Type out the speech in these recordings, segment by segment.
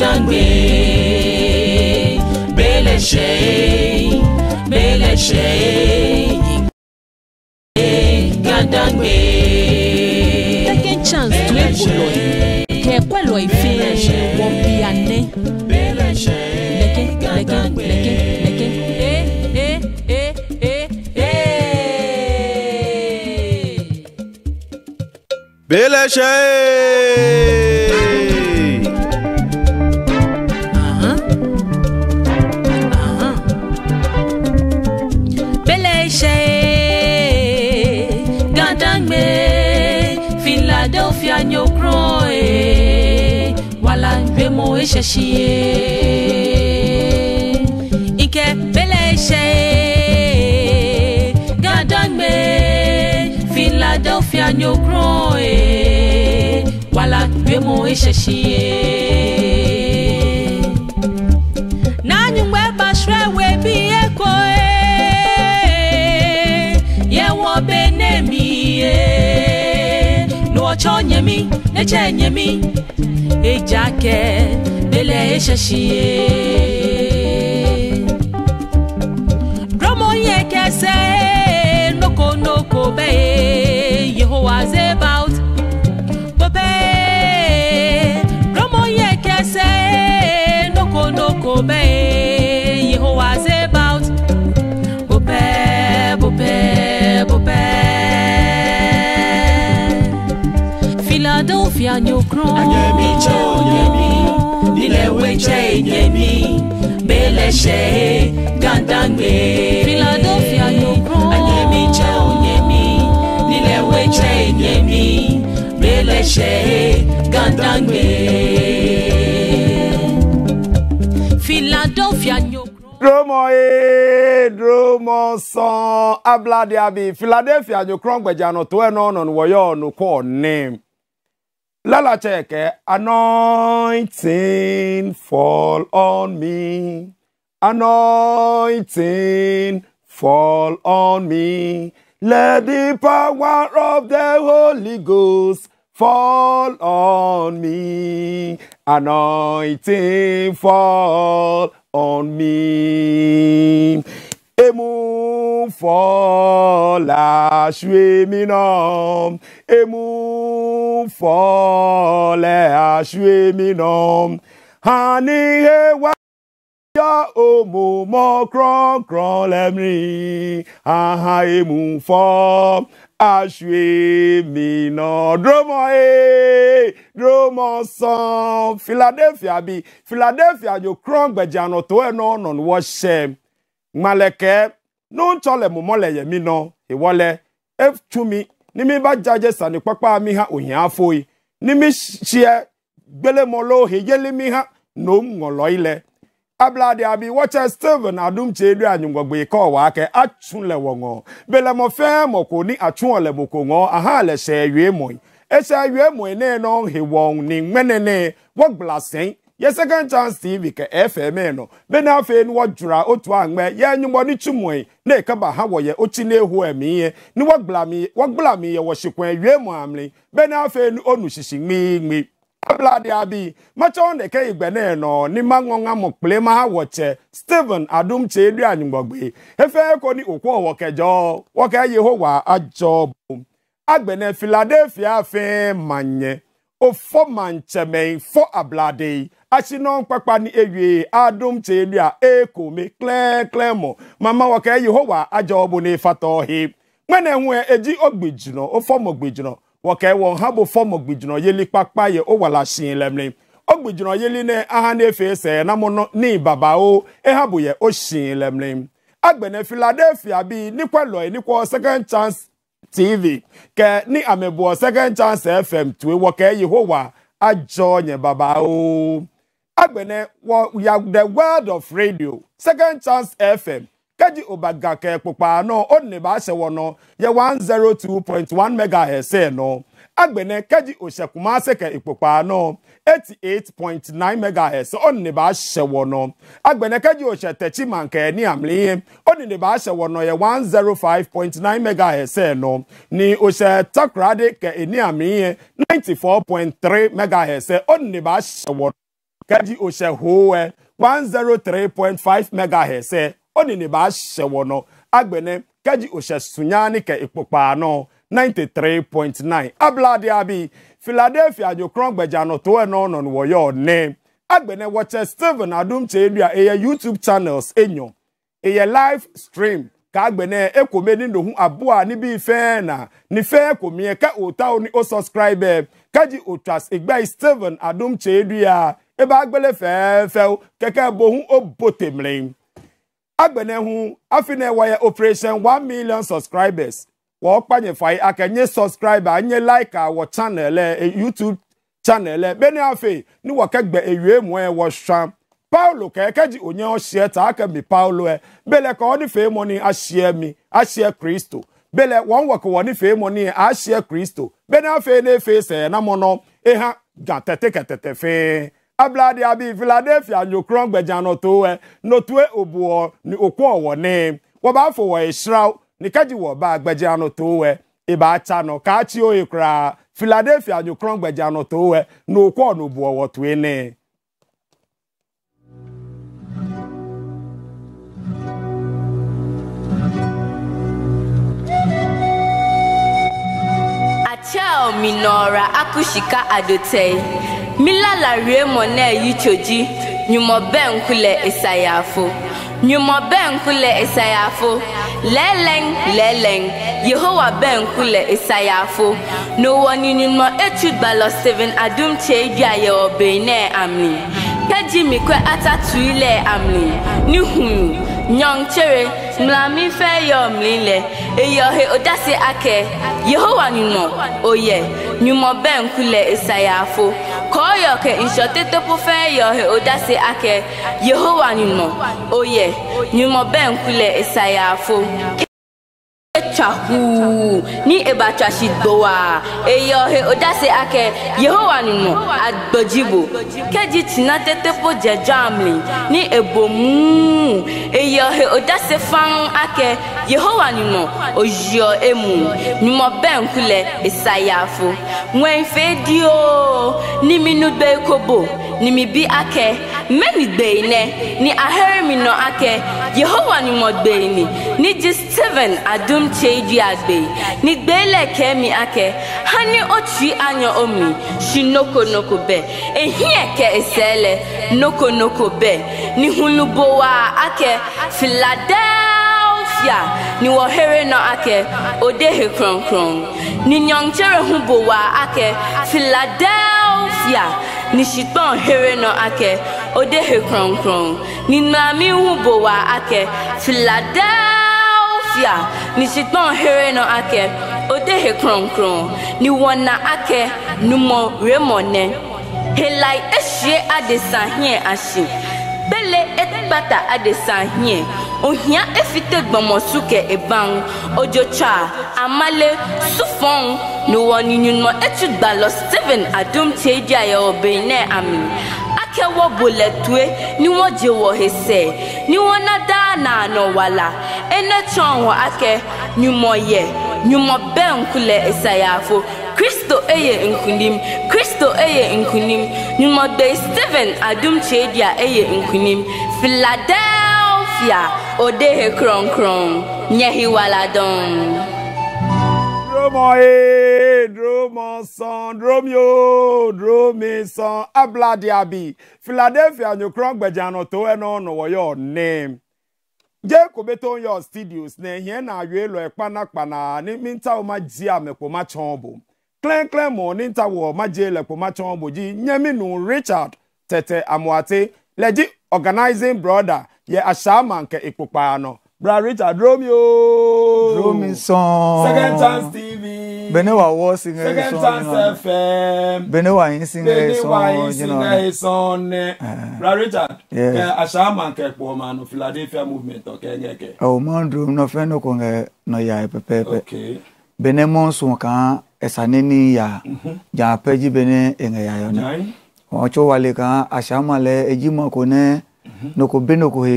dangbe bele shei bele shei gadangbe. second chance tó èkó lọ yìí kẹ̀kọ́ lọ ìfẹ́ wọ́n bí anẹ́ lẹ́kẹ́ lẹ́kẹ́ lẹ́kẹ́ Beleşey! isheshie ike bele ishe gadagbe Philadelphia nyokro e eh. wala gbemo isheshie nanyu mgbe bashrewe bi eko e eh. yewo benemi e eh. n'ọchọ nyemi n'eche nyemi ejake bele esheshie dromo yekese noko noko be yehowa zebaut bobe dromo yekese noko noko be afia nyokro anyemiche onyemi nileweche enyemi beleshe gandangbe filadelfia nyokro anyemiche onyemi nileweche enyemi beleshe gandangbe filadelfia nyokro dromo ee dromo sọn ablade abi Philadelphia, nyokrɔn gbɛdza nɔ to ɛnɔ nɔnuwɔyɔ nukɔ nim. Lalacheke, anointing fall on me. Anointing fall on me. Let the power of the Holy Ghost fall on me. Anointing fall on me. Emu fọ́ọ̀làṣù èmi náà èmú fọ́ọ̀làṣù èmi náà àní ewa yọ òmùmọ́ kúrọ̀kúrọ̀ lẹ́mìrì àhà èmú fọ́ọ̀ aṣuemina dromo ee dromo san philadelphia bi philadelphia jo kron gbẹjano to ẹnu ọ̀nà ni wọ́n ṣe ńmalẹ̀kẹ́ no ntɔle mumɔle yɛ mi nɔ ewɔlɛ etumi ni mi ba dzadze sani kpakpa mi hã ohia afoyi ni mi sie gbelemɔlo heyeli mi hã no ŋɔlɔ yi lɛ ablade abi wɔtsɛ steven adumtse ɖo anyigɔgbe kɔ wa kɛ atsu le wɔŋɔ belemɔ fɛn mɔ ni atsu le boko aha le sɛ yue mɔe ese yue mɔe ne nɔ hewɔ ni ŋmɛnɛnɛ wɔgbla sɛn ye second chance tv ka fmn e benafe nuwa jura otu angbe ye nyumoni chumwe ne kaba ha wo ye ochi ne hu emi ye ni wagblami wagblami ye wo shikwen ye mu amli benafe nu onu shishimi mi ablade abi macho ne ke igbe ne no ni mangonga mo pele ma wo che steven adum che du anyugbogbe efe ko ni okwo wo kejo wo ke yehowa ajo agbene philadelphia fe manye ofo manchemei fo ablade asinɔnkpakpa ni ewie adum tselia ekome klɛnklɛn mɔ mama wɔkɛ yehowa adzɔbu ne fatɔhe ŋmɛnɛ ŋuɛ edzi ogbedzunɔ ofɔmɔ gbedzunɔ wɔkɛ wɔn hã bo fɔmɔ yeli kpakpa yɛ owala si lɛmlɛ ogbedzunɔ yeli aha na sɛ namɔnɔ ni babawo ehã bo yɛ o si lɛmlɛ agbɛnɛ philadelphia bi nikɔ lɔɛ second chance tv kɛ ni amebɔ second chance fm tue wɔkɛ yehowa adzɔ nye babawo. agbene the world of radio second chance fm keji obaga ke pupa no onne ba se wono ye 102.1 mg megahertz e no agbene keji osekuma se ke ipupa e no 88.9 megahertz onne ba se wono agbene keji osetechi manke ni amliye onne ba se wono ye 105.9 megahertz e no ni ose takrade ke ni amliye 94.3 megahertz onne ba se wono kadi ohyɛ hoɛ 103.5 megahertz ɔne eh, ne ba ahyɛ agbene kadi ohyɛ sunya ne kɛ ikpokpaa no 93.9 ablade abi philadelphia adwokron gbagya to ɛno ɔno no wɔyɛ ɔne agbene wache steven adumkyɛ edua eye youtube channels enyo ɛyɛ live stream kaagbe ne ekome ni dohu aboa ni bi fɛn na ni fɛn ekome ka ota o ni o subscribe kaji otwas egba steven adum chedua ebe agbele fefew keke bụ hụ obotemre agbene hụ afi na-ewe ya operation 1 million subscribers wọ́n kpanyefa yi akenye subscriber anye like awọ channel ẹ eh, eh, youtube channel eh. bene bẹ́ẹ̀ni afei ni wọ́n kẹgbẹ́ ewie mu ẹ wọ́n ṣan paulo ji onye ọ̀ṣẹ́ ta akẹ́mi paulo ẹ bẹ́ẹ̀lẹ̀ kọ́ ọ́ni fèé mọ́ mi abladi abi philadelphia nyokrɔn gbɛdzanɔ to wɛ notue oboɔ ni okun ɔwɔ ne wɔba fo wɔ esraw nikeji wɔba gbɛdzanɔ to wɛ eba tsanɔ kaatsi oye kura philadelphia nyokrɔn gbɛdzanɔ to wɛ no okun ɔno oboɔ wɔ toe ne. Achao minora akushika adotei. mila la rie mɔ ne yitsoji nyumɔ bɛ ŋku le esayafo nyumɔ bɛ ŋku le esayafo lɛlɛŋ lɛlɛŋ yehowa bɛ ŋku le esayafo nowɔ ninyumɔ etu gbalɔ seven adum tse bia yewɔ be ne ami kedzi mi nyɔnkyewe mlami fɛ yɔ mlilɛ eyɔhe odase akɛ yehowa nyumɔ oyɛ nyumɔ bɛnku le esayafo kɔɔyɔkɛ nsɔtetopo fɛ yɔhe odase akɛ yehowa nyumɔ oyɛ nyumɔ bɛnku le esayafo chahu ni eba ebacha shigbowa eyohe odase ake yehowa nuno agbojibo keji tina tetepo jejamli ni ebomu eyohe odase fan ake yehowa nuno oyo emu ni numo benkule esayafo nwenfe dio niminu gbe kobo nimi bi ake menigbeine ni aheri minɔ ake yehowa ni mo gbeini ni dzi steven adum tseidzi agbei ni gbeile ke mi ake hani otsi anya omi si nokonoko bɛ ehie ke esele nokonoko be ni hulubowa ake filadɛɛ ya ni wɔ here nɔ akɛ odehe kronkron ni nyɔnkyere ho bo wa akɛ philadelphia ni shitɔn here nɔ akɛ ode he kronkron ninami hu wa ake philadelphia nisitan here no ake Odehe he kronkron ni wona ake numo remone helai ehye adesa hie ahye bele ekpata adesa hie ohia efite gbɔmɔsuke eban odzotsa amale ni sufɔn nuwɔninyunmɔ etugbalɔ steven adumtie diayɔ benin ami. kewɔ boletue ni wɔn dze wɔ hesɛ ni wɔn nada na anɔ wala ene tsɔn wɔ akɛ nyumɔ yɛ nyumɔ bɛ nku le esayafo kristo eye nkunim kristo eye nkunim nyumɔgbe stephen adumtsedia eye nkunim philadelphia Dromoe, Dromonson, Dromio, Dromison, Abladiabi, Philadelphia, Nukron, Bejano, Toeno, no, your name. jekobeto onye ọstudios na-ehie na-ayọ elu ekpanakpana n'minta ụmaji amekpomachọbụ klenklemon ntawo majielekpomachọbụ ji minu richard tete amuati leji organizing brother ye ashama nke ikpokpa bra Richard dúró mi ooo. Oh. dúró Second Chance TV. Benewa wọ́ singa ẹ̀ Second Chance FM. Benewa yín singa ẹ̀ sàn. Benewa yín singa ẹ̀ sàn nẹ. bra Richard. kẹ àṣà máa kẹ pọ̀ máa Philadelphia movement ọ̀kẹ́ oh, ń yẹ kẹ. ẹ̀ o máa ń dúró mi náà fẹ́ ní okùn ẹ̀ náà yà ẹ̀ pẹ́pẹ́pẹ́. bẹ́ẹ̀ mọ́ sùn kan ẹ̀sà níní yà jà pẹ́jì bẹ́ẹ̀ ẹ̀ǹgẹ̀ yà yọ̀ náà. tún wà lè kan àṣà máa lẹ ẹjí kò ní noko bẹ́ẹ̀ noko he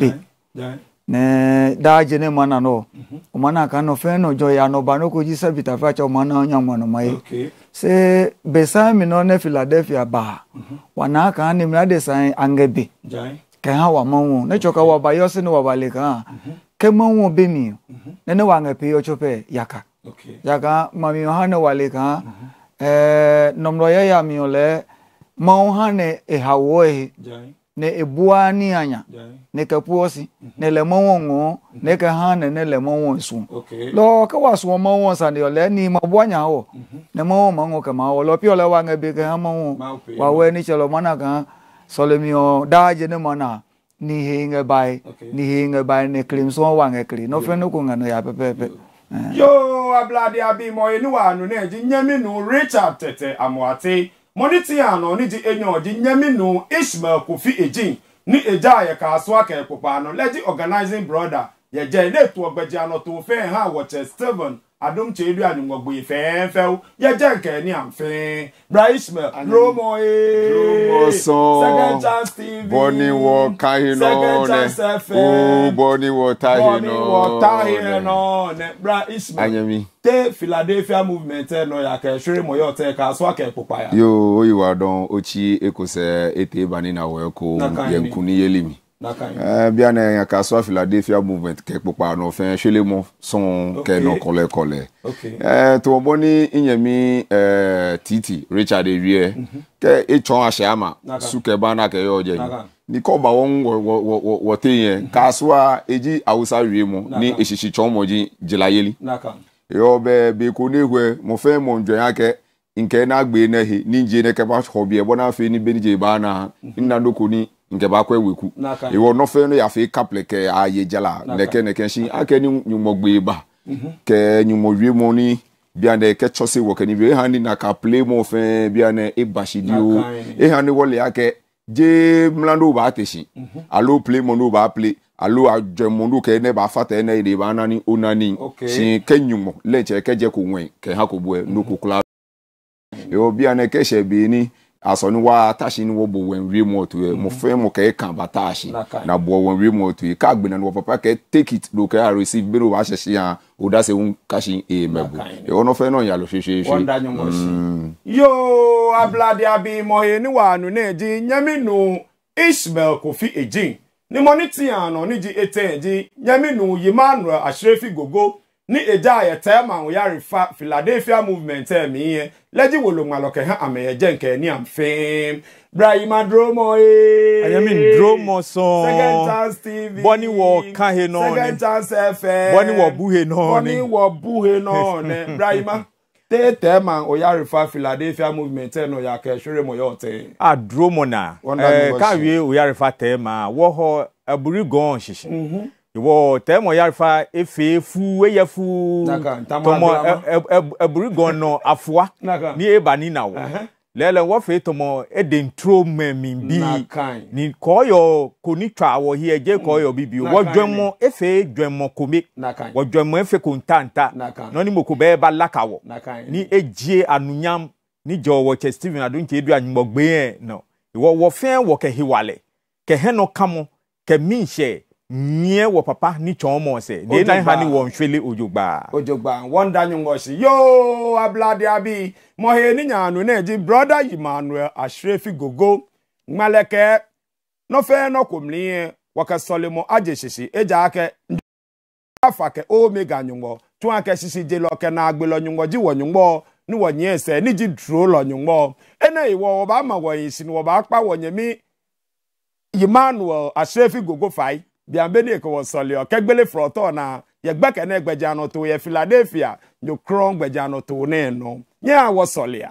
bẹ́ẹ̀. ne daje ne mana no o mhm. mana ka no fe no ya no ba no ko ji se bita fa cha o mana nya mo no mai se besami no ne philadelphia ba wana ka ne mra de san angebe ka ha wa mo wo ne choka wa ba yo se ne wa ba le ka ke mo wo be mi ne mhm. ne wa ngape yo chope yaka yaka ma mi ha ne wa le ka eh nomro ya ya mi ole mo ha ne e ha wo e ne ebua ni anya ne kapuo si mhm. ne le mo won won mhm. ne ka ha ne ne le mo won sun lo ka wa sun mo won sa ne le ni mo bua nya ho mhm. ne mo won mo won ka ma ho lo pi ole wa ngabe ka ha mo won wa we ni chelo mana ka solemi o da je ne mana ni he nga bai ni he nga bai ne klim so wa nga kri no fe no ko nga no ya pepepe yo ablade abimo enu wa anu ne ji nyemi nu Richard Tete Amuate mone te a no ne gye enya ɔde nyame no ishmael kofi egyin ne egya a yɛka aso aka ɛkopaa no lɛgye organizing brother yɛgya ne etu ɔgbagya no to fɛn ha wɔkyɛ steven adom kyerɛ du anwumɔgbo yi fɛɛfɛw yɛgyɛ nkɛɛ ne amfee bra ismael dromo ee second chance tv bɔni wɔ kahi nɔɔnɛ oo bɔni wɔ tahi nɔɔnɛ bɔni wɔ tahi nɔɔnɛ bra ismael te philadelphia movement ɛ e nɔ yakɛ sori mɔ yɔ tɛ k'a sɔ akɛ kpokpa ya. yoo o wa dɔn o ci ekosɛ ete bani na wɛ ko yankuni yeli mi. bia na yan ka so Philadelphia movement ke popa no fe sele mo son ke no kole kole eh Titi eh, Richard Ewie ke e chon ase ama suke ba ke yo je ni ko ba won wo ka so a eji awusa wie mu ni esisi chon mo ji jilayeli yo be be nke na gbe na ni je ne ke fe ni ba na nke baako eweku ìwọ nọfẹ no yàfẹ kaplẹ kẹ ayé jala nẹkẹ nẹkẹ si akẹ ni nyumọgbe ba mhm. kẹ nyumọwie mọ ni bianɛ kɛ tsɔse wɔ kɛni bi ehan ni na ka play mɔ fɛn bianɛ e basi di o ehan ni wɔle akɛ je mla n'o b'a tesi mhm. alo play mɔ n'o b'a play alo adzɔmɔ n'o kɛ ne b'a fa tɛ e ne de b'a nani o nani si kɛ nyumɔ lɛ cɛ kɛ jɛ ko ŋɔɛ kɛ hã ko bɔ n'o ko kula. Mhm. yɔ bianɛ kɛ sɛ beni asɔni wa taasi ni wo bo wɛn wie mɔ to e. yɛ mo mhm. fɛn mo kɛ e kan ba taasi na bɔ wɛn wie mɔ to yɛ k'a gbɛna wɔ e. papa kɛ take it do kɛ a receive bɛ o b'a sɛ si yan o da se n kasi e mɛ bo ɔnɔ fɛn náà yàlɔ fiyefiye. wọn da ɲɔgɔn si. Mm. yoo abiladi abi mɔye ni wa nu ne di nyaminu ismail kofi ejin ni mo ni tiɲɛ na ni di ete di nyaminu yimanu asirefi gogo. Ni eja a yɛtaa ma wo yarefa philadelphia movement a eh, mi yɛ lɛgye wolo malɔkɛ ha amɛyɛ gye nkɛni amfɛɛm brahima eh. dromo ee ayami dromo sɔn second chance tv bɔni wɔ kahe nɔɔni second chance fm bɔni wɔ buhe nɔɔni bɔni wɔ buhe nɔɔni brahima tẹ́tẹ́ ma oyarefa philadelphia movement ẹ̀ eh, nọ yàkẹ́ ṣeré mọ̀ yọ̀ tẹ́. a dromo na ẹ káwé oyarefa tẹ́ ma wọ́họ ẹ̀bùrí gan-an ṣìṣì. ìwọ tẹmọ yarifa efe fu eya fu tọmọ ẹbùrú gọnà afua ní eba nínà wọ lẹ́lẹ̀ wọ́n fẹ́ tọmọ ẹ̀dẹ̀ e ntúró mẹ̀mí bí ní kọ́yọ̀ kò ní tọ́ àwọ̀ yìí ẹ̀jẹ̀ mm. kọ́yọ̀ bíbí wọ́n jọmọ ẹ̀fẹ̀ e jọmọ kòmé wọ́n jọmọ ẹ̀fẹ̀ e kò ń ta ń ta nọ́ọ́ni mọ̀kò bẹ́ẹ̀ bá lákàwọ̀ ní ẹ̀jẹ̀ ànúnyàm níjọ wọ̀chẹ̀ Stephen adúnjẹ́ edu ànyìnbọ̀gbẹ́ yẹn náà ìwọ wọ́n fẹ́ wọ̀ kẹ̀hìn wàlẹ̀ kẹ̀hìn nọ kàmọ́ kẹ̀mí ìṣẹ́ nyɛ wɔ papa ni kyɔn mɔ sɛ deɛ nan ha ni wɔn hwele ojogba. ojogba wɔn da nyɔngɔ si yoo abladi abi mɔhe ni na eji broda emmanuel ashrefi gogo ŋmalɛkɛ nɔfɛ nɔkomli yɛ wɔkɛ agye sisi akɛ afa kɛ omega nyɔngɔ tún akɛ sisi nyɔngɔ wɔ nyɔngɔ ni wɔ nyɛ sɛ ni dzi duro lɔ nyɔngɔ ena yi wɔ ba ma wɔ biambeni ko wosolio kegbele froto na ye gbekene gbeja no to ye Philadelphia nyo kron gbeja no to ne no nye a wosolia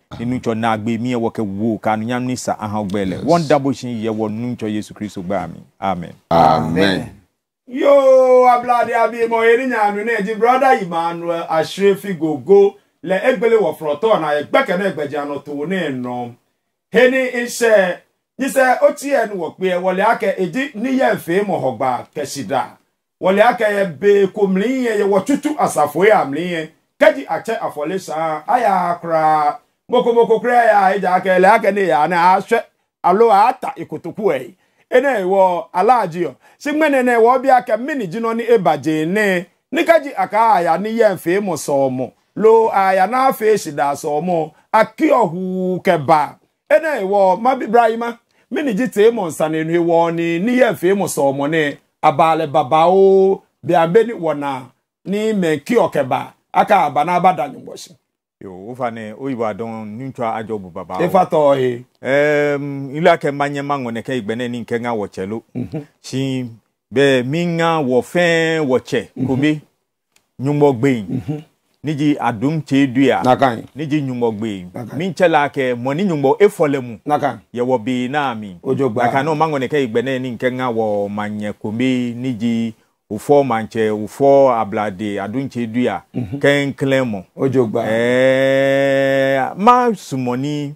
ninuntsɔ na miɛ emi kɛ wo ka nunyam n'isa sa ahan gbɛlɛ wɔn dabo si yɛ wɔ nuntsɔ yesu kristu gbɛ ami amen. amen. yoo ablade abiyemọ erinyanu ne di broda emmanuel gogo le egbele na egbɛkɛ ne gbɛdzanɔ to ne nɔ heni nhyɛ nyisɛ otiɛ ni wɔ kpeɛ wɔle akɛ edi niyɛ nfe mɔhɔgba kɛsida wɔle akɛ yɛ tutu asafo saa aya mokomoko kura ya ija akele akene ya na ahwe alo ata ikotoku e ene wo alaji sigmene ne wo bia ka mini jino ni ebaje ne nikaji aka aya ni ye mfe mo so mo lo aya na afe da so mo aki ohu keba ene wo mabibrahima mini ji te mo nsane nu wo ni ni ye mfe mo so mo ne abale baba o bia beni wona ni me ki okeba aka abana abadanyo boshi yo wofane oyibo adon nintua ajobu baba efa tɔ ye ɛɛm ila kɛ ma ɲɛma ŋɔnɛ kɛ igbɛnɛ ni kɛ ŋa wɔcɛ lo mhm. si bɛ mi ŋa wɔ fɛn wɔcɛ mhm. kobe ɲumbɔ gbeyin mhm. niji adum tse du ya niji ɲumbɔ gbeyin min cɛ la kɛ mɔni ɲumbɔ e mu yɛwɔ bi naa mi ojo gba a kan n'o ma ŋɔnɛ kɛ igbɛnɛ ni kɛ ŋa wɔ ma ɲɛ kobe niji. Ufo manche, ufo ablade adunche dua mm -hmm. kɛnklɛn mɔ ɛɛ eh, ma sumoni.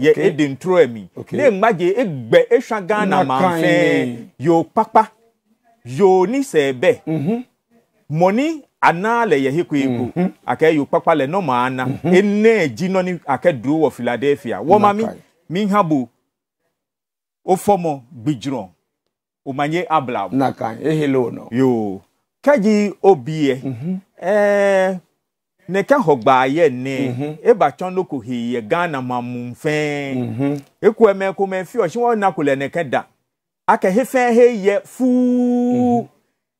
Ye okay. edi ntoro ɛmi okay. ne ngba yɛ egbɛ ehwa Ma fe yo papa yo ni sɛɛbɛ mm -hmm. mɔni ana le yɛ heku eku mm -hmm. akɛ yo papa lɛ nɔma no ana mm -hmm. ene jinɔ ni akɛ duro wɔ philadelphia wɔma mi mi ha bo o fɔmɔ gbidzrɔ o ma nye abla. naka ehele o nɔ. yoo kɛji obi yɛ mm-hmm. ɛɛ. Eh, ne ka hɔ gbaa yɛ ne mhm. eba tsɔn do ko he yɛ ghana ma mu fɛn mhm. eku ɛmɛ e ko mɛ fi ɔsi wɔn na ko lɛ ne mhm. ka da akɛ he fɛn he yɛ fuu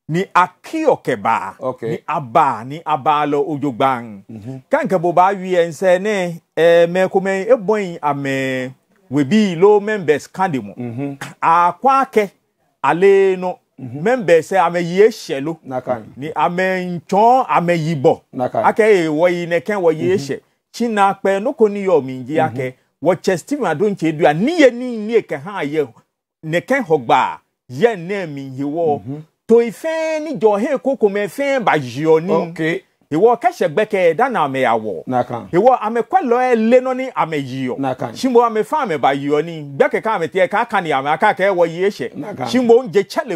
ni aki ɔkɛ baa ni aba ni aba lɔ ojo gban kankan bo ba wi yɛ ne ɛmɛ e ko mɛ ebɔ yin amɛ webi lo members kan de mu akɔ akɛ ale no. mɛ bɛ sɛ ameyie ni wọ ameyibɔ akɛ wọ kɛ wɔyie hyɛ tsina kpɛ noko ni yɔ mi mhm. steven adontse e dua niye ni nie kɛ hã yɛ nɛkɛ xɔ mi yi wɔ toyi fɛn he koko mɛ fɛn ni. ìwọ kẹsẹ gbẹkẹ dana àmì àwọ ìwọ àmì kọlọ ẹ lẹnu ní àmì yìí ọ simbo àmì fún àmì bá yìí ọ ní gbẹkẹ ká wọ yìí ẹ simbo ń jẹ kyẹlẹ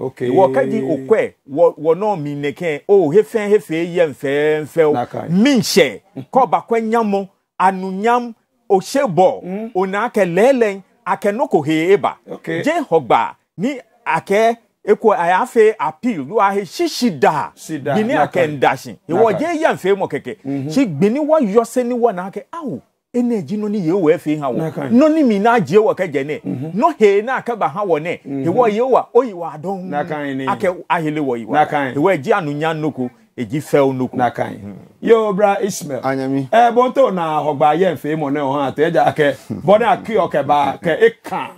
okay wɔ kagye okɔɛ wɔ wɔ nɔ mi nɛkɛn o hefɛn hefɛn yɛ nfɛɛnfɛw min hyɛ kɔba nyamo anunyam ose bɔ mm. ona akɛ lɛɛlɛn akɛ noko hee eba okay je hɔgba ni akɛ eko ayafe appeal lu ahe sisi da gbini akɛ ndasin iwɔ je yɛ nfɛɛ mɔ kɛkɛ si gbini wɔ yɔsɛ ni wɔ na akɛ awo. ene ji no ni yewa fi ha wo no ni mi na je wo ka je ne mhm. no he na ka ba ha wo ne he wo yewa oyi wa don ake ahele wo yiwa he wo ji anunya noko eji fe noko na kan mhm. yo bra ismail anyami e eh, bon to na hogba ye nfe mo ne ho ha te ja ke bona ki o ke ba ke e kan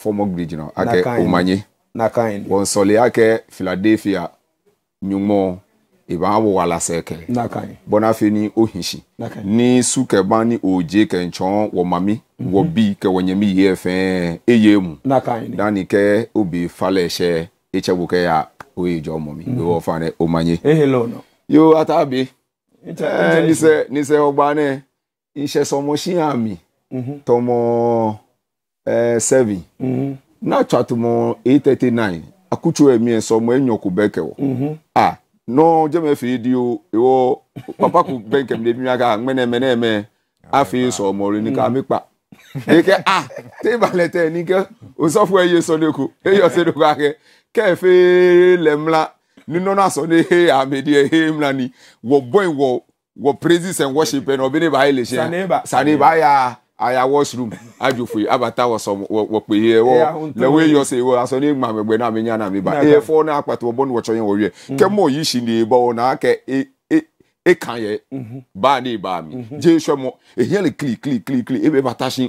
fɔmɔ gbiri gyina akɛ omanye wɔn sɔle akɛ philadelphia nyumɔ ìbá wò wà lásẹ̀ kẹ̀ bọ́náfẹ́ ní òhìnṣì ní sùkẹ̀bá ní òjé kẹ̀ǹtsọ́n wọ̀ mami mhm. wọ̀ bí kẹwọ̀ nyẹ́mi yìí ẹ̀ fẹ́ẹ́ eye mu dání kẹ́ òbí falẹ̀ ṣẹ́ ẹ̀tsẹ̀ wò ya oye jọ mọ̀ mi mhm. lọ́wọ́ fan dẹ o ma nye. yóò àtàbí ẹ níṣẹ́ níṣẹ́ ọgbà náà iṣẹ́ sọmọ eh, seven mm-hmm. na twatu mo eight thirty nine akutu emi nso mo enyo ku bẹkẹ wọ mm -hmm. ah no jẹmọ efi di o iwọ papa ku bẹnkẹ mi lebi aka mẹnẹmẹnẹmẹ afi sọ ọmọ rẹ nika mi pa eke ah tebalẹ tẹ nike osọfo eye sọ neko eyo e se doko akẹ kẹfẹ lẹmla nínú náà sọ ní he amedi he mla ni wọ bọyìn wọ wọ praises and worship ẹ na ọbẹ ne ba ayé lè ṣe saneba saneba ya. Yeah aya washroom ajofo abata wɔsɔ wɔkpe yɛ wɔ lɛwe yɔ se wɔ asɔ eh, ne ŋma mɛgbɛ na mi nya na mi ba eye fɔ ne akpatu wɔbɔ ne wɔtsɔ yɛ wɔyɛ kɛmɔ yi si ne bɔ wɔ na kɛ e e e kan yɛ baa ne baa mi je sɔ mɔ ehiɛ le kili kili kili kili e bɛ ba tasi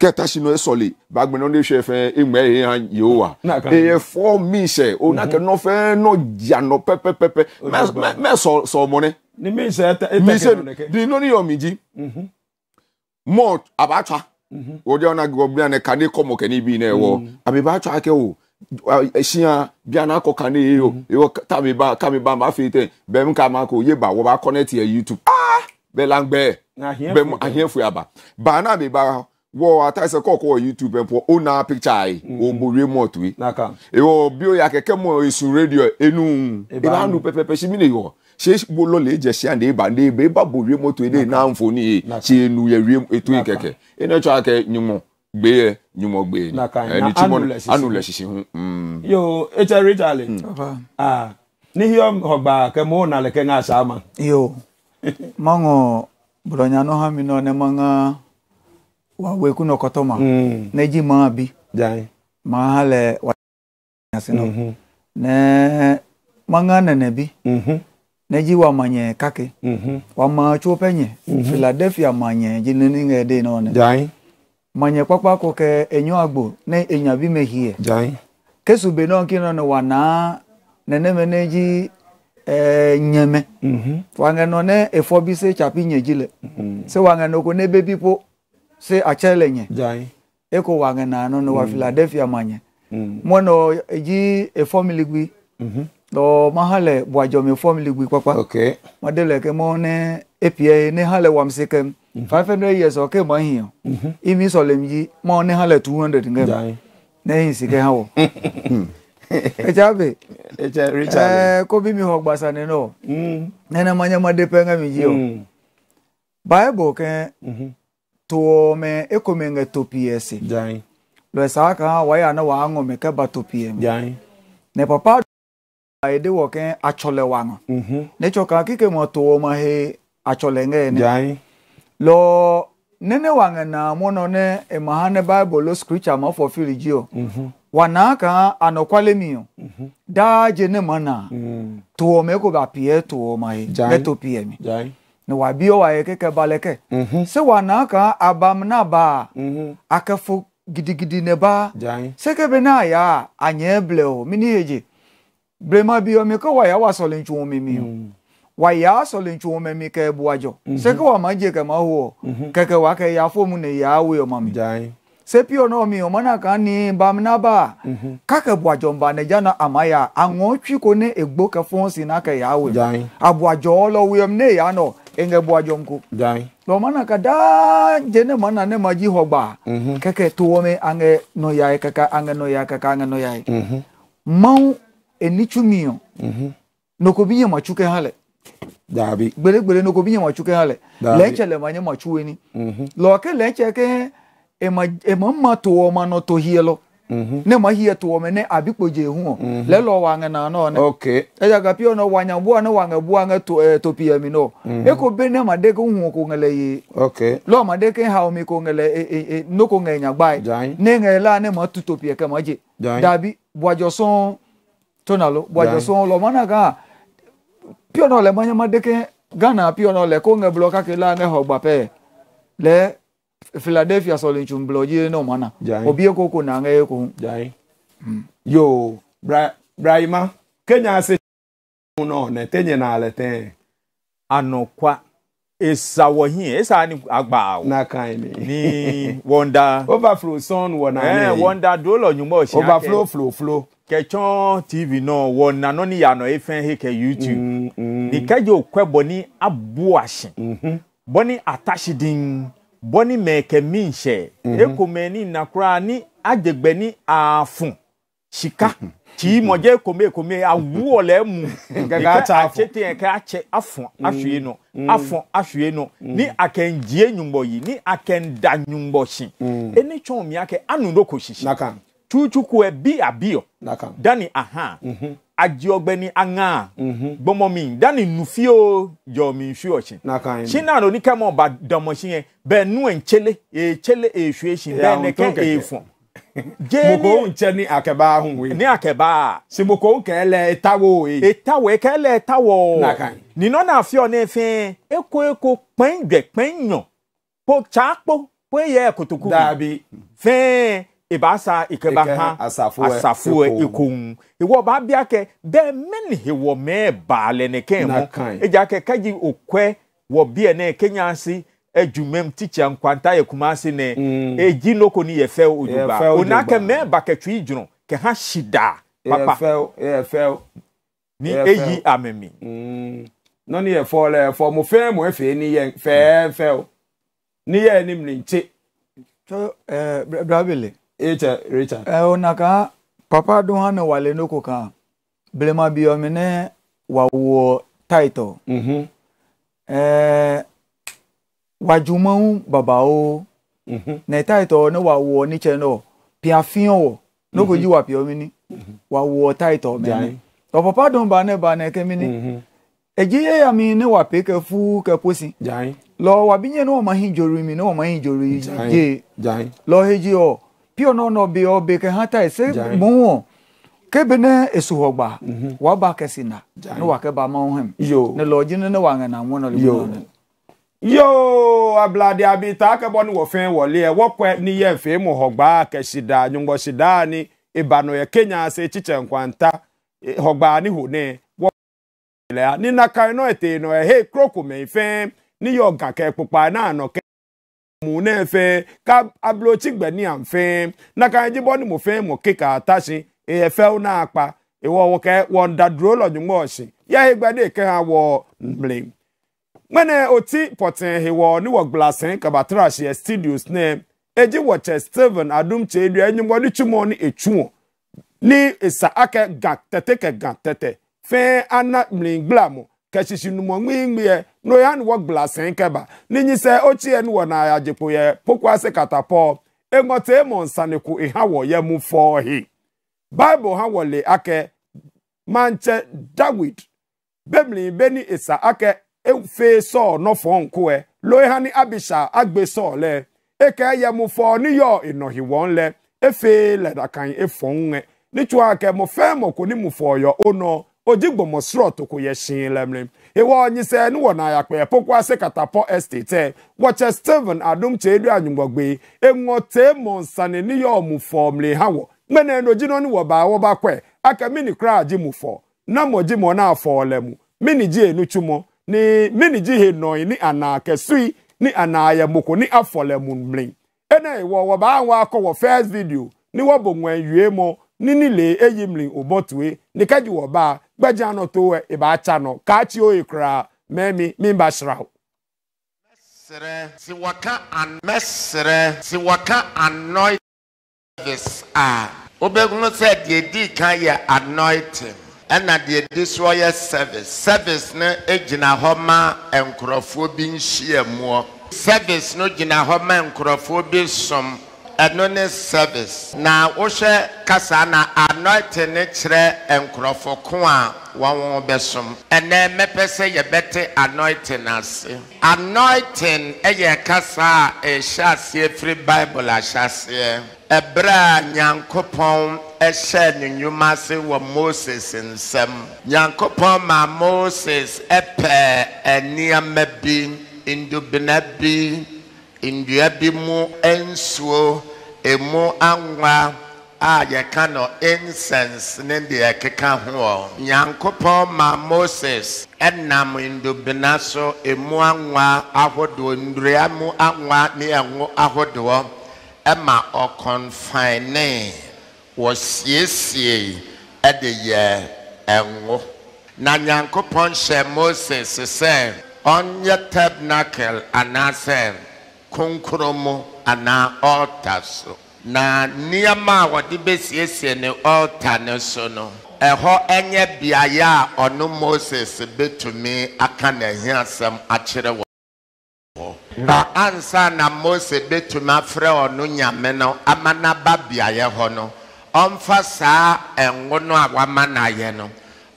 kẹta sinu ẹ sọle bagbe náà ṣe fẹ ẹgbẹ yìí hàn yìí wa èyẹ fọ mi sẹ o náà kẹ náà fẹ náà jànà pẹpẹpẹpẹ mẹ sọ ọmọ rẹ mi sẹ di nínú yọ mi jí. mot abatwa mhm. wode ona gobia ne kane komo kani bi na ewo mm. abeba atwa ke ehia bia na akọ kane yo ewo ta me ba ka me ba ma fete be m ka ma ko ye ba wo ba connect ya youtube ah be langbe be m ahiefu aba ba na be ba wọ ataise kọọkọ wọ youtube mpọ e ọ na picture ayi ọbọ wie mọọtù yi ewo bi o ya keke mọ esu radio e, enu ebe e anu pẹpẹpẹ si mi na yọ. ṣé mo lọ lè jẹ ṣe àndé ibà ndé ibè bàbò rí mọ́tò ilé náà ń fò ní e ṣe elu yẹ rí ètò ìkẹ̀kẹ̀ iná tí wàá kẹ nyumọ gbé yẹ nyumọ gbé yẹ ẹni tí mo anu lẹ ṣiṣi hun. Mm. yo ete ritali mm. ah, n'ihi ọgba kemụ na leke nga asa ama. yo mmanwụ bụrọnya n'ọha mi nọ n'ema nga wawe kunu ọkọtọ ma mm. n'eji ma bi ma ha lẹ wa. Mm-hmm. ne mmanwụ nene bi. Mm-hmm neji wa manye kake mhm. wa ma chuo penye mhm. Philadelphia manye jinini ngede no ne jai manye kwakwa ko ke enyo agbo ne enya bi mehie jai kesu be no kino no wana nene meneji eh nyeme mm -hmm. wange no ne efo bi se chapi nyejile mm se wange no ko ne bebi po se achele nye jai eko wange na no no wa mhm. Philadelphia manye mm -hmm. mono eji efo miligwi mm dɔ ma hã le boadzɔmi fɔm ligbi kpakpa okay. ma de le ke mɔ ne epie ne hã le mhm. five hundred years ɔ ke ma hi mhm. imi sɔ le mi dzi mɔ ne hã two hundred kem ne hi si ke hã wɔ etsa be ɛɛ ko bi mi xɔ gbasa ne nɔ hmm. nenema nye ma de pe ŋa mi dzi o hmm. bible ke mhm. toɔ mɛ ekome ŋa e topie si lɔ saa kan wa ya ne wa aŋɔ mɛ ke ba topie mi ne papa ede wɔ kɛ atsɔlɛ wa ŋɔ ne tsɔ kan kike mɔ to wɔ ma he atsɔlɛ ŋɛ ne lɔ nene wa ŋɛ na mɔ nɔ ne ema hã ne bible lo scripture ma fɔ fili dzi o mhm. wa na kan anɔkwale mi o mhm. daa dze ne ma na mm. to wɔ me ko ba pie to wɔ ma he ne to pie mi ne wa bi wa ye keke ba lɛ kɛ mhm. se wa na kan abam na ba akɛfo gidigidi ne ba seke be na ya anyɛ blɛ o mini ye dze brema bi omi ko waya wa so lenchu omi mi mm. waya so lenchu omi mi ke buajo mm -hmm. se ko wa manje ke ma ho mm-hmm. keke wa ke ya fomu ne ya we o mami jai se pi mi o mana kan ni bamna ba mm mm-hmm. ba ka ke buajo ne jana amaya awon twi ko ne egbo ke fon si na ke ya we jai abuajo lo we om ne ya no enge buajo mko jai lo mana ka da jene mana ne maji hogba mm -hmm. keke tuome ange no ya e, keke ange no ya e, keke ange no ya mm -hmm. mau enichumio mhm nokobiye machuke hale dabi gbelegbele nokobiye machuke hale leche le manye machuweni mhm loke leche ke ema ema mato ma no to hielo mm-hmm. ne ma hie to me ne abipoje hu mm-hmm. le lo wa na no ne okay e ja gapio no wanya bua no wanga bua nga to eh, to pia mi no mm-hmm. e ko be ne ma de ko hu ko ngele yi okay lo ma de ke ha o mi ko ngele e eh, e eh, no ko ngenya gbai ne ngela ne ma tuto pia ke ma je dabi buajo son Tona bwajo so lo mana ka pio no le manya madeke Ghana pio no le ko nge bloka ke la nge hogba pe le Philadelphia so le chum bloji no mana obi ko ko na nge ko jai hmm. yo bra braima Kenya se no ne tenye na le ten anokwa esawo hin esa ni agba o na kan ni ni wonder overflow sun wona eh wonder do lo nyumo se overflow flow flow kɛkyɔn tv no wɔ nano ne YouTube. anɔye fɛn he kɛ youtube nikɛgye okɔ bɔne abo ahye bɔne atahye din bɔne mɛɛkɛmi nhyɛ ekomɛni nakora ne adzegbɛni aafo sika eko mhm. mɔgye eko ekome awu ɔlɛ mu nkɛkɛ akyete nkɛ akyɛ afɔ ahwie no mm. afɔ ahwie no mm. ne akɛngyie nyumbɔ yi ni akɛnda nyumbɔ hye mm. ɛne twɛn omi akɛ anu no k'o hyehyɛ. chuchukwu ebi abio dani aha mhm. ajiọgbẹni anga mhm. gbọmọmi dani nufio yọmi nfiọsi chinaro ní kẹmọ ọba dọmọsi yẹn bẹẹ nu ẹnchele ẹchele èṣù èṣì bẹẹ nẹkẹ èèfọn. moko nkyɛ ni akɛbaa ho wei. ni akɛbaa. si moko nkɛlɛ etawo yi. etawo ekɛlɛ etawo. nakan. ninɔ n'afi ɔne fɛn eko eko kpɛn gbɛ kpɛn nyɔ ko tsaakpo e ko eyɛ e kotoku. daabi. fɛn. ibaasa ikebaha asafoɔ ekomu ewɔ ɔbaa bi akɛ bɛɛ mɛni hewɔ mɛɛ baale ne kɛn mu egya kɛ kagyi okwɛ wɔ bia e ne kenya ase edwuma mu tikya nkwanta yɛ kuma ase ne mm. egyi noko ni yɛ fɛ oduba onakɛ mɛɛ bakɛtwi dwono kɛ ha si daa papa ni eyi e amemi. Mm. nɔni yɛ fɔ lɛ fɔ mo fɛn mo efe ni yɛ fɛɛfɛ ni yɛ ni mi ni nti. tɔ ɛɛ eh, brabele. echa recha e ona papa do wale no ko ka blema bi o mene wa wo title mhm eh wajumo baba o mhm na title no wa wo ni che pia fian wo no ko ji wa pia mi ni wa wo title me to papa do ba ne ba ne ke mi ni mm-hmm. eji ye ya mi ni wa pe ke fu ke posi jain lo wa bi no ma hin joru mi no ma hin joru je jain lo heji o pio no bi obe ke hata ese muwo kebene esuhogba mm -hmm. waba kesina no wake ba ma ohem ne loji ne wange na wono le wono yo ablade abita ke bonu wo fen wole e wokwe ni ye fe mu da, kesida nyungo sida ni ibano ye kenya se chiche nkwanta e, hogba ni hone wo le ni na kai no ete no e he kroko me fe ni yo gakepupa na no ke mu na-efe ka abulotsi gbɛni an fɛ na kan dzi bɔ ni mo fɛ mo ke ka na kpa ewɔ kɛ wɔn daduro lɔ nyugbɔ si ya yi gbɛ de ke hã wɔ nbile oti pɔtɛn hewɔ ni wɔ gblase kabatra si studios ne edzi wɔ steven adumtse edu enyugbɔ ni tsumɔ ni etsuwɔ ni esa akɛ ga tete kɛ gã tɛtɛ fɛn ana mli gbla mo. keshishi numo ngwingwie no yan wo glasin keba ninyi se ochie nuwo na ya jipo ye pokwase katapo engote mo nsaneku iha e wo ye mu fohi bible ha wole ake manche david bemli beni isa ake efe so no fo nkoe loihani abisha agbe so le eke ye mu fo ni yo inohi won le efe le dakan efon nwe nichwa ke mo fe mo ni mu fo yo ono odigbomo srotku yeshilemri iwe onyise nuwonayakpe pukwasi katapo estete woche steven adumcheduanyumgbogbe ewote monsaniniyomufomli hawo mgbenenojinonwobawobakwe aka mini kraji mufo namojimona afolemu mini ji enuchumo ni mini ji henoi ni anakesui ni anayemoko ni afolemu mri eneiwowobawa akowo first video ni wobo ninile eyimli nikaji gbɛgya no to wɛ ibaacha no kaakyi oyi koraa mɛmi mimba hyira wo. mɛsrɛ si wɔka an mɛsrɛ si wɔka anɔi service a wobɛhunu sɛ deɛ di kan yɛ anointing ɛna deɛ di soɔ yɛ service service no gyina hɔ ma nkurɔfoɔ bi nhyiamuɔ service no gyina hɔ ma nkurɔfoɔ bi som. ɛno service na wohwɛ kasa na anɔte ne kyerɛ nkurɔfo ko a wɔn bɛsom ɛnɛ mɛpɛ sɛ yɛbɛte anointing ase anointing yɛ kasa a ɛhyɛ aseɛ firi bible ahyɛ aseɛ ɛberɛ a nyankopɔn ɛhyɛ ne nnwuma ase wɔ moses nsɛm nyankopɔn ma moses ɛpɛ nneɛma bi ndubena bi ndua bi mu nsuo emu anwa a yɛka no incense ne deɛ ɛkeka ho wɔ nyankopɔn ma moses ɛnam ndubena so emu anwa ahodoɔ ndua mu anwa ne ɛnwo ahodoɔ ɛma ɔkɔnfaine wɔsiesie ɛde yɛ ɛnwo na nyankopɔn hyɛ moses sɛ ɔnyɛ tabernacle anaasɛ kronkron ana ɔlta so na nneema a wɔde bɛsiesie ne ɔlta ne so no ɛhɔ nyɛ beaeɛ a ɔno moses bɛtumi aka n'ahiasɛm akyerɛ wɔ na ansa na mose Betumi afrɛ ɔno nyame no ama n'aba beaeɛ hɔ no ɔmfa saa ɛnwo no a wama n'ayɛ no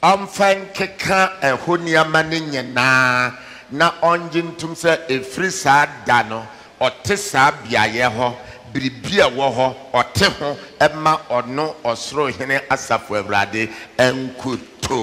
ɔmfa nkeka ɛho nneɛma no nyinaa na ɔngye ntom sɛ efiri saa da no ɔte saa beaeɛ hɔ biribi a ɛwɔ hɔ ɔte ho ɛma ɔno ɔsorohene asafo awurade ɛnkoto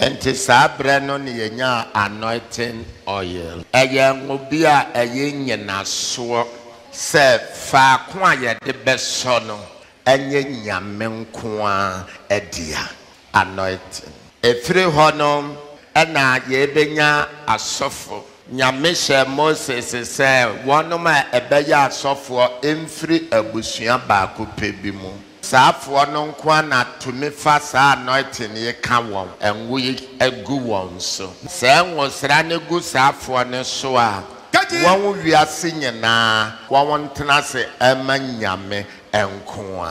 nti saa berɛ no ne yɛnya anointing oil ɛyɛ ngo bi a ɛyɛ nyinasoɔ sɛ faako a yɛde bɛsɔ no ɛnyɛ nyame nko a ɛdea anointing Efiri hɔ no ɛna yɛbɛnya asɔfo nyame hyɛ moses sɛ wɔnom a ɛbɛyɛ asɔfoɔ mfiri abusua baako pɛ bi mu saafoɔ no na tumi fa saa anointing yi ka wɔn ngo yi gu wɔn so sɛ nwosra no gu saafoɔ no so a wɔn wiase nyinaa wɔn ntena se ɛma nyame nko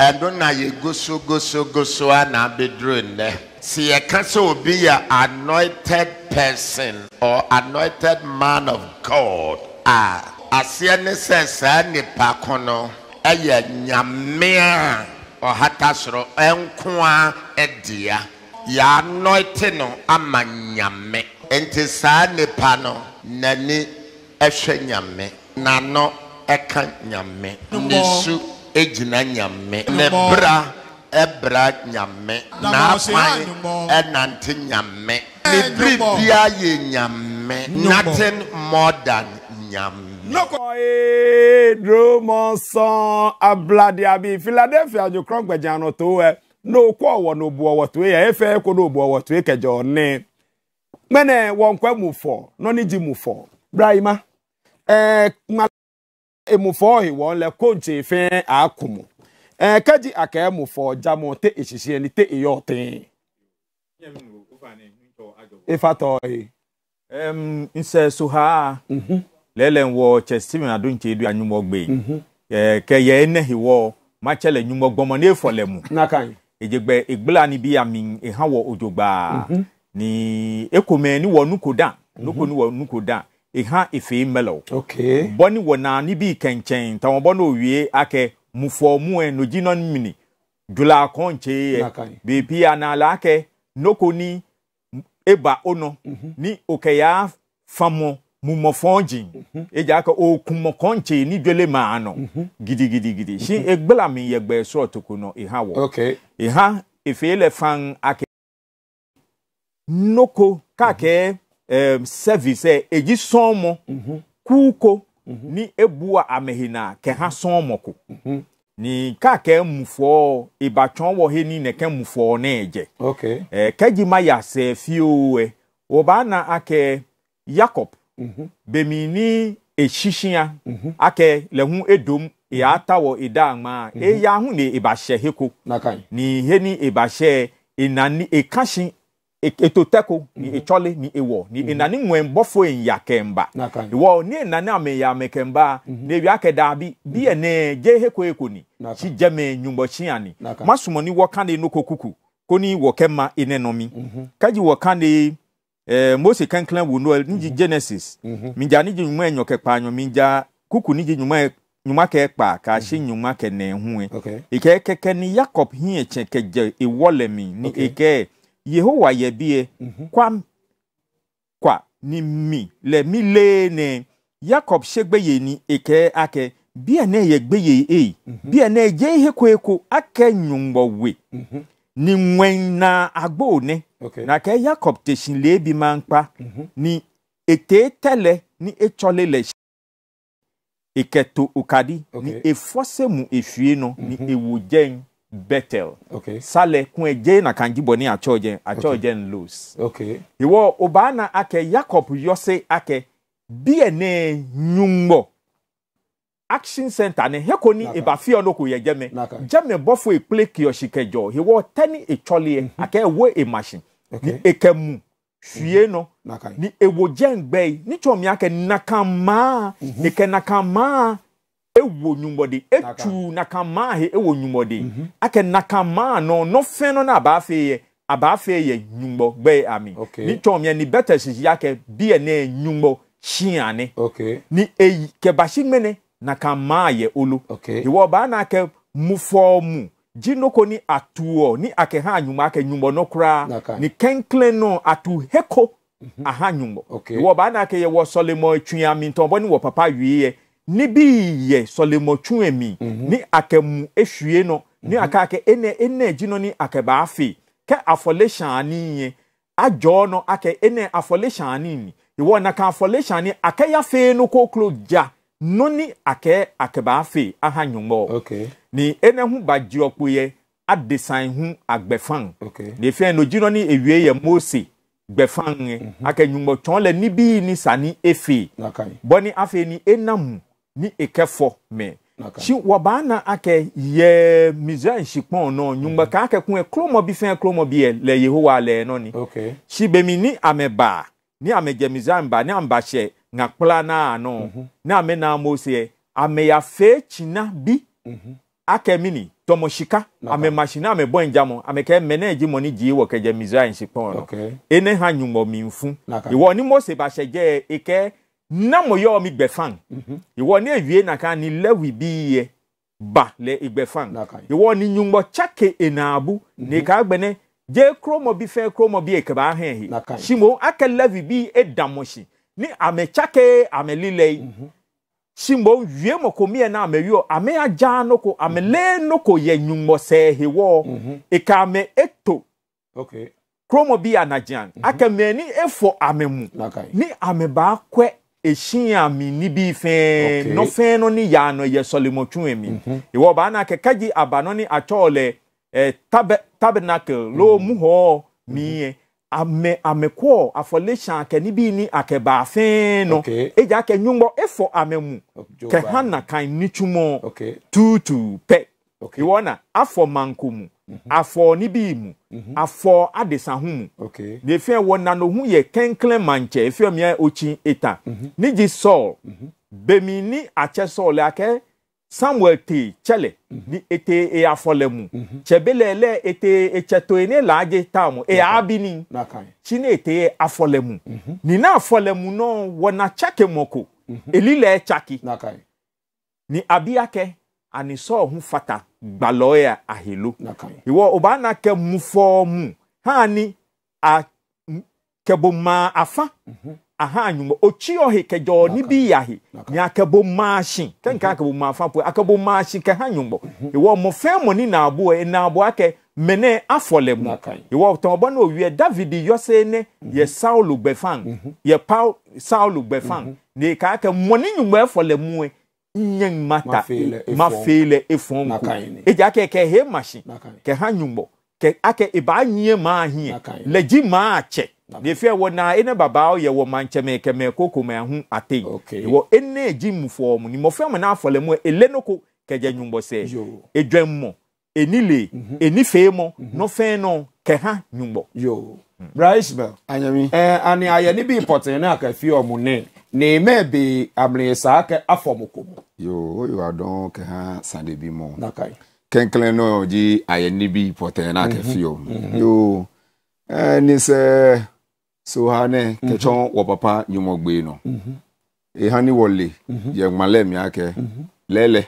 a na yɛ gosogosogoso a na abɛduru nnɛ sɛ yɛka sɛ obi yɛ anointed person or anointed man of God are. Aseɛ ne sɛ saa nipa ko no ɛyɛ nyamea ɔhata no ama nyame. Nti saa nipa no n'ani ɛhwɛ nyame. N'ano ɛka nyame. Ne su egyina nyame. Ne bra. ɛbra nyame n'akwan ɛnante nyame eh, ne biri bia yɛ nyame nothing more than nyame. dromo sɔn abladia bi philadelphia nyɔkron gbɛdza to ɛ ɔwɔ n'obu ɔwɔ to e. yɛ efɛ ko n'obu ɔwɔ to e kɛjɛ mɛnɛ wɔn kɔ fɔ nɔni ji mu fɔ brahima ɛɛ kuma emu fɔ lɛ fɛn Akumu. kadi akae mu fɔ jamu te esisi ni te eyɔ ten. ifa tɔ ye. nsɛ soha lɛlɛ wɔ cɛ stephen adonkye do anyumɔ gbe kɛyɛ enehi wɔ matsɛ le nyumɔ gbɔmɔ ne efɔ lɛ mu. nakan. edzegbe egbla ni bi ami ehan wɔ odzogba ni ekome ni wɔ nuko dan nuko ni wɔ nuko dan ehan efe mɛlɛ o. ok bɔ ni wɔ na ni bi kɛnkyɛn akɛ. mufɔmu enodinɔn mini dula kɔnche yɛ beebi analakɛ nokoni eba ono mm -hmm. ni okɛya famo, mumɔfɔn jin mm -hmm. edza kɛ ni dwele maa nɔ mm -hmm. gidigidigidi si mhm. egbela mi yɛgbɛ srɔ toko nɔ eha wɔ okay. eha efe le fan akɛ noko kakɛ ɛɛ mhm. eh, sɛvisɛ edzi e sɔn mɔ mhm. kuko. ni ebua amehina kɛha sɔn mɔko ni k'a mufɔ ibatɔn e wɔ he ni nɛkɛ mufɔ na eje. okay. eh, kɛji ma yasɛ fiyewo ɛ o b'a na akɛ yakob mm -hmm. bemi ni esisiya mm -hmm. akɛ lɛhun edom ìyá e táwọ ìdá àgbà eya e mhm. ahun ni ìbàṣẹ heko ni he ni ìbàṣẹ ìnani ìkànṣin etoteko ni etsɔle mhm. ni ewɔ ni enani ŋuɛnbɔfo eya kɛnba wɔ ni enani ameya kɛnba n'ewia mhm. kɛda bi bi ene jehe ko eko ni mhm. si jɛmɛ nyumbɔtsiani masumɔ ni wɔkan de noko kuku ko ni wɔkɛ ma enenɔmi kaji wɔkan de ɛɛ mose kankan wo noel niji genesis minja niji nyuma enyɔkɛ kpa anyɔ minja kuku niji nyuma nyuma kɛ kpa k'a nyuma kɛ nɛɛ hun ni yakob hin etsɛ kɛ jɛ ewɔlɛmi yehowa yɛ bie mhm. kwam kwa ni mi le mi lee ne yakob se ye ni eke ake bia ne ye gbe ye e mm -hmm. bia ne je ihe ko ake nyungbo we mhm. ni nwen na agbo ne okay. na ke yakob teshin le bi ma nkpa, mhm. ni ete tele ni echole le eketo okadi okay. ni e efose mu efie no ni ewo jen Bethel okay. sale kunje na kangiboni achoje achoje okay. nlos okay. Iwo Obana ake Yakob yọse ake DNA nyumbo action center ne heko ni ebafie ono ko ye jeme jeme bofo e play ki oshikejo iwọ tani e chole ake ewo e machine okay. Mhm. ni ekemu fie no ni ewo jengbe ni chomi ake nakama mm -hmm. eke nakama ewo nwumɔden etu naka he ewo nwumɔden mhm. ake nakamaa no no fɛn no na abaafe yɛ abaafe yɛ nwumɔ gbɛɛ ami ni ni bɛtɛ sisi ya biɛ ne nwumɔ siane ni eyi kɛbasi mene nakamaa yɛ olo iwɔ baa na ake mufɔɔmu jinoko ni atuɔ ni ake ha ake no ni no atu heko mhm. aha na ni papa níbí bi yɛ sɔlemɔtwe mi mhm. ne akɛmu ehwie ní ne akaakɛ ẹnẹ ɛna egyi no ne mhm. akɛbaafe kɛ afɔle hyɛnani yɛ adzɔɔ no akɛ afɔle ni ìwọ naka afɔle hyɛnani akɛyafe no koklo ní akẹ ne akɛ akɛbaafe aha nyɔmɔ ne yɛ agbɛfan no ewie mose gbɛfan mhm. akɛ ni sani efe ni Mm-hmm. ni ekefo me Si wabaa na ake yɛ misraim shikpɔn nɔ nyumba ka ake kun eklomɔ bi fɛn eklomɔ bi yɛ le yehowa lɛ Si shi bemi ni ameba ni amedze misraim ba ni ambahyɛ ŋakpla na anɔ ni ame na mose ameyafe tsina bi ake mini tɔmɔ sika ame masina ame bɔ njamɔ ame kɛ mɛ ne edzi mɔ ni dzi wɔ kɛdze misraim shikpɔn nɔ ene hã nyumɔ mi fun iwɔ ni mose ba sɛ dze eke. na moyɛ mi gbɛfan ìwọ mhm. ni ewie na naka ni lẹwi bi yɛ ba le igbɛfan ìwọ ni nyugbɔ tsake enaabu mhm. ní ká gbɛnɛ jẹ kuromɔ bi fɛ kuromɔ bi ekeba hɛn yi simo aka lɛwi bi edamosi ni ame chake ame lile yi mhm. simo wie mɔ ko miɛ e na ame wiɔ ame no ko ame lɛ noko yɛ nyugbɔ sɛ hewɔ eka ame eto. Okay. Kromo bi anajan. Mm -hmm. Aka mɛ ni efɔ ame mu. Ni ame baa kwe. ɛhyin a menni bi fɛɛ nɔfɛn no ne yaa no ɛyɛ sɔlemɔtwe mhm. ɛwɔ baa na kɛkagye aba no ne atwɔɔlɛ tabernacle mhm. lo mu hɔ miiɛ mhm. ame amekɔ afɔlehyɛn akɛne bi ni akɛbaa fɛn no ɛgya akɛ nyumbɔ ɛfɔ ame mu na kan ni twumɔ tuutu pɛ ɛwɔ na afɔ manko Mm-hmm. afɔ mm-hmm. mm-hmm. e e e ne bi mu afɔ adesaho mu deɛ fia wɔ na no ho yɛ kɛnkɛn mankyɛ efia mia okyi eta ne gye sɔɔ bɛmi ni akyɛ sɔɔ lɛ akɛ samuel te kyɛlɛ ni ete eyafɔ lɛ mu ete ekyɛtɔ ne laagye taa mu eya abini kyi ne ete afɔ lɛ mu nina afɔ lɛ mu nɔ wɔna kyake mɔko ni abi ani sọ ọhún fata gbalọ ya ahelo ìwọ ọba anakẹ mu fọọmu a kẹbọ maa afa mhm. aha anyumọ ochi ọhị kẹjọ níbi yahị ni akẹbọ maa shin kẹnkẹ akẹbọ mhm. maa afa pọ akẹbọ maa shin kẹhà anyumọ mhm. ìwọ ọmọ fẹmọ ni nàabọ ẹ nàabọ akẹ mene afọlẹ mu ìwọ tọmọ bọ david yọsẹ ne yẹ saulo gbẹfan paul saulo gbẹfan ni kàkẹ mọ ní nyumọ ẹfọlẹ nyeng mata ma fele e fon e ku e ja ke ke he mashi ke ha nyumbo ke ake e ba nye ma hie le ji ma ache de ene baba o ye wo manche me ke koko me hu ate okay. wo ene ji mu fo mu ni mo fe mo mu ele no ko ke ja nyumbo se e dwen mo eni le mhm. eni fe mo mhm. no no ke ha nyumbo yo mm. bra eh, ani aye ni bi potin na ka fi ne nimebe amresa ke afomuko yo oyo adon ke ha sande bi mo nakai no ji ayeni bi pote na ke mhm. fio mhm. yo eh ni se so ha ne mhm. ke chon wo papa no e ha ni wole ye male mi ake lele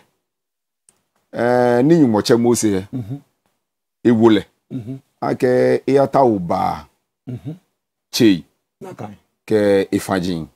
eh ni nyumo che mo se e wole ake e ata uba nakai ke ifajin e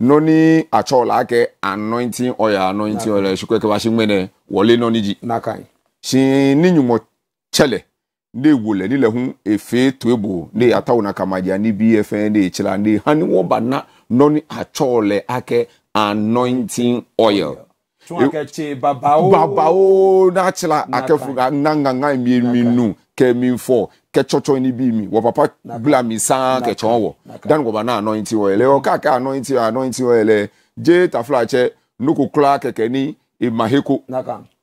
noni atsɔla kɛ anointing oil anointing oil suku kɛ ba si ŋmɛnɛ wɔle nɔni dzi si ni nyumɔ tsɛlɛ ne wòlɛ ne lɛ ho efe toe bo ne atawo na kamadia ne bi efɛ ne etsira ne hani wɔn ba na nɔni atsɔlɛ akɛ anointing oil. babawo na n'atsira akɛfu nangangan mi mi nu kɛ mi fɔ kɛtsɔtsɔ ni bi mi wɔ papa bila mi saa kɛtsɔn wɔ dan wɔ ba na anointi wɔ yɛlɛ wɔ kaka anointi anointi wɔ yɛlɛ je tafula kyɛ noko kura kɛkɛ ni emaheko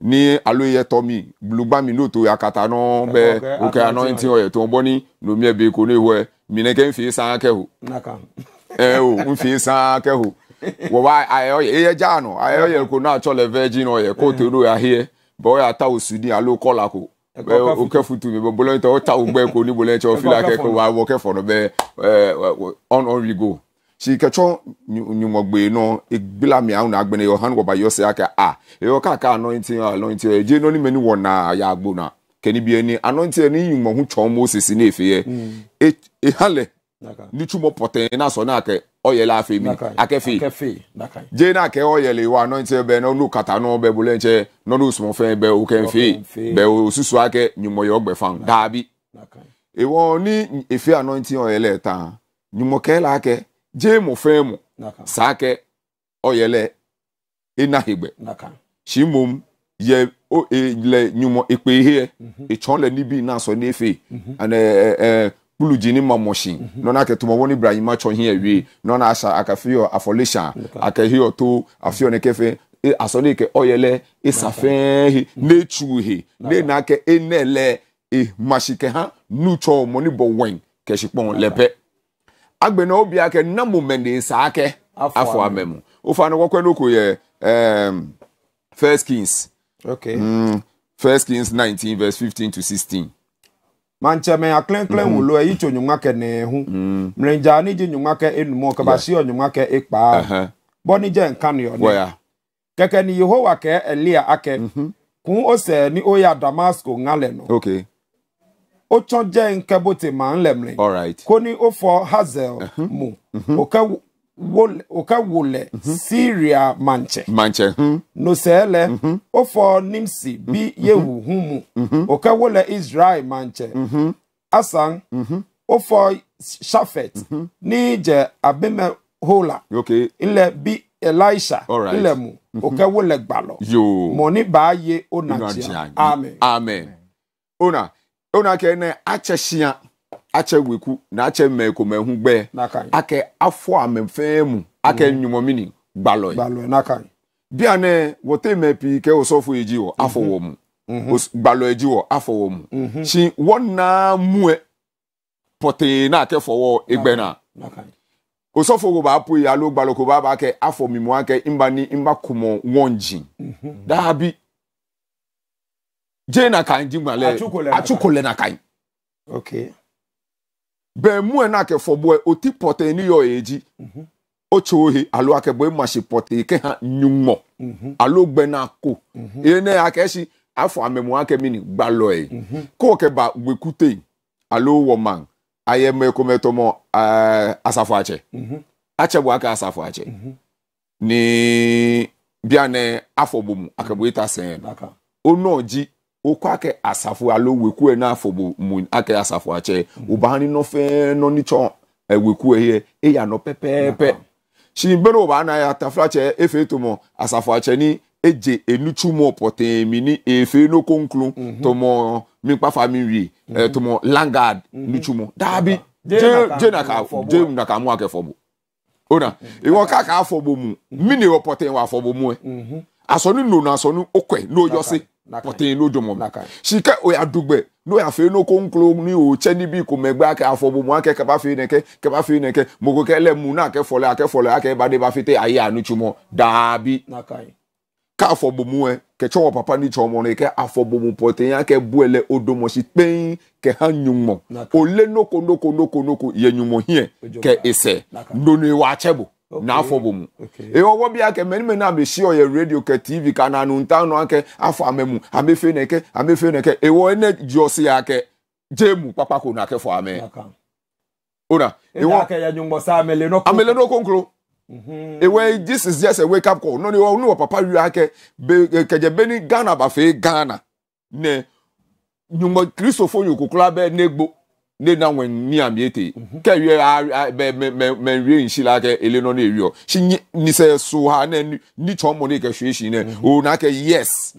ni alo yɛ tɔ mi bulugba mi n'o to akata nɔ bɛ o kɛ anointi wɔ yɛ tɔn bɔ ni lomiɛ be ko ne wɔ minɛ kɛ n fi san kɛ o ɛ o n fi san kɛ o wɔ wa ayɛ ɔyɛ eyɛ jaa nɔ ayɛ ɔyɛ ko n'a tsɔ lɛ vɛji nɔ yɛ k'o to do yɛ ahiɛ bɔn ɔyɛ ata o sudi alo kɔla ko. bẹ o kẹ futu mi bẹ bọlọ ntẹ o ta o gbẹ ko ni bọlọ ntẹ o fila kẹ ko wa wọ kẹ fọnọ bẹ ẹ on on we go si kẹtsọ nyumọgbe nọ egbila mi ahun agbẹnẹ yọ hanu wọba yọ sẹ akẹ a eyọ kaka anọnti anọnti ẹ jẹ nọni mẹni wọ na ya agbo na kẹni bi ẹni anọnti ẹni nyumọhu tsọ mo sisi n'efe yẹ ehalẹ nitsumọ pọtẹ n'asọ n'akẹ ɔyɛ la afei mi akɛfe gye na akɛ ɔyɛ wa anɔ nkyɛn bɛ n'olu kata no bɛ bolo nkyɛn n'olu sumɔfɛn bɛ okɛnfe bɛ osusu akɛ nyumɔyɛ ɔgbɛ fan daabi ewɔ ni efe anɔ nkyɛn ɔyɛ tan nyumɔkɛ la akɛ gye mo fɛn mo saa akɛ ɔyɛ lɛ ena hegbɛ si mom yɛ o e lɛ nyumɔ ekpe heɛ etsɔn mhm. lɛ nibi na sɔ n'efe ɛɛ mhm. ɛɛ. kpulu gyini ma na ma wɔne ibrahima na ɔna ahyɛ to afio ne kɛfɛ asɔne kɛ ɔyɛlɛ esafɛɛhe n'etsuhe n'ena kɛ enɛlɛ emashikɛ hã nutsɔ mɔni bɔ wɛn kɛsikpɔn lɛpɛ agbɛnɛ obia kɛ namomɛnde saa kɛ afɔ amɛmu ofa ne n'oko yɛ ɛɛm first kings okay mm, first kings nineteen verse fifteen to sixteen. mankyɛmɛ aklenklen wolo mm-hmm. eyi tso nyɔnua nɛɛ ho mm. Mm-hmm. mlenja ni dzi nyɔnua kɛ enumɔ kabasi yɔ ekpaa bɔni jɛ nkan yɔ kɛkɛ ni yehowa kɛ eliya mm -hmm. ose ni o ya damasko ŋalɛ nɔ okay. o tsɔn jɛ nkɛ ko ni hazel mu mm-hmm. wole oka wole mm -hmm. siria manche manche hmm. no sele mm -hmm. ofo nimsi bi mm -hmm. yehu humu mm -hmm. oka wole israel manche mm -hmm. asan mm -hmm. ofo shafet mm -hmm. ni je abime hola okay ile bi elisha right. ile mu mhm. oka wole gbalo yo mo ni ba ye onachia amen amen ona ona ke ne acheshia akyɛ weku na akyɛ mɛko mɛhu gbɛ akɛ afɔ amɛfɛn mu akɛ mhm. nyumɔmini gbalɔ yi bia ne wɔte mɛ pii kɛ osɔfo yi dzi wɔ mhm. afɔ wɔ mu mhm. gbalɔ yi dzi wɔ afɔ wɔ mu si wɔn naa muɛ pɔtee na akɛ fɔwɔ egbɛ na osɔfo ko b'a poyi alo gbalɔ ko b'a b'a kɛ afɔ mimu akɛ nba ni nba kumɔ wɔn dzi daabi jɛ na kan di gbalɛ atu kolɛ na kan. bɛmue na akɛ fɔbɔɛ oti pɔtɛ ni yɔ eji ohe alo akɛbɔ emasi pɔtɛ ke hã e nyumɔ alo gbɛna ko eye ne akɛsi afɔ amɛmu akɛmi ni gbalɔɛ k'o kɛba wekute alo wɔma ayɛmɛ kɔmɛtɔmɔ ɛɛ asafo atsɛ atsɛ bɔ akɛ asafo atsɛ ni bianɛ afɔbomu akɛbɔ eta sɛn onɔdzi. okɔ akɛ asafo alo weku yɛ e na afɔbo mu akɛ asafo akyɛ mhm. obani nɔfɛ nɔnitsɔ e weku e yɛ eya nɔ pɛpɛɛpɛ sinbere obana yɛ atafra kyɛ efe tomɔ asafo akyɛ ni edze enutsumɔ pɔtɛn ni efe no konklo mhm. tɔmɔ mikpafa mi wi ɛ mhm. tɔmɔ langard nutsumɔ daabi jɛ naka jɛ naka mu akɛ fɔbo ona ìwọ kaka afɔbo mu mi ni wɔ pɔtɛn wɔ afɔbo mu yɛ asɔnu nono asɔnu okɔɛ n'oyɔsi pɔtɛn oh, no dɔmɔ mi sika o y'a dugbɛ n'o y'a fɛ yen n'o ko oh, nklo ni o cɛ ni bi ko mɛ gbɛ a kɛ a ah, fɔ bomo a ah, kɛ kaba fɛ yen nɛkɛ kaba fɛ yen nɛkɛ mɔgɔ kɛ lɛ mun n'a kɛ fɔlɔ a ah, kɛ fɔlɔ a kɛ ba de b'a fɛ te a ye a ni tuma daabi k'a fɔ eh, papa ni cɛwɔ mɔnɔ kɛ a fɔ bomo pɔtɛn y'a kɛ buɛ lɛ o dɔmɔ si pɛn kɛ hã ɲumɔ o lɛ n'o ko n'o ko n'o ko n'o ko yɛ ɲumɔ hiɛ kɛ esɛ ndonu n'afọ bɔ mu eyi ɔwɔ bi akɛ mɛ nimɛ na bɛ si ɔyɛ radio kɛ tv ka na nu ntan no akɛ afɔ amɛ mu amɛ fe na kɛ amɛ fe na kɛ eyi wɔ ɛnɛ jɔsi akɛ jéemu papako na akɛ fɔ amɛ ona eyi wɔ amɛlɛ no konkolo mhm. eyi this is just a wake up call n'oni wɔ n'o papa wi akɛ kɛjɛ bɛ ni ghana bafe ghana nɛ nyugbɔ kristofo yokokura bɛ negbo ne na wɛn ni amiete mhm. kɛ wie a bɛ mɛ mɛ mɛ wie nsi la kɛ ele nɔ ne wie o si nyi nisɛ so ha ne ni tɔn mɔ ne kɛ suye si nɛ o na kɛ yes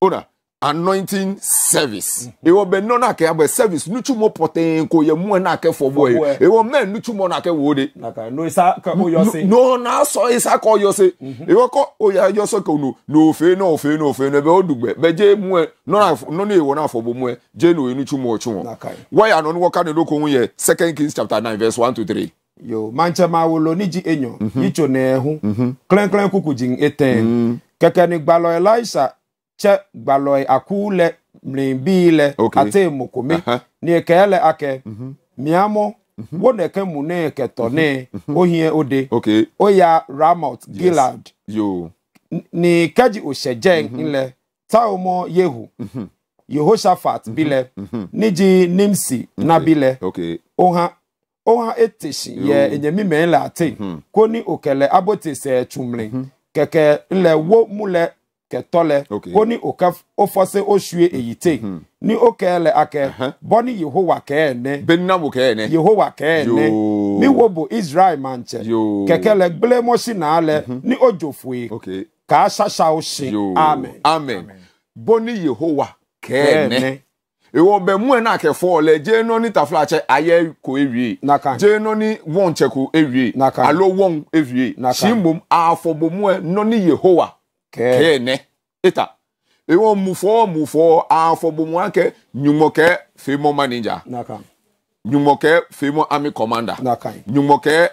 o na anointing service ewɔ bɛ nɔ n'akɛ abɛ service nutsumɔ pɔtɛn ko yɛ mɔ n'akɛ fɔbɔ ye ewɔ mɛ nutsumɔ n'akɛ wo de. n'o sa ka o yɔse. n'o n'a sɔ isa kɔ yɔse ewɔ kɔ o y'a yɔse kɛ no n'o fe n'o fe n'o fe n'o bɛ o dugbɛ bɛ je mɔ nɔnɔ ewɔ n'a fɔbɔ mɔ je n'o ye nutsumɔ tún wɔ wɔyɛ anɔni wɔ kan de do ko ŋun yɛ second kings chapter nine verse one to three. yo manchama wolo mm-hmm. mm-hmm. mm-hmm. ni ji enyo yitso klen klen kuku jin eten kɛkɛ ni gbalɔ elisa che gbaloi akule mlimbi ile okay. ate mokome uh -huh. ni ekele ake mm wo miamo ke mu wone ke mune ke tone mm -hmm. de. ode ramot gilad yo ni keji oseje mm -hmm. ile taomo yehu mm -hmm. yehoshaphat mm -hmm. bile mm mhm. nimsi na bile okay. oha oha etishi yo. ye enyemime nile ati. mm ni koni okele abote se chumle mm -hmm. keke ile wo mule kɛtɔlɛ okay. ko ni o kɛ o fɔse o sue eyi te mm -hmm. ni o kɛ lɛ akɛ bɔ ni yehowa kɛ ɛnɛ beninamu kɛ ɛnɛ yehowa kɛ ɛnɛ mi wo bo israel man cɛ kɛkɛ lɛ gbilemosi naa lɛ mm -hmm. ni o jo foye okay. k'a sasa o se amen amen bɔ ni yehowa kɛ ɛnɛ ìwọ bẹ mú ẹ náà kẹfọ ọlẹ jẹ náà ní tàfúlà àṣẹ ayé kò ewie jẹ náà ní wọn jẹ kò ewie alo wọn ewie sí mò àfọbọmú ẹ náà ní yehowa kene eta ewo mufo mufo afọ bụ nwoke nyumoke femo manager n'aka nyumoke femo army commander n'aka nyumoke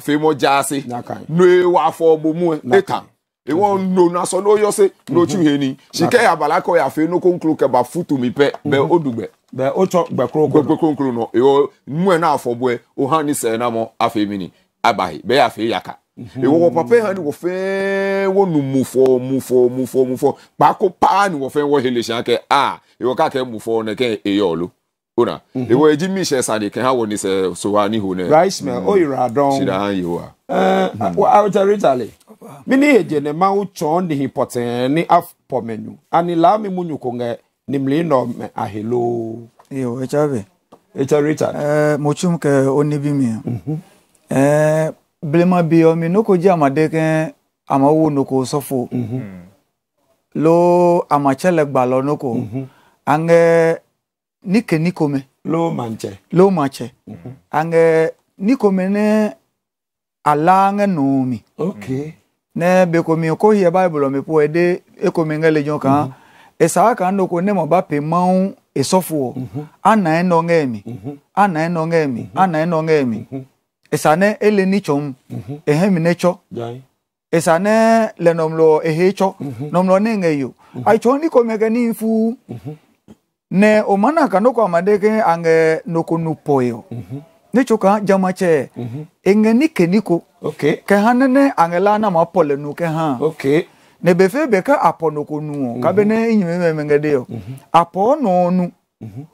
femo jaasi n'aka n'ewa afọ bụ mụ eta ewo no na so no yose no chi heni shike ya balako ya fe no konklu ke ba futu mi pe be mhm. odugbe be ocho gbe kro gbe gbe konklu no ewo mwe na afọ bụ e, o ha ni se na mo afemini abahi be ya fe yaka ewɔ wɔ papa ha ni wɔ fɛn wɔ nu mufɔ mufɔ mufɔ mufɔ kpaako paa ni wɔ fɛn wɔ hele sian kɛ a ewɔ kaa kɛ mufɔ ne kɛ eya ɔlo ona ewɔ eji mi sɛ sa de kɛ ha wɔ ni sɛ sowa ni ho ne. rice mill o yira dɔn sida an ye wa. ɛɛ awutaritali mi ni eje ne ma wo tsɔn nihin pɔtɛn ni afɔmɛnu ani laa mi mu nyuko ŋɛ nimli nɔ mɛ ahelo. iye o echa bɛ. echa rita. ɛɛ mo kɛ o níbí mi. ɛɛ. Mm-hmm. Eh, bilema biyo mi noko ji amadeke amawo noko sofo mm -hmm. lo amachele gbalo noko mm -hmm. nike nikome lo manche lo manche mm nikome ne ala ange nomi okay ne be ko mi ko hie bible mi po ede e ko kan mm ne mo pe e sofo mm -hmm. ana ngemi mm -hmm. esane ele nicho mm -hmm. ehemi necho jai esane le nomlo ehecho mm -hmm. nomlo nenge yu mm -hmm. aichoni komeke ninfu mm -hmm. ne omana kanoko amadeke ange nokonupoyo mm -hmm. nechoka jamache mm -hmm. enge nike niko okay. kehanene ange lana mapole nuke ha okay. ne befe beka apo nokonu mm -hmm. kabene mhm. inyimememengede yo mm -hmm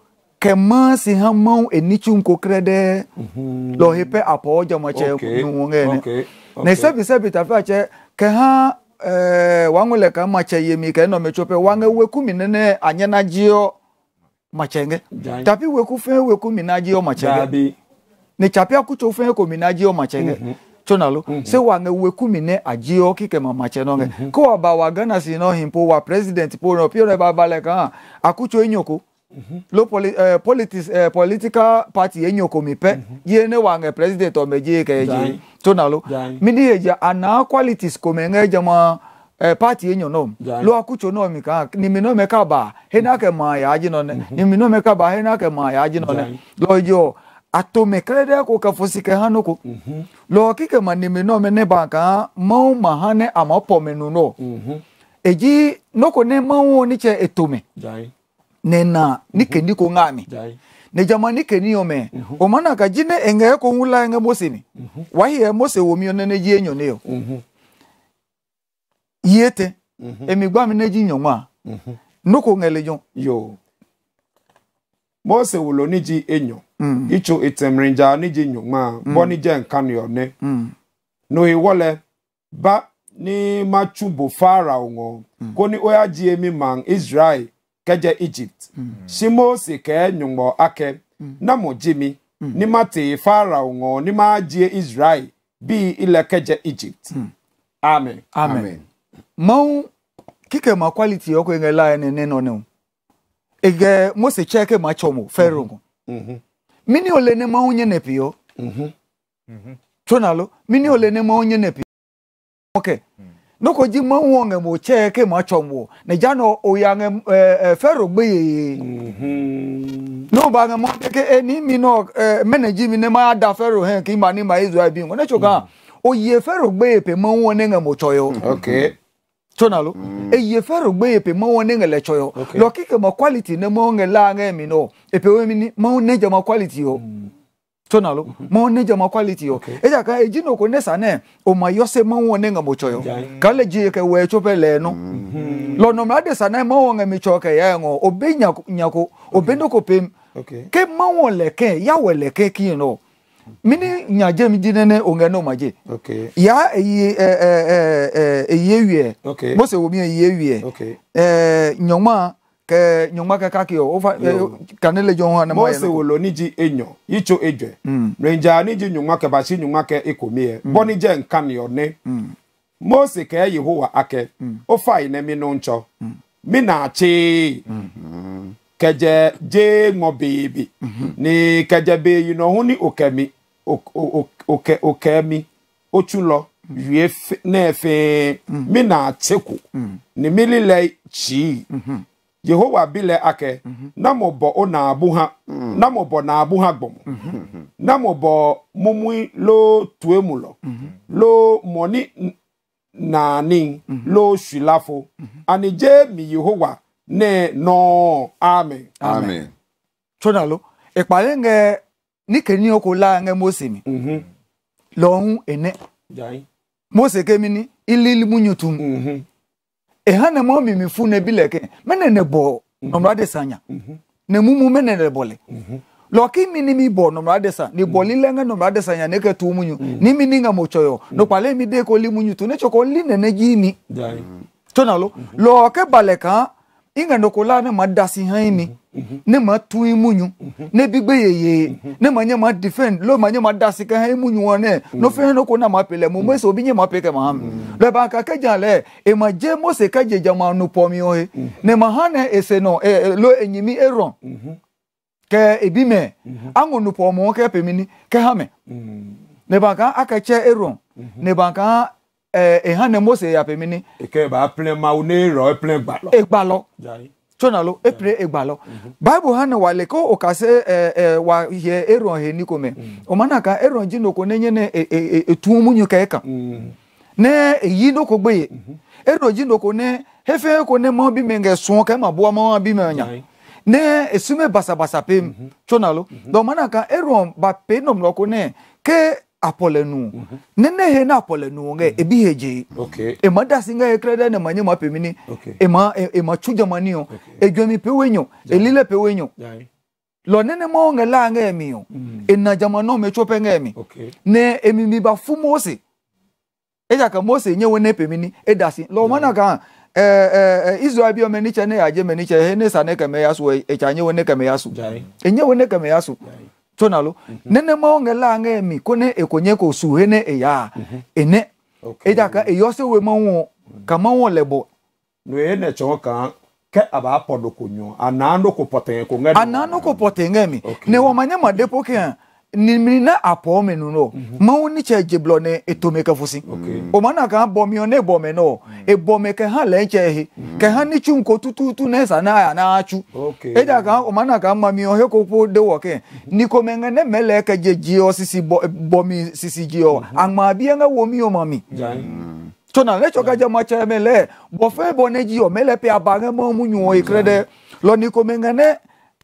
kɛmɛ si hã mɔw enitsi ŋko kre ɖe lɔhi ƒe apɔwɔ dzɔmɔtsɛ nuwo ŋɛ ne ne sɛbi sɛbi tafi atsɛ ke hã eh, waŋu le ka matsɛ yemi ke enɔme tso ƒe waŋe weku mi nene anyana dziɔ matsɛ ŋɛ tafi weku fɛ weku mi dziɔ matsɛ ŋɛ ne tsapia kutso fɛ ko mi na dziɔ matsɛ ŋɛ tsona mm-hmm. lo mm -hmm. se wange wekumi ne ajio kike mama chenonge mm -hmm. ko aba wa Ghana si no himpo wa president po no pio ba ba le kan akucho inyoko lo poli, uh, politis, uh, political party enye okomipɛ mm -hmm. yene wange president ɔmɛdze kɛyɛ tonalo mini yedza ana qualities komɛŋɛ jama uh, eh, party enye nom lo akutso nɔmi kan nimino mɛ kaba hena kɛ ma yadzi nɔ nɛ mhm. nimino mɛ kaba hena kɛ ma yadzi nɔ nɛ lɔ yɔ atomekele ɖe ko ke fosike hã no ko mm -hmm. lɔ kike ma nimino mɛ ne ba kan ma hã ne amɔ pɔmɛ nu nɔ mm -hmm. edzi noko ne mɔwo ne tsɛ etome. Jai nena nike niko ngami ne jama nike niyo me omana kajine enge ko ngula enge mosini wahi e mose wo mio nene ye nyo neo yete emigba mi neji nyo ma nuko ngele jo yo mose wo lo niji enyo mm. icho itemrinja niji nyo ma mm. boni je nkan yo ne mm. no e wole ba ni machubo farao ngo koni oya ji emi man israel keje ijipt shimose ke nyugbo ake namojimi nímàtí farao ŋɔ nímàjie israel bíi ilẹ̀ keje egypt amen. amen. mọ́n kíkẹ́ ma quality ọkọ̀ yẹn la ẹni nínú ni o ẹgẹ mose kyẹ́ ma kyọ́ mo fẹ́rẹ̀ ni olè mọ́n nẹ̀pì yọ olè mọ́n nẹ̀pì yọ noko ji ma wo nge mo che ke ma chom wo ne ja no o ya nge eh, eh, fero gbe ye mm -hmm. no ba nge mo ke eni eh, mi no eh, manage mi ne ma da fero hen ki ma ni ma israel bi ngo ne choka mm -hmm. o ye fero gbe pe ma wo ne nge mo choyo okay chonalo mm -hmm. e ye fero gbe pe ma wo ne nge le choyo okay. lo ki ke ma quality ne mo nge la nge mi no e pe we mi ni ma wo ne je ma quality o tonalo lo, -hmm. mo neja ma quality yo. okay. eja ka ejino ko ne ne o ma yo se mo won ne ngamo choyo yeah. ka le ji ke we cho pele no mm-hmm. lo no ma de sana mo won ngami cho ya ngo o be nyako nyako o be ndoko pem okay. ke mo won le ke ya we le ke ki no mini nyaje mi dine ne o ngeno ma je okay. ya e, eh eh eh eyi ewie okay. mo se wo mi eyi ewie okay. eh nyoma ke nyɔnua kaka ke o ka kane le ma yɛlɛ. mɔsi wolo ni dzi enyɔ yitso edzɔɛ. Hmm. nidza ni dzi nyɔnua kɛ basi nyɔnua kɛ ekomi yɛ hmm. bɔni dze nka ni ɔne. mɔsi hmm. kɛ yi mi no mi na tse kɛdze dze ŋɔ beebi ni be hu ni mi na ni chi. yehowa bile ake namụbọ ọ na-abụ ha namụbọ mm. na-abụ ha gbọm namụbọ mụmụ lo tuemulọ mhm. lo mọni naani mhm. lo shilafo mhm. ani jẹ mi yehowa ne nọ amen. amen. tronalo ìpàdé ngẹ níkẹni oko la ngẹ mose mi lọhùn ene, mose kemi ni ilé ɛha na mo fu na bi lɛkɛ mɛ ne mhm. mhm. ne bɔ nɔmra de sa nya na mumu mɛ ne ne bɔle mhm. lɔki mi ni mi bɔ nɔmra de sa ni bɔli lɛ ŋa nɔmra de sa nya ne kɛ tu mu nyu ni mi ni nga mo tsɔyɔ nɔkpale mi de ko li mu nyu tu ne tsɔ ko li ne dzi mi tɔnalo lɔkɛ balɛ kan. inga ndokola ne ma dasi haini ne ma tuin munyu ne bigbe yeye ne ma nye ma defend lo ma nye ma dasi ka haini munyu wane no fe no ko na ma pele mo meso bi nye ma peke ma ham le ba ka keja le e ma je mo se ka je jama no pomi o he ne ma hane ese no e, e lo enyimi eron ke ebi me ango no pomo pemini ke ha mm-hmm. ne ba akache eron mm-hmm. ne ba ehan ne mose ya yapemini. ike ba plen ma wo ne rɔ plen gba lɔ. egba lɔ tsona lo epre egba lɔ bible hã wa le ko o ka se ɛ ɛ wa yɛ eron he ni ko mɛ o mana ka eron dzi no ko ne nye ne e e etu mu nyi ka ye kan ne eyi no ko gbe ye eron dzi no ko ne hefe ko ne mɔ bi mɛ nkɛ sɔn kɛ ma bɔ mɔ bi mɛ nya ne esume basabasa pe tsona lo Do o mana ka eron ba pe nɔmlɔ ko ne ke apɔlɛnu mm -hmm. nene he na apɔlɛnu nge mm -hmm. ebi he dze ema dasi nge ekele ɖe ne ma nye e ma pemini e okay. ema ema tso jamani o okay. edzomi pewoe nyo elile pewoe nyo lɔ nenemawo nge la nge mi o mm -hmm. ena me tso pe nge mi ne emimi ba fu mose eya ka mose nye wo ne pemini edasi lɔ yeah. mana kan ɛɛ e, ɛɛ israel bi ɔmɛ nitsɛ ne yadze mɛ nitsɛ he ne sa ne kɛmɛ yasu etsa nye wo ne kɛmɛ yasu enye wo ne kɛmɛ yasu tsonalo mhm. nenemawongela ange mi kone ekonye kosuhe ne eya mhm. ene edaka eyose wemawo kamawo lebo noye ne tsɔn kan kɛ a b'a pɔ do ko ɲɔ a n'an do ko pɔtɛŋɛ ko ŋɛ do a n'an do ko pɔtɛŋɛ mi ne wɔmanyama depo kɛ yan nimiri na apɔ mi nu no mhm. mawu ni cɛ jiblɔ ne etome kɛ fosi o ma na kan bɔ mi ne bɔ mɛ nɔ e bɔ mɛ kɛ hã lɛ cɛ he mhm. kɛ hã ni tsu nko tututu ne sa na ya na tsu e da kan o ma na kan ma mi o de wɔ kɛ mhm. ni ko mɛ ŋa ne mɛ kɛ je dzi sisi bɔ bɔ sisi dzi yɔ aŋma bi ŋa wo mi o ma mi tsɔna mm. ne tsɔ ka dze ma cɛ mɛ bɔfɛ bɔ ne dzi yɔ pe aba ŋa mɛ mu nyɔ ekele dɛ lɔ ni ko mɛ ŋa ne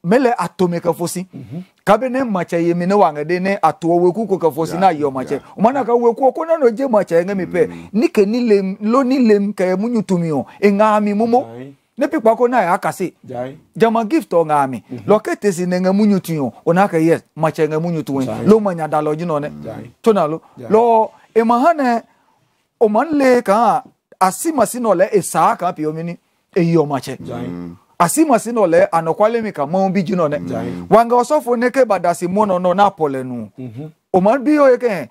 mɛ kabe ne macha ye mi ne wange de ne atuo weku ko ka fosi na yo macha o mana ka weku ko na no je macha nge mi pe mm. ni ke ni lem lo ni lem ka mu nyutumi e nga mi mumo ne pipa kona na ya kase jama gift o nga mi mhm. lo ke si ne nge mu nyutumi ona ka yes macha nge mu nyutumi lo manya da lo ne to na lo lo emahane umanle hane o man ka asi masi le e sa ka pi e yo macha mm asimasi nɔ lɛ anɔkwale mi ka mɔn bi dzi nɔ nɛ mm. wanga ɔsɔfo ne ke badasi mɔ nɔ nɔ na pɔlɛ nu mhm. o ma bi o ye kɛ eh,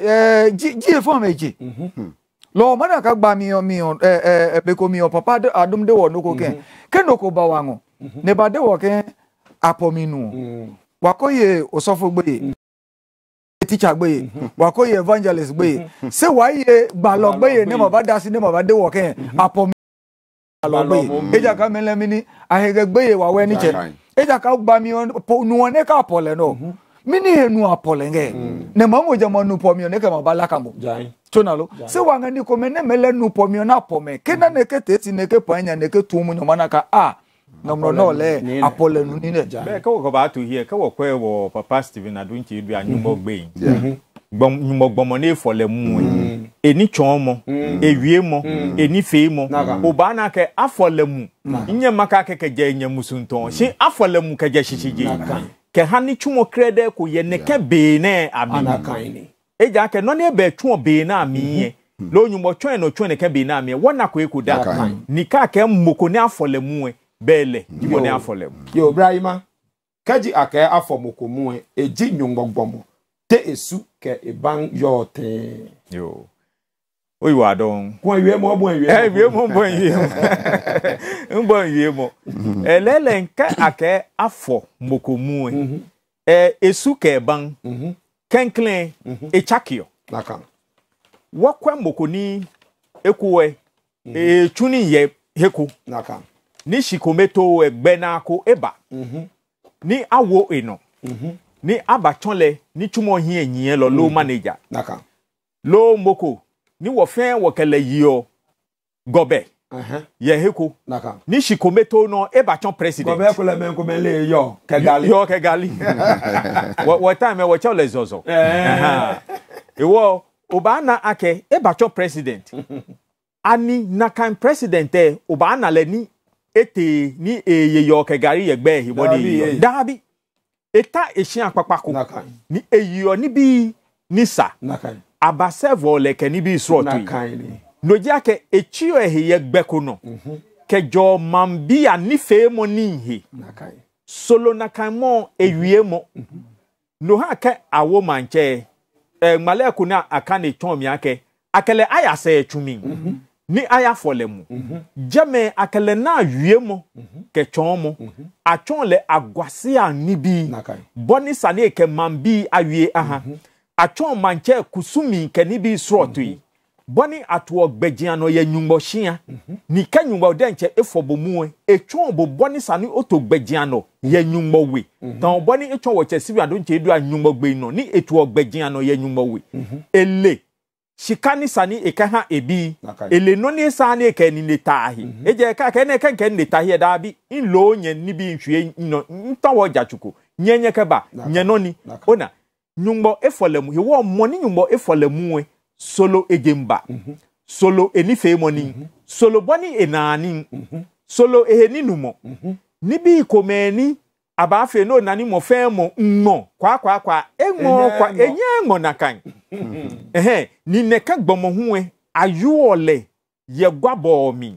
ɛɛ dzi dzi ye fɔn dzi mhm. hmm. lɔ mana ka gba miyɔn miyɔn ɛɛ eh, ɛɛ eh, beko miyɔn papa adum de wɔ noko kɛ ke mhm. noko ba wa ŋɔ ne ba de wɔ kɛ apɔmi nu mm. wakɔ ye ɔsɔfo gbe mm. ye teacher gbe ye wakɔ ye evangelist gbe ye se wa ye gbalɔ gbe ye ne ma ba dasi ne ma ba de wɔ kɛ apɔmi alɔgbeye edzaka mi lɛ mi ni ahegegbe ye wa wɛ ni cɛ edzaka gba mi nuwɔ ne ka pɔlɛ nɔ mi ni ye mm. nu apɔlɛ kɛ ne ma ŋo jama nu pɔ mi o ne kɛmɛ ba la ka mɔ tona lo se wa ŋa ni ko mɛ ne mɛ lɛ nu pɔ mi o na pɔ mɛ ke na ne ke teti ne ke pɔn nya ne ke tu mu ɲɔgɔn na ka a nɔmɔnɔ n'o lɛ apɔlɛ nu ni ne. bɛɛ kɛ kɔ b'a to yen kɛ wɔ kɔ ye wɔ papa steven adunci bi a ɲuman mm-hmm. gbɛ yen. Mm-hmm. nyumɔgbɔmɔ mm. mm. mm. ne efɔ mu ye eni tsɔn mɔ ewie mɔ mɔ o ba na kɛ afɔ le mu nye ma ka kɛkɛ nye musu si afɔ le mu kɛ sisi dze kɛ hã ni tsumɔ ko yɛ nɛkɛ bee nɛ kɛ nɔni ebe tsumɔ bee na ami yɛ tsɔn yɛ nɔ tsɔn nɛkɛ ami yɛ wɔna ko ko da kɛ moko ne afɔ mu lɛ ne afɔ ma te esu ke eban yote yo o yiwa don kwa yiwe mo bon yiwe eh yiwe mo bon yiwe mo bon yiwe mo elele mhm. eh, nke ake afọ mokomu mhm. eh esu ke chakio. Mhm. kenklen echakio nakam wakwa mokoni ekuwe echuni ye heku nakam ni shikometo egbe na ko eba ni awo eno ni abatɔn ni tumɔ hin enyiɛ lɔ low mm. manager low moko ni wɔ fɛn wɔ kɛlɛ yiyɔ gɔbɛ yɛheko ni sikometo nɔ ebatɔn president gɔbɛ kɔlɛ mɛ nkɔmɛ lɛ yɔ kɛgali yɔ kɛgali wɔ tan mɛ wɔ tsɛ lɛ zɔzɔ iwɔ o b'a na akɛ ebatɔn president ani nakan president tɛ o b'a na ni ete ni eyeyɔ kɛgali yɛ gbɛ yibɔ de yiyɔ daabi. eta esi akpakpako ni eyiɔ ni bi nisa abasɛvɔ lɛ kɛ ni bi srɔto yi n'ogya kɛ ekyiyɔ ehiyɛ gbɛko no mhm. kɛjɔ mambia nife mo nihe solo nakamɔ ewie mo mhm. noha kɛ awo mankyɛ ɛ eh, ŋmalɛ ko na aka ne tɔn mi akɛ akɛlɛ ayasɛ etumi. Mm -hmm. ni ayafɔle mu mm -hmm. jɛmɛ akɛlɛ na awie mu mm -hmm. kɛtɔn mu mhm. atɔn lɛ agwase ani bɔni sani kɛ man bi awie aha mhm. atɔn mankyɛ kusumi kɛni bi srɔto yi mhm. bɔni atoɔ gbɛgyianɔ yɛ nyumbɔhyia ni kɛ nyumbɔ dɛnkyɛ efɔ bɔ mu etɔn bɔ bɔni sani oto gbɛgyianɔ yɛ nyumbɔwe tɔn bɔni etɔn wɔ kyɛ sibi ado nkyɛn do a nyumbɔgbe nɔ ni etoɔ gbɛgyianɔ yɛ nyumbɔwe ele sika ne sane ɛka ha ebi ele no ne saa ne ɛka ni ne taahi egya ɛka ɛka ne ɛka nka ne taahi ɛdaa bi nlo nyɛ ne bi nhwie nnɔ ntɔwɔ gyatsoko nyɛ nyɛ kɛba nyɛ nɔni ona nyumbɔ efɔlɛmu yewɔ mɔ ne nyumbɔ efɔlɛmu yɛ solo egemba mhm. solo enifeemɔni mhm. solo bɔni enani mhm. solo eheninumɔ nibi ikomɛni. aba afei na onani mmɔfɛn mu nnɔ kwaakwaakwa kwa kwa kwa. E enye eŋɔ nakan ɛhɛn ni nɛka gbɔmɔhuwe ayuwɔlɛ yɛ gbabɔɔmi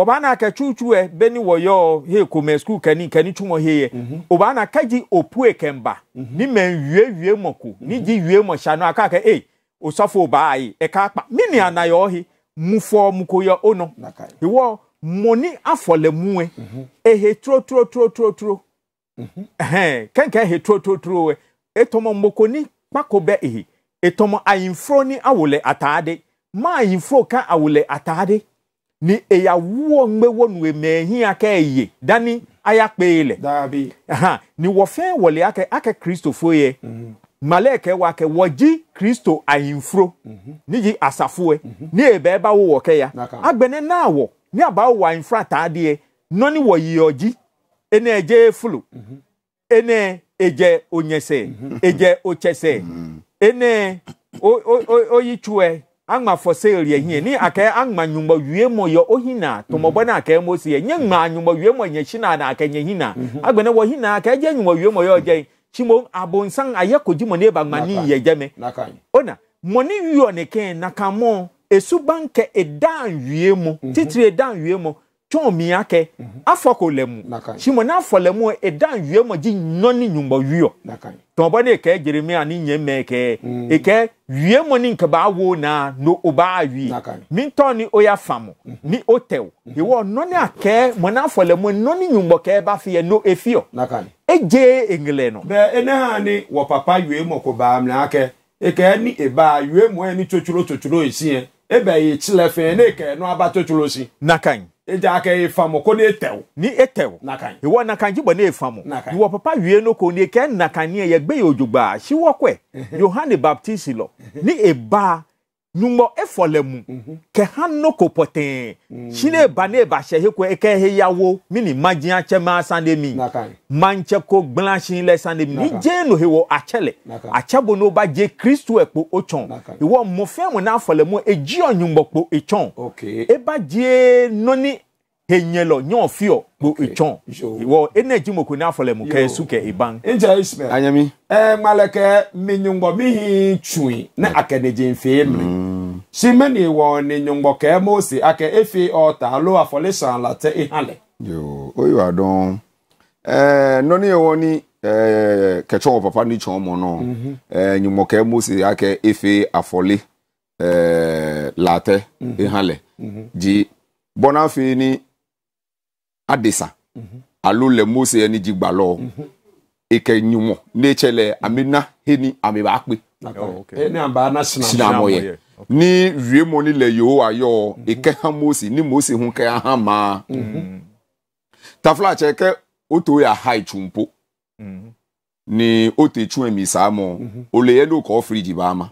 ɔbaa mhm. na kɛ tuutuɛ bɛni wɔyɔ he kɔmɛ sukuu kani kani tumɔ he yɛ ɔbaa mhm. na kɛji opue kɛnba mhm. ni mɛ nwie wie ko. ni ji wie mɔ sanu aka kɛ e osɔfo baa yi ɛka akpa mi ni anayɔ ɔhi mufɔ mukoyɔ ono iwɔ mɔni afɔlɛmuwe ehe turo turo turo turo turo. kenka mm-hmm. he tuotuotuo etɔmɔ mbokoni kpako bɛ ehe etɔmɔ ayinfro ni awolɛ ataade ma ayinfro ka awolɛ ataade ni eyawoɔ ŋmewo nu emɛhin akɛ eye dani ayakpe lɛ daabi ni wɔfɛn wɔle akɛ akɛ kristofo yɛ mm-hmm. malɛkɛ wa kɛ wɔdzi kristo ayinfro mm-hmm. ni yi asafoɛ ni ebe ba wo wɔkɛ ya agbɛnɛ na wɔ ni aba wo ayinfro ataadeɛ nɔni wɔ yiyɔdzi. ene eje fulu ene eje onyese mhm. eje ochese mhm. ene oyichue angma fose rie hie ni ake angma nyumba wie mo yo ohina to mo mhm. bona ake mo si nye ngma nyumba wie mo nye na na ake nye hina agbene wo hina aka je nyumba wie mo yo je chimo abonsan ayekoji mo ne bagma ni ye je me ona money yo ne ken nakamo esubanke edan wie mo titire edan wie mo twɔn mia kɛ afɔko lɛ mu simɔ n'afɔ lɛ mu ɛdan wie mɔ dzi nyɔ ni nyumbɔ wiɔ tɔnbɔ ne kɛ jeremia ni nye mɛ kɛ ekɛ wie mɔ ni nkɛba wo na no o mhm. mhm. b'a wi mi tɔ ni o y'a faamu ni o tɛ o iwɔ nɔni a kɛ mɔ n'afɔ lɛ mu nɔni nyumbɔ kɛ b'a fi yɛ no efi yɔ e je eŋlɛ nɔ. bɛɛ ene hã ni wɔ papa wie mɔ ko baa mina e kɛ ekɛ ni eba wie mɔ yɛ e ni tsotsoro tsotsoro yi si yɛ ebe yi tsilɛ fɛn ne kɛ n'aba tsotsoro ɛgya aka efa mo ko ne etɛw. ni etɛw nakan iwɔ nakan jibɔ ne efa mo nakan iwɔ papa wie no ko ne kɛ nakan ne yɛ gbɛ yɛ ojogba siwɔkɔɛ yohane baptist lɔ ni eba nugbɔ efɔ le mu mhm. kɛ hã no ko pɔtɛɛ mm. si ne ba ne ba sɛ he ko eke he yawo mi ni ma diya cɛ ma san de mi ma n cɛ ko gblan si lɛ san de mi ni diɛ no he wɔ atsɛ lɛ atsɛ bo n'o ba diɛ kristu ekpo o tsɔn iwɔ mɔfɛn mo n'a fɔ le mu ediɔ nugbɔ kpo etsɔn eba diɛ nɔni henyelɔ nyɔɔ fiɔ gbo etsɔn wɔ eneji moko ne afɔlɛ mu kɛ su kɛ iban. n jɛ ismail anyami. ɛ malɛkɛ minyɔngbɔ mihi tui ne akɛnɛdze nfe mi. Mm. simeni wɔ ne nyɔngbɔ kɛ mose akɛ efe ɔta alo afɔle san la tɛ ehalɛ. yoo o yi wa dɔn ɛɛ eh, nɔni ye wɔn ni ɛɛ eh, kɛtsɔ wɔ papa ni tsɔn mɔ nɔ ɛɛ mhm. eh, nyɔngbɔ kɛ mose akɛ efe afɔle ɛɛ la tɛ ehalɛ di bɔnna adesa alo le mose ẹni dzi gbalọ eke nyumɔ Nechele Amina heni Amiba Ape. kpe heni ame b'a na ni wie mɔni le yehowa ayo mhm. eke ha mose ni mose hun ke ha ma mhm. tafla tsɛ ke woto ya ha itsunpo mhm. ni o te tún ẹ̀mí sá mọ́ o lè yẹ ló kọ́ fíríjì bá ma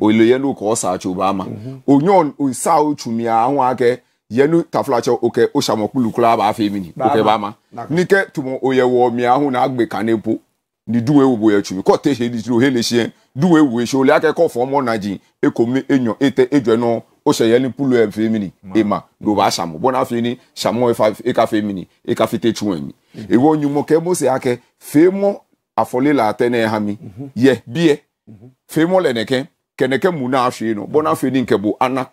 o lè yẹ ló kọ́ sàtso bá ma o yàn o sá o tún mi àwọn akẹ́ yɛnu tafula kyɛ o kɛ o samɔkulu kura b'a fɛ mi ni o kɛ b'a ma ni kɛ tuma o yɛ wɔ mia hun n'a gbɛ kan ne bo ni duwe wo boye tumi kɔ te heli tiri o hele siɛ duwe wo esi o lɛ akɛ kɔ fɔ mɔ na jin e ko mi e nyɔ e tɛ e jɔ nɔ o sɛ yɛni pulu yɛ e, fɛ mi ni e ma do b'a samu bɔn n'a fɛ ni samu e, e ka fɛ mi ni e ka fɛ te tiɲɛ mi mhm. ewo ɲuman kɛ mo akɛ fɛ afɔle la tɛ ne hami mhm. yɛ biɛ e. mhm. fɛ mɔ lɛ nɛkɛ kɛnɛkɛ mun n'a fɛ yen nɔ bɔn n'a fɛ ni nkɛ bo anak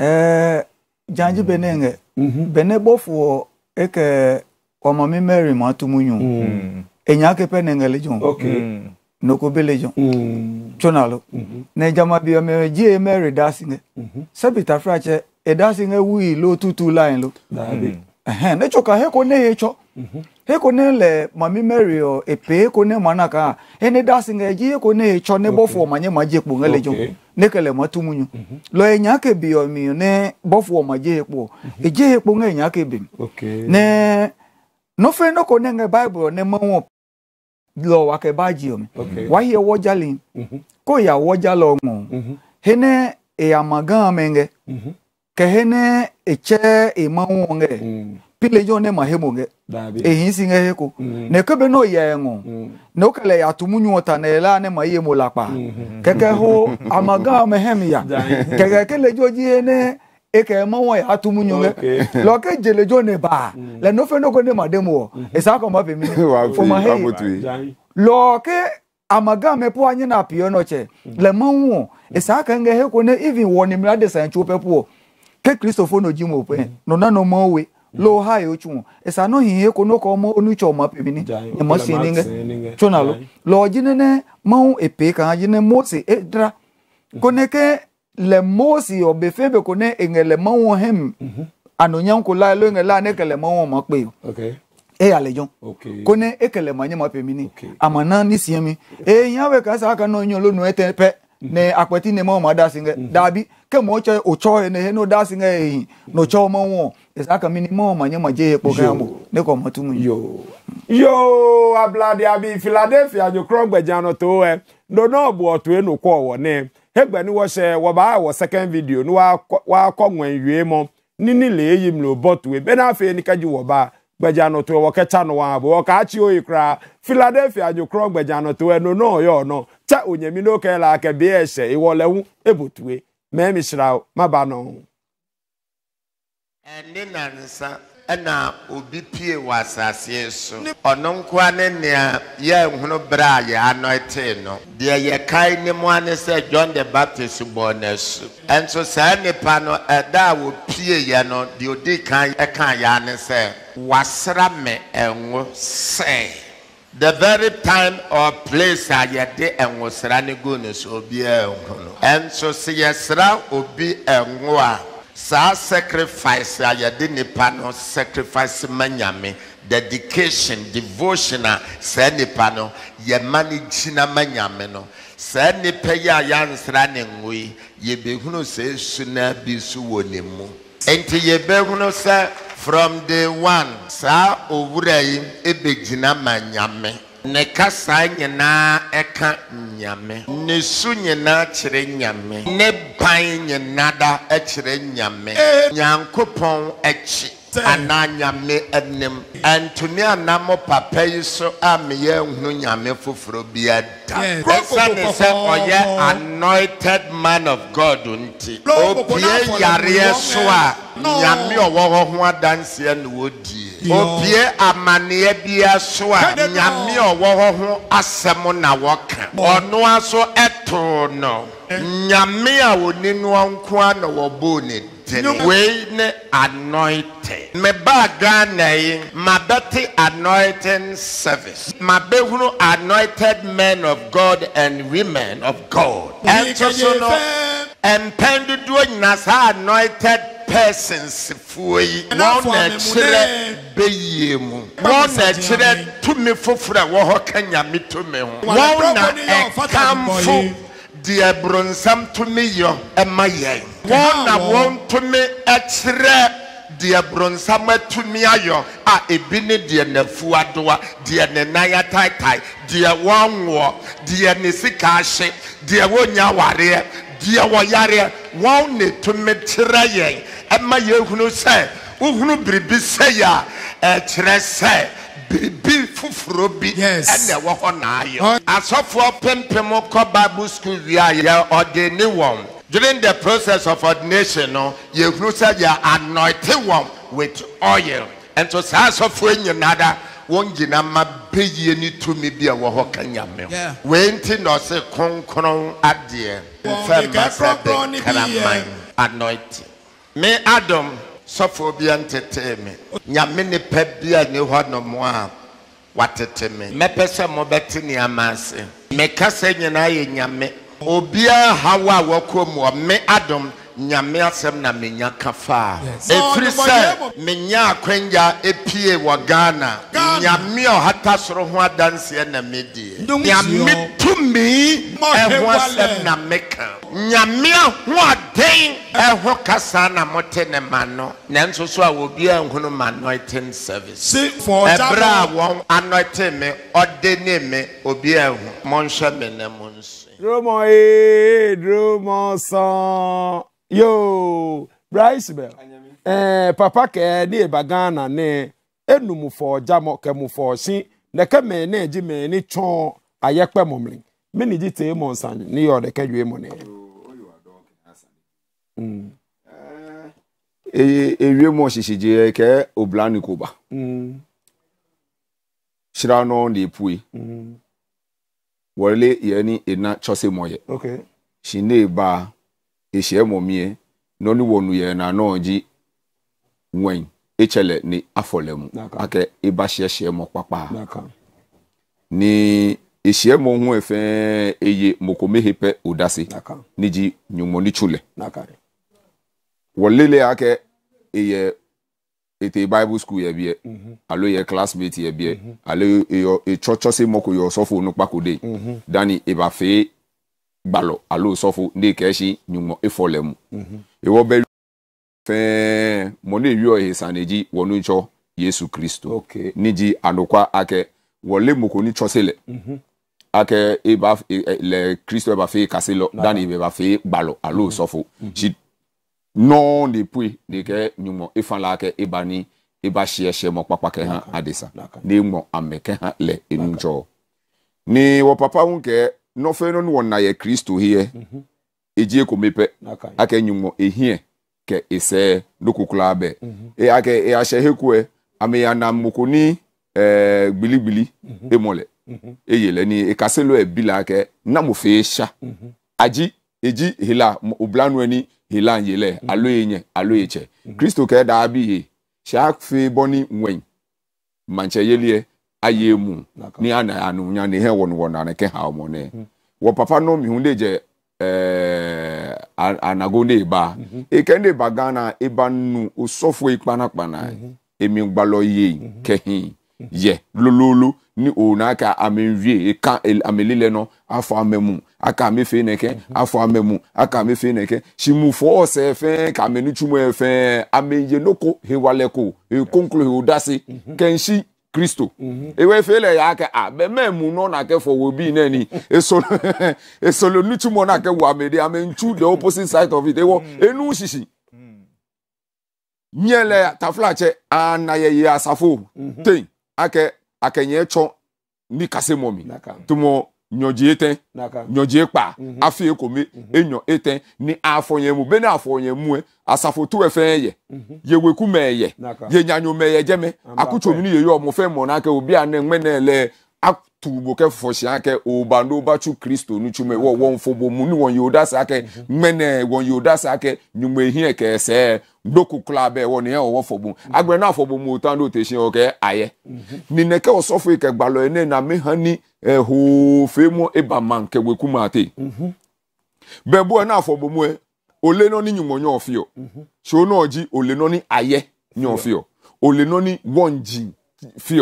Eh, janji mm. bene nge mm-hmm. bene bofuo eke omami mary matumunyu mm. enyake pene nge lejon okay mm. noko belejon chonalo mm-hmm. ne jama bi ame je mary dasinge mm-hmm. sabita frache e dasinge wi lo tutu line lo ehe ne choka he ko ne he cho hekone le mami mary o epe hekone mana ka ene da nga eji hekone cho ne bofu manye maji ekpo mhm. mhm. nga lejo ne kele matumu nyu lo enya ke bi o mi ne bofu maji ekpo eji ekpo nga enya ke bi ne no fe no kone nga bible ne mo lo wa ke baji o mi wa ye wo jali mhm. ko ya wo jalo mo hene e amaga menge ke hene eche e, e mawo nge mm. pile yone mahemo nge ehin si nge heko mm. ne kebe no ye ngo mm. ne okele ya tumunyu ota na ele ne ma ye molapa mm -hmm. keke ho amaga mehem ya keke kele joji ne eke ma won ya tumunyu nge okay. lo ke jele jo ne ba mm. le no fe no go ne mademo mm -hmm. esa ko ma be mi fo ma he lo ke amaga me po anyi na pio no che mm. le ma won esa ka nge heko ne even won ni mra de san chupe po ke christopher no jimo pe mm. no na no mo we lo hayo chuo esa no hiye ko no ko mo onu cho ma pe mini e mo si ninge cho na lo lo jine ne mo epe pe kan jine mo si e dra koneke le mo si o be fe be ko ne en le mo hem mhm. anonyan ko la e lo en la ne ke mo mo pe okay e ya lejon okay kone e ke mo nyi mo pe mini amana ni si mi e yan we ka sa ka no nyo lo nu e te pe mhm. ne apeti ne mo mo da singe mhm. dabi ke mo che o cho ene he no dasi nga ehin no cho mo won esa kan mi ni mo ma nye mo je epo kan mo ne ko mo tumu yo yo ablade abi Philadelphia jo krogbeja no to e no no bu oto e no ko wo ne hegbe ni wo se wo ba wo second video ni wa wa ko nwen wie mo ni ni le e yi mlo botu e be na fe ni kaji wo ba gbeja no to wo kecha no wa bo ka chi oyi kra Philadelphia jo krogbeja no to e no no yo no cha onyemi no ke la ke bi ese iwo lewu ebotue maame hyira wo maba no ɛne nansa ɛna obi pie wɔ asase so ɔno nkoa ne nea yɛnhunu berɛ a yɛanɔ tee no deɛ yɛkae ne mu ane sɛ john the baptist bɔɔ n'asu ɛnso saa nnipa no ɛda a wɔpie yɛ no deɛ ɔdii kan ɛka yɛ sɛ wasra me ɛnwo sɛe the very time or place a yɛde ɛnwosra ne gu no so obiara nhu no ɛnso sɛ obi ɛnwo a sa sacrifice a yade nipa no sacrifice manyame dedication devotion a saa nipa no yɛma no gyina manyame nyame no saa nipa yi yan yɛansra ne ngo yi yɛbɛhunu sɛ esu bi ne mu Enti yɛbɛhunu sɛ from day one sa owura yi ebegyina ma nyame ne kasa nyinaa ɛka nyame ne su nyinaa kyerɛ nyame ne ban nyinaa da ɛkyerɛ nyame nyankopɔn akyi. Ana nyame papa yi so anointed man of god a nyame ɔwɔ hɔ ho adanseɛ na wɔdie opie amanneɛ bia so a nyame ɔwɔ na wɔka ɔno aso ɛtoo no eh. nyame a na wɔbɔɔ ne wei anointing mebaa baganay, my mabɛte anointing service My mabɛhunu anointed men of god and women of god And so no mpɛn dodoɔ do saa anointed persons fuo yi wɔn na ɛkyerɛ bɛyie mu wɔn na ɛkyerɛ tumi foforɔ me wɔhɔ ka nyame tumi ho wɔn na ɛkamfo deɛ bronsam tumi yɔ ɛma yɛn wɔn na wɔn tumi kyerɛ deɛ bronsam atumi ayɔ a ebi ne deɛ n'afu adoa deɛ ne nan ataetae deɛ wɔnwoɔ deɛ ne sika ahye deɛ wɔnya awareɛ deɛ wɔyareɛ wɔn ne tumi kyerɛ yɛn ɛma yɛhunu sɛ wohunu biribi sɛ yɛ a ɛkyerɛ sɛ biribi foforɔ bi ɛna ɛwɔ hɔ na asɔfoɔ pempem kɔ bible school wie a yɛ ɔde ne wɔn during the process of ordination no yɛhunu sɛ you anointing one with oil nso saa asɔfoɔ nyinaa da wɔn nyinaa ma bɛyie ne tumi bi a wɔ hɔ ka nyame wei nti na ɔse kronkron adeɛ mfɛ mmasɛ de anointing me adam so for be ntetee me nyame nipa bi a ne hɔ nom a watete me mɛpɛ sɛ mobɛte nneɛma ase meka sɛ nyinaa nyame obiara hawo a wɔkɔ mu ɔme adom nyame asɛm na menya ka faa ɛfiri sɛ menya akwanya epie wɔ ghana nyame ɔhata soro ho adanseɛ na medeɛ nyame tumi ɛho asɛm na meka nyame ahoɔden ɛho kasa na mote ne ma no nanso so a wɔbiaa nhunu ma anointing service ɛberɛ a wɔn anointing me ɔde ne me obiaa ho monhwɛ me na mu nso dúró mọ ee dúró mọ sàn yóò bryce bell eh, papa kẹ ní ìbá ghana ní enumufọ jamọ kẹmufọ sí nẹkẹ mẹ ní ẹjì mẹ ní tún ayẹpẹ mọmìlì mí ní jí tèé mọ nsàn ní yọ ọdẹkẹ yóò mọ ní. ewie mu ọhyehyẹ mm. gye e, e, e, kẹ obìnrin koba bá ṣíra náà lè Mm. wɔrele yɛ ni ịna kyɔse mɔyɛ okay. hyine baa ehyia mɔmie na ɔne wɔn yɛ na anɔɔgye wɛn ekyɛlɛ ne afɔlɛ mu akɛ eba hyiahyia mɔ kpakpaa ne ehyia mɔ ho ɛfɛɛ eye mokomehe pɛ odase ne gye nyɔmɔ ete bible school yɛ biɛ mm alo yɛ classmate yɛ biɛ mm -hmm. alo eyɔ etsɔtsɔse mɔko yɔ sɔfo nukpako de mm -hmm. dani ebafe gbalɔ alo sɔfo ne kɛsi nyuma efɔ lɛ mu ewɔ bɛ fɛn mɔne yɔ esanedzi wɔnu tsɔ yesu kristo okay. nidzi anokwa akɛ wɔle mɔko ni tsɔse lɛ akɛ eba e, e, lɛ kristo ebafe kase lɔ dani ebafe gbalɔ alo sɔfo non depuis de ke nyumo ifan la ke ibani iba shieshe mo papa ke han adesa ni mo ameke han le enunjo mhm. ni wo papa unke no fe no won na ye kristo hie mm -hmm. ejie ko mepe ake nyumo ehie ke ese lokukula be mm -hmm. e ake e ashe hekue ame ya na mokoni eh gbiligbili mm -hmm. emole mm ni ikaselo e bila ke na mo fe sha mm eji hila oblanu ani hilan yele mm. aloye nye aloye che mm-hmm. kristo ke da bi ye shark fe boni nwen manche yelie aye mu ni ana anu nya ne he won won ana ke ha mo ne mm-hmm. wo papa no mi le je eh anago ne ba mm-hmm. e ke ne ba gana e ba nu osofo ipana e pana emi gbalo ye kehin ye lololo ne onaka amenwie eka amelile no afọ amamu aka amefee neke afọ amamu aka amefee neke simufo ọsẹ fẹ kamenu tumu ẹfẹ e ameyenoko hewaleko ekonklo hewodasi kẹnsi kristo ewe fele ya aka a bẹmẹ mu nọ na kẹfọ wo bi náà ni esolo e esolo nutumu na kẹwọ amede amentu the opposite side of it ewọ hmm. enu tafla che tafulakyẹ anayẹyẹ asafo hmm. ten ake. akenye cho ni kasemomi tumo nyɔdzi etɛ nyɔdzi ekpa mm -hmm. afi ekome mm -hmm. ni afɔnyɛmu bena ye yɛ asafotu ɛfɛ ye mm -hmm. yewekume yɛ yenyanyo mɛ yɛ jɛmɛ akutsomini yeyɔ mɔfɛ na obi anɛ ele. tubuke fɔsiakɛ obandobatsu kristo nutsume wɔ wɔn fobomu ni wɔn yoda sakɛ mɛnɛ wɔn yoda sakɛ nyume hiɛ kɛsɛ doku kula bɛ wɔ ne yɛ wɔwɔ fɔbomu agbɛ n'a fɔbomu o tan do e e te e o kɛ ayɛ ninɛkɛ wɔsɔfo kɛ gbalɔ yɛ ne na mi hã ni ɛhoo femu eba man kɛwɛ kuma te bɛɛ bɔ yɛ n'a fɔbomu yɛ ole nɔ ni nyumɔ nyɔ fi yɔ so n'o ji ole nɔ ayɛ nyɔ fi yɔ ole wɔnji fi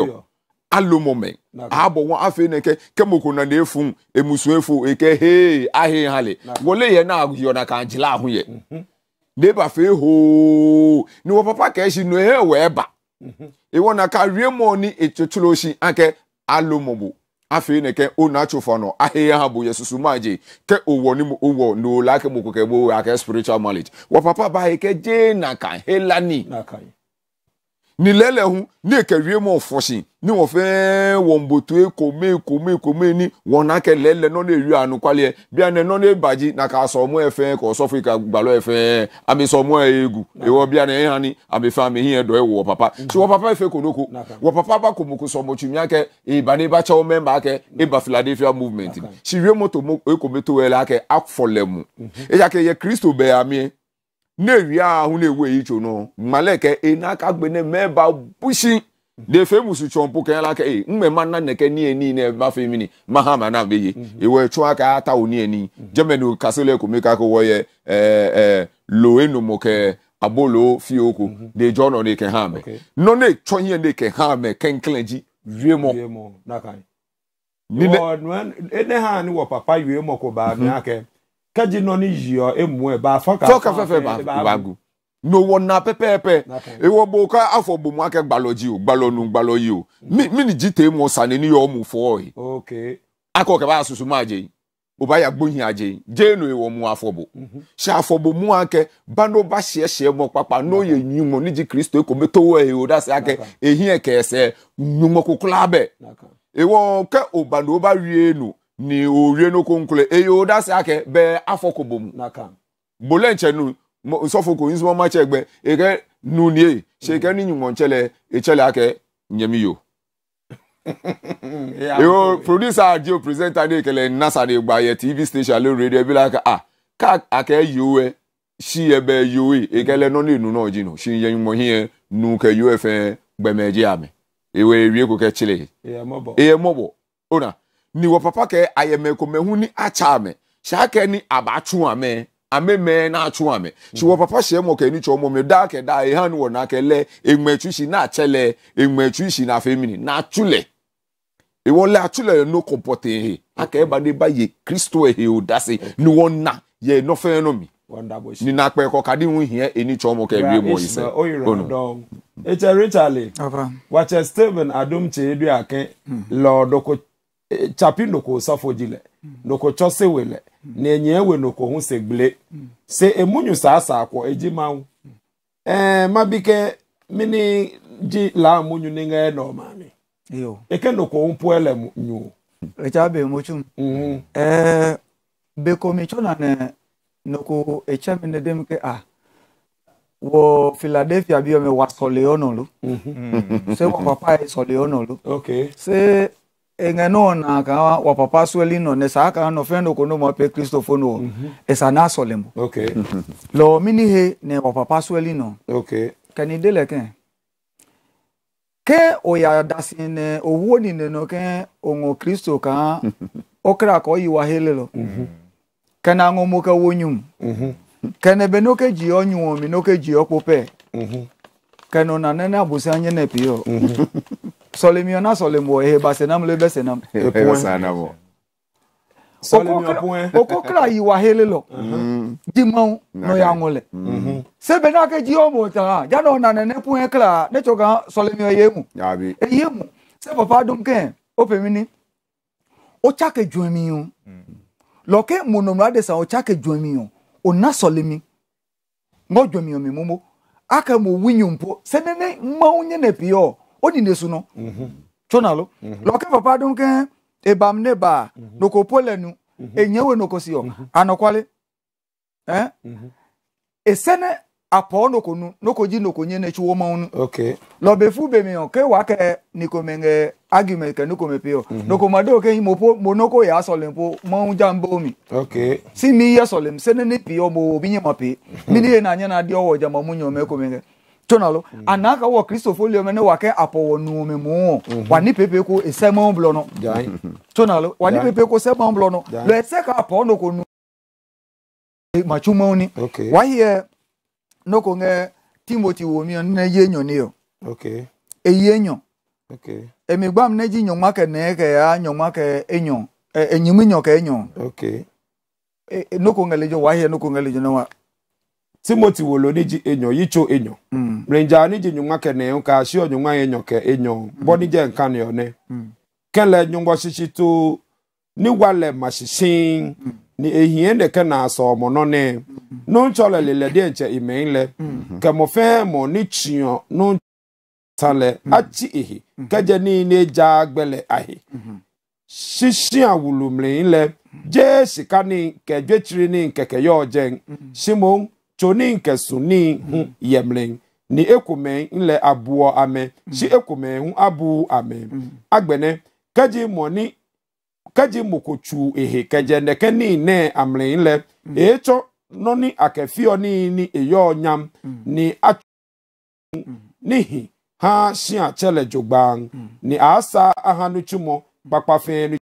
alụmụme ha bụ nwa afọ eneke kemoko na na-efu emusu efu eke he ahịa hali wole ya na agụghị na ka njila ahụ ya mhm. n'ebafe ho niwọ papa ka esi na ihe wee ba iwọ mhm. e na ka rie mụọ ni echochoro oshi ake alụmụbụ afọ eneke unu achụfọnọ ahịa ha bụ yesusu maji ke ụwọ nimu ụwọ n'ụlọ ake moko ke gboo ake spiritual knowledge wọ papa ba eke jee na ka helani ni lẹ́lẹ̀ hun ní ìkẹ̀wé mọ̀ fọ̀sìn ní wọ́n fẹ́ wọ́n bòtò èkó mé èkó mé èkó mé ní wọ́n náà kẹ́ lẹ́lẹ̀ náà lè rí àánú kwalẹ̀ ẹ̀ bí àná náà lè bàjẹ́ náà kà sọ ọmọ ẹ̀fẹ́ kò sọ fún ìka gbàlọ́ ẹ̀fẹ́ àmì sọ ọmọ eegu ìwọ bí àná ẹ̀hán ni àmì fẹ́ àmì hìn ẹ̀dọ̀ ẹ̀wọ̀ papa ṣé wọ́n papa ẹ̀fẹ́ kònókò wọ́n papa bá kòmòkò sọ ọmọ tùmí na-eri ahụ na-ewe icho no maleke e n'aka gbene meba bushi defe musu chọmpụ ka yalaka e mme ma nna neke nie niile mafe ma ha ma na meyi mhm. ewe chụọ aka ata onie ni germany mhm. kasile komeka ko woye Ee, lo enu abolo fi oko mhm. de jono ne ke ha me no ne chọ ihe ne ke ha me kenklenji wie mo na kan e ha papa wie mo ko ba ni kẹji nọ ni yiyọ emu ẹ baafa ka fọ kẹfẹfẹ baagu n'owó na pẹpẹpẹ ewọ bo ká afọ bomu akẹ gbalọ ji o gbalọ nu gbalọ yi o mi ni ji tẹ mu ni yọ ọmu fọ yi akọ kẹfẹ asusu máa jẹ yìí o bá yà gbóyin àjẹ jẹ ènù ìwọ mu afọbò mm-hmm. ṣe afọbò mu akẹ bando bá ṣiẹ ṣiẹ mọ pàpà n'oyè nyumọ níji kristo kò mẹ tówó ẹ o dasẹ akẹ èyí ẹkẹ ẹsẹ nyumọ kókó lábẹ ìwọ kẹ òbàdàn bá rí ènù. ni owie n'okwu nkwule eyo dasi ake be afọ kobom n'aka gbole nche nu nsọfoko nzụmọ macha egbe eke nunie sheke ninyi nwo nchele echele ake nyemiyo yo producer dio presenter ni ekele nasa ni gba ye tv station le radio ebila aka ah ka ake yowe shi ebe yowe ekele no ni nu na ojinu shi yen mo hie nu ke yowe fe gbemeji ame ewe rie ko ke chile eye mobo eye mobo ona ni wɔ papa kɛ ayɛmɛkɔmɛhu ni akya amɛ saa ni abatwo amɛ amemɛ n'atwo amɛ si wɔ papa hyɛ mɔ kɛ ni kyɛw mɔ mɛ daa kɛ daa ehan wɔ na kɛ lɛ eŋmɛtu si n'akyɛ lɛ eŋmɛtu si n'afɛ mini n'atu lɛ ìwọ e lẹ atúlẹ̀ ẹ̀ no kọ̀pọ̀tẹ̀ ẹ̀ akẹ́yẹ̀bá dé bá ye kristo ẹ̀ ò dá sí ni wọ́n na yẹ nọ́fẹ́ ẹ̀ nọ mi nínú apẹ̀ ẹ̀kọ́ kàdé ń hìẹ́ ẹni tí ọmọ kẹrin mọ̀ yìí sẹ́ ọ̀nà. ètò rita lee wàchẹ stephen adumche eduake hmm. lọ́ọ́dọ́kọ̀ chapi noko safoji le noko chose wele na enyewe noko hu segbile se emunyu saa saa kwa eji mawu eh mabike mini ji la munyu ninga no mami yo eke noko umpu ele nyu echabe mochum mhm eh beko na ne noko echame ne demke ah wo Philadelphia bí ọmọ wa sọlẹ ọnà ló ṣé wọn papa ẹ sọlẹ ọnà engenona ka wa papa swelino ne sa ka no fendo ko no pe kristo mm -hmm. esa na solemo okay mm mini he ne wa papa swelino okay kani dele ken ke o ya dasin ne owo ni ne no ken ongo kristo ka okra ko yi wa helelo mm -hmm. kana ngo mo ka wonyum mm -hmm. kene be no ke ji onyu mi no ke ji opope mm -hmm. kano na nene abusa nye ne pio mm sɔlemiɔ na sɔlemu wɔ ehe basenam le bɛsenam. epoɛ okokra yiwa hele lo dimau no yangole mm-hmm. sebe na ke jio mota ja no na nene pu ekra ne choga solemio yemu abi e yemu se papa dum ke o pemini o ke juemi yo mm. lo ke monomra de sa o chake juemi yo o na solemi ngo juemi yo mi mumo aka mo winyumpo se nene mau nye ne pio odine su no lo, loke papa dum ebam ne ba noko pole nu mhm. enyewe noko sio mhm. anokwale eh esene apɔ noko nu noko ji noko nye n'etsi wo mɔnu. ok lɔbefu bemi o ke wa kɛ nikome ŋɛ agime kɛ nukome pe o. noko ma do ke mo po mo ya sɔlem po mɔnu ja bo mi. ok si mi yɛ sɔlem sene ne pi o mo o bi nye ma pe mi ni ye na nye na di ɔwɔ jama mu nyɔ mɛ kome ŋɛ tonalo mm. anaka wɔ kristofo liɔmɛ ne wakɛ apɔwɔnuome mu mm -hmm. wani pepe ko esɛmɛn blɔ no tonalo wani Jai. pepe ko sɛmɛn blɔ no lɛ sɛ ka pɔ no ko nu matumɛw ni okay. wahiɛ no ko ŋɛ timoti wo miɛ ne ye nyɔ ne yɔ okay. eye nyɔ emi gbam ne dzi nyɔnua kɛ nɛ kɛ ya nyɔnua kɛ enyɔ enyimi e nyɔ kɛ enyɔ e, e no ko ŋɛ le dzo wahiɛ no ko ŋɛ le dzo ne wa. timothy woloni ji enyo yicho enyo mm. renja ni ji nyunwa kene yon ka shi onyunwa enyo ke enyo mm. boni je nkan ne one mm. kele nyungo shishi tu ni wale mashishin mm. ni ehien de kana so mo no ne mm. no nchole lele de nche imenle mm. Mm-hmm. ke mo fe mo ni chiyo no tale mm. achi ehi mm. Mm-hmm. keje ni ne ja agbele ahi mm-hmm. mm. shishi awulumle ile je shikani ke jechiri ni nkeke yo jen mm. shimon tsoni nke suni hu yemle ni ekume nle abuo ame si ekume hu abu ame agbene keji moni keji mokochu ehe keje neke ni ne amle nle echo noni akefio ni ni eyo nyam ni a nihi ha si achele jogban ni asa ahanuchumo kpakpafe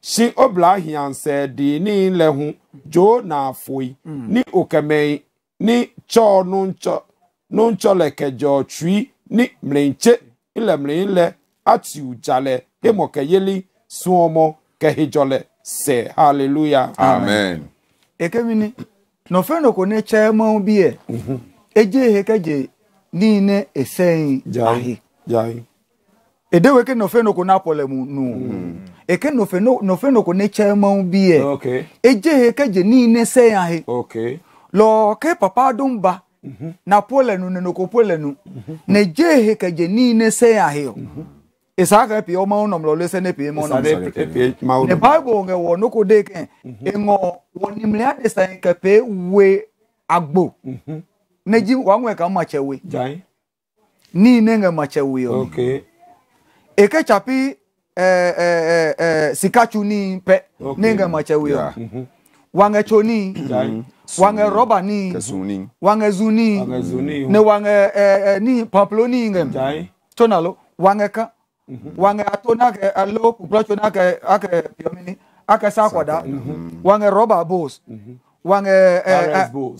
si obla hianse di ni nle hu jo na afoi hmm. ni okemei ni cho nuncho nuncho leke jo chui ni mlenche ile mlenle ati ujale emo keyeli suomo kehijole se hallelujah amen ekemini no mhm. eje no na nu hmm. eke nofe no nofe no ko ne chairman bi e eje he ke ni ne se ya he okay papa dum ba mhm. na pole nu ne no pole nu mm -hmm. ne je he ke ni ne se ya he o mm -hmm. E isa ka pe o ma ne pe ma unom e ne e bible nge wo no de ke mhm. ngo wo ni mle ade sa pe we agbo mhm. ne ji wa nwe ka ma chewe jai ni ne nge ma chewe o eke chapi Eh, eh, eh, Sikachu ni eh, sikachuni pe okay. ninga machewe yeah. mm -hmm. wange choni wange roba ni wange zuni ne wange ni pamplo ni ngem chonalo wange ka mm -hmm. wange atona ke alo kupla chona ke ake piomini ake sakwada mm -hmm. wange roba boss mhm. wange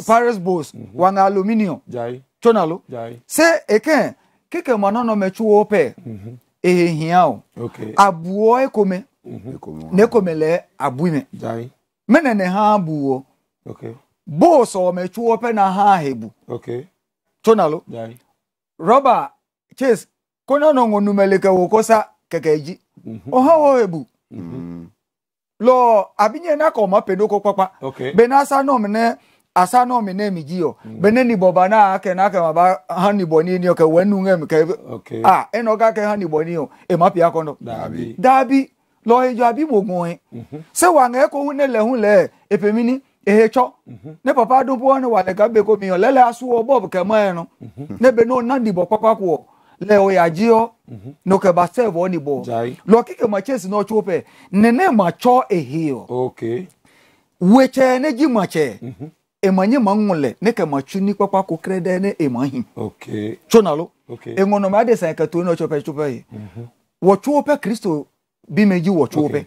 paris boss mhm. wange aluminium chona chonalo se eken keke manono mechuo pe mhm. ehihia o abuo ekome mhm. n'ekome lɛ abui mɛ mɛnɛ ne ha abuo bóò sɔɔ mɛ tso ɔpɛ na ha hebu tso mhm. mhm. na lo rɔba chase ko na nɔ ŋɔnumɛlɛkɛ wo kɔsa kɛkɛ dzi ɔha wɔ hebu lɔ abinyɛ nakɔ ma pɛnoko bena sa nɔ asa no mi name gio mm. bene ni boba na ake na ake maba hani boni ni oke wenu ngem ke okay. ah eno ga ke hani boni o e ma pia kondo dabi dabi lo ejo abi bogun e mm -hmm. se wa nge ko ne le hun le epemi ni ehe cho mhm. ne papa do bo ni wa le ga be ko mi o lele asu o bob ke mo e enu -hmm. ne be no na di bo papa ko le o ya ji o mhm. no ke ba se wo ni bo lo kike ma chesi no chope ne ne ma cho ehe o okay weche ne ji ma che mhm. ema nye ma ŋun ne ke ma tsu ni kpakpa ko kre ɖe ne ema hi okay. tso na lo okay. eŋɔnɔme aɖe sa ke to ne tsɔ ƒe tso ƒe yi mm -hmm. wɔtso kristo bi me dzi wɔtso ƒe okay.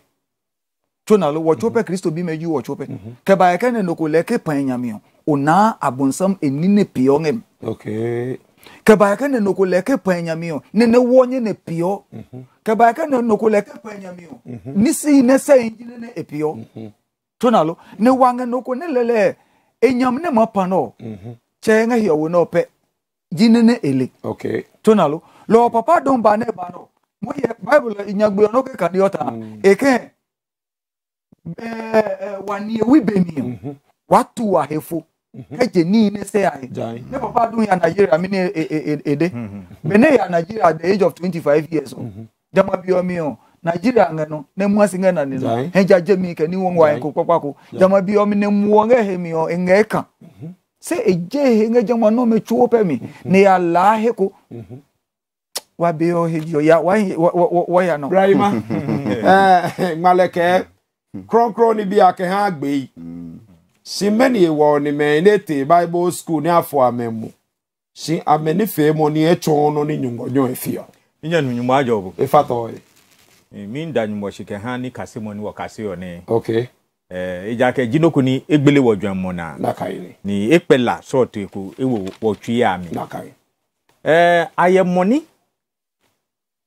tso na lo wɔtso mhm. kristo bi me dzi wɔtso ƒe mm -hmm. ke ba yeke ne noko le ke pɛn e nyamia o na abonsam eni ne piɔ ŋem ke ba yeke ne noko le ke pɛn e nyamia ne ne wɔ nye ne piɔ mhm. ke ba yeke ne noko le ke pɛn e nyamia mhm. nisi ne se yi ne ne epiɔ tso lo ne wa noko ne lele enyam ne ma pano kyɛ mm-hmm. nga hiɛ wo na ɔpɛ gyini ne ele tonalo lɔ papa dɔn ba ne ba no mo yɛ bible nyagbe ɔno keka deɛ ɔta mm. eke ɛɛ e, wani ewi bɛnii mm-hmm. watu ahefo mm-hmm. kɛgye nii ne sɛ ahe ne papa dɔn ya nigeria mi ne e, e e e de mene ya nigeria at the age of twenty five years o dama bi ɔmi o nigeria ngɛ no na mu ase ngɛ na ne no hɛgya gye mi kɛ ni wɔn wa ɛkɔ kpakpako jama bi ɔmi na mu wɔn ɛhɛ mi ɔ ɛngɛ ka sɛ egye he e ngɛ mhm. e jama na ɔmi tso pɛ mi mhm. na yà laa he ko mhm. wa be yɔ he yɔ ya wa wɔ wɔ ya nɔ. brahima ŋmalɛkɛ eh, hmm. kurɔnkurɔn ni bi akɛ hã gbe yi hmm. si mɛni wɔ ni mɛ ne te bible school ne afɔ amɛ mu si amɛ ne fɛ mu ni ɛtsɔn e no ni nyɔngɔnyɔ efi yɔ. n yɛ nunyumajɔ o. efa tɔ ye. min da nyumɔ si kɛ hã ni kasi mɔ wɔ kasi yɔ ne. ok. ɛɛ idza kɛ jinoku ni egbele wɔ jɔn mɔ na. laka yi. ni ekpɛ la sɔɔ te ko ewo wɔ tui ya mi. laka yi. ɛɛ ayɛ mɔni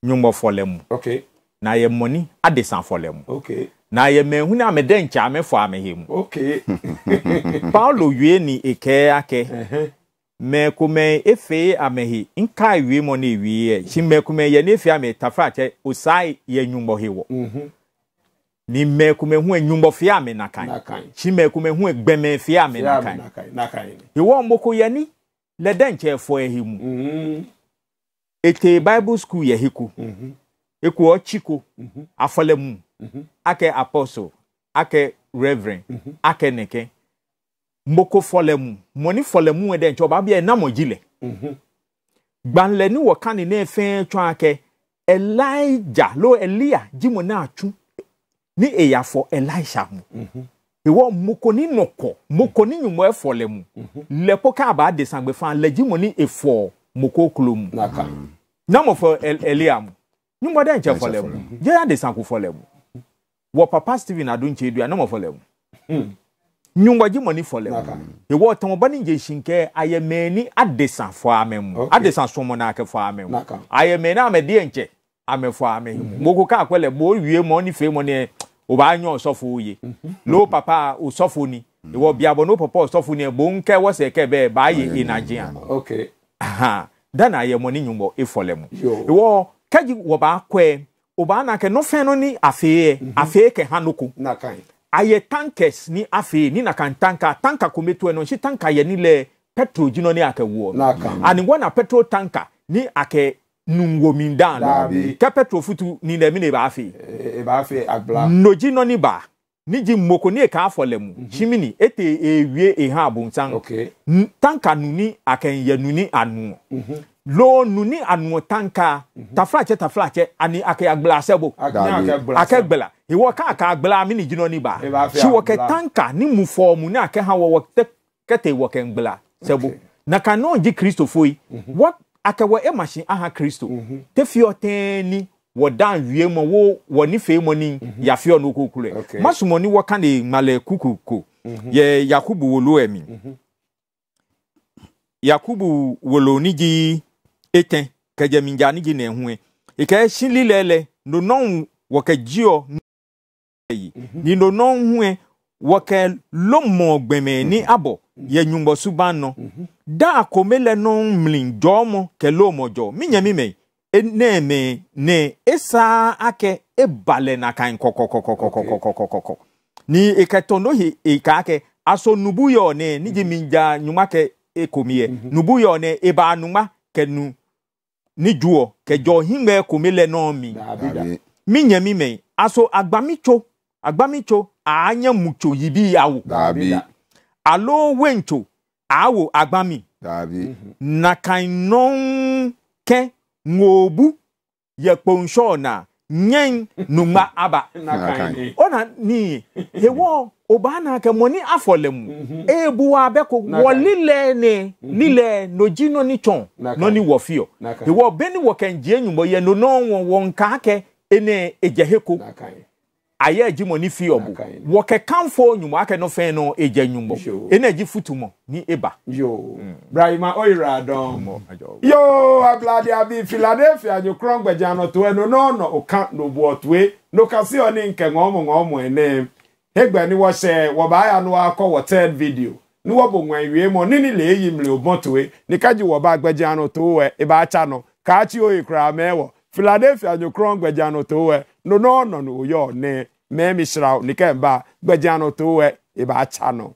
nyumɔ fɔlɛ mu. ok. na ayɛ mɔni adesan fɔlɛ mu. ok. na ayɛ mɛ hun ame dɛ nkyɛn ame fɔ ame he mu. ok. Paulo yue ni ekɛ akɛ. Mekume efe amehi nka iwie mɔ na iwie yɛ Chi mekume yɛ ne efe ame tafra kyɛ ye yɛ nyumbɔ he wɔ mhm. ni mɛkumɛ hu enyumbɔ fi ame nakan si mɛkumɛ hu egbɛmɛ fi ame nakan iwɔ mboko yɛ ni lɛdɛ nkyɛn fɔ ehi mu mhm. ete bible school yɛ hiku mhm. eku ɔtsiko afɔlɛmu akɛ apɔso akɛ reverend akɛ nɛkɛ. moko fɔlɛmu mɔni fɔlɛmu yɛ e dɛ nkyɛ ɔbaa bi yɛ namɔ ji lɛ mhm. gbanlɛni wɔ kan ne fɛn twɛn akɛ elija lo eliya ji mo na atu ni eyafɔ elija mu ìwọ mhm. moko ni nɔkɔ moko ni nyumɔ ɛfɔlɛmu e mhm. lɛpo kaaba desangbe fan lɛji mo ni efɔ moko kulo mu namɔ fɔ eliya mu nyumɔ dɛ nkyɛ fɔlɛmu jɛya desanko fɔlɛmu wɔ papa stephen adunkye dua namɔ fɔlɛmu. Hmm nyungwa ji mɔni fɔlɛ o ewɔ tɔnba ni jesin mhm. kɛ ayɛmɛ ni adesan fɔ amɛ mu adesan sɔmɔ n'a kɛ fɔ amɛ mu ayɛmɛ n'a mɛ diɛ nkyɛ amɛ fɔ amɛ mu mɔko k'a kɔ lɛ mɔ wie mɔ ni fɛ mɔ ni o b'a nyɔ sɔfo ye n'o papa o sɔfo ni ewɔ biabɔ n'o papa o sɔfo ni bo n kɛ wɔsɛ kɛ bɛɛ b'a ye enajiya dana ayɛmɔ ni nyungwa e fɔlɛ mu ewɔ kɛji wɔ b'a kɔɛ o b'a n'a kɛ n'o fɛn no ni afee yɛ kɛ hanoko ayɛ tankers ni afei ni naka tanka tanka kometo no nhyɛ tanka yɛ ni lɛ petrol gyina ne akɛwoɔ no anigua na petrol tanka ni akɛ nungomin dan no kɛ petrol futu ni na mi na eba afei eba e, afei agbla nnogi nɔ ni ba ni gyi mmoko ni eka afɔ lɛ mu mhm. chimini ete ewie eha abonsan tanka nuni akɛnyɛ nuni anu mhm. lóònù nuni anu tanka taflakyɛ mhm. taflakyɛ ani akɛyagbela asɛbo akɛgbela ìwọ káàkà agbala mi nìjìnà níbà si wɔkɛ tanka ni mu fɔɔmu ne akɛha wɔ wɔ kɛtɛ wɔkɛ ngbala sɛbo okay. na ka nɔɔ gye kristofo yi mm -hmm. wɔ e mahyin aha kristo mm -hmm. tefi ɔtɛn ni wɔdan wie mɔ wo wɔ ne fei mɔ ni mm -hmm. yafe ɔno okokuro okay. masumɔni wɔka ne malɛ kukoko yɛ yakubu wolo ɛmi mhm. yakubu wolo ni gyi etɛn kɛjɛminja ni gyi na ɛhoɛ ìkẹ́ sílílẹ̀ lẹ̀ nonọ́hùn wọ̀kẹ́ jíọ̀. yi nino nɔnhue wɔkɛ lomɔ gbeme ni abɔ yɛ nyugbɔsuba nɔ da akome le nɔ mli jɔmɔ kɛ lomɔ jɔ mi nyɛ mi mɛ e ne mɛ ne esa akɛ kan ni ekɛtɔ no eka aso nubu yɔ ne n'i mi dza nyuma kɛ ekomi nubu yɔ ne eba numa kɛ nu ni kɛ agbamintso aanye mutso yibi awo. Dabi. Alo wentso awo agbami. Dabi. Mhm. Nakainɔn kɛ ŋobu yekponsɔ na nyɛn numa aba. Nakain. Ona ni ewɔ oba na kɛ mɔni afɔ le mu. Mhm. Ebuwa bɛ ko wɔli lɛ ne mhm. lilɛ nodzi nɔni tsɔn nɔni wɔfiɔ. Ewɔ bɛni wɔkɛnjie nyumbɔ yɛ nonɔ wɔn wɔn kaa kɛ ene edze heko. Nakain. ayɛ agyi mɔ ne fii ɔbo wɔkɛkamfo nnwuma akɛ no fɛn no ɛgya nnwummɔ ɛna agyi foto mɔ ne ɛba brahima oyera dɔn yo ablade abi philadelphia nyokorɔ ngbagya no toɛ no na ɔnɔ ɔka noboɔtoe nokase ɔne nkɛ ŋɔɔmo ŋɔɔmo ɛne hegba ni wɔhyɛ wɔbaayɛ no akɔ wɔ third video ne wɔbɔ nwan wie mɔ ne ne leeyi mmiri ɔbɔtoe ne kagye wɔba agbagya e no toɛ ɛbaakya no kaakye oyi koraa mɛɛwɔ philadelphia nyokorɔ ngbagya no no no no no yɔ ne mɛ o nika ba gbɛdze ano to wɛ e b'a tsa nɔ.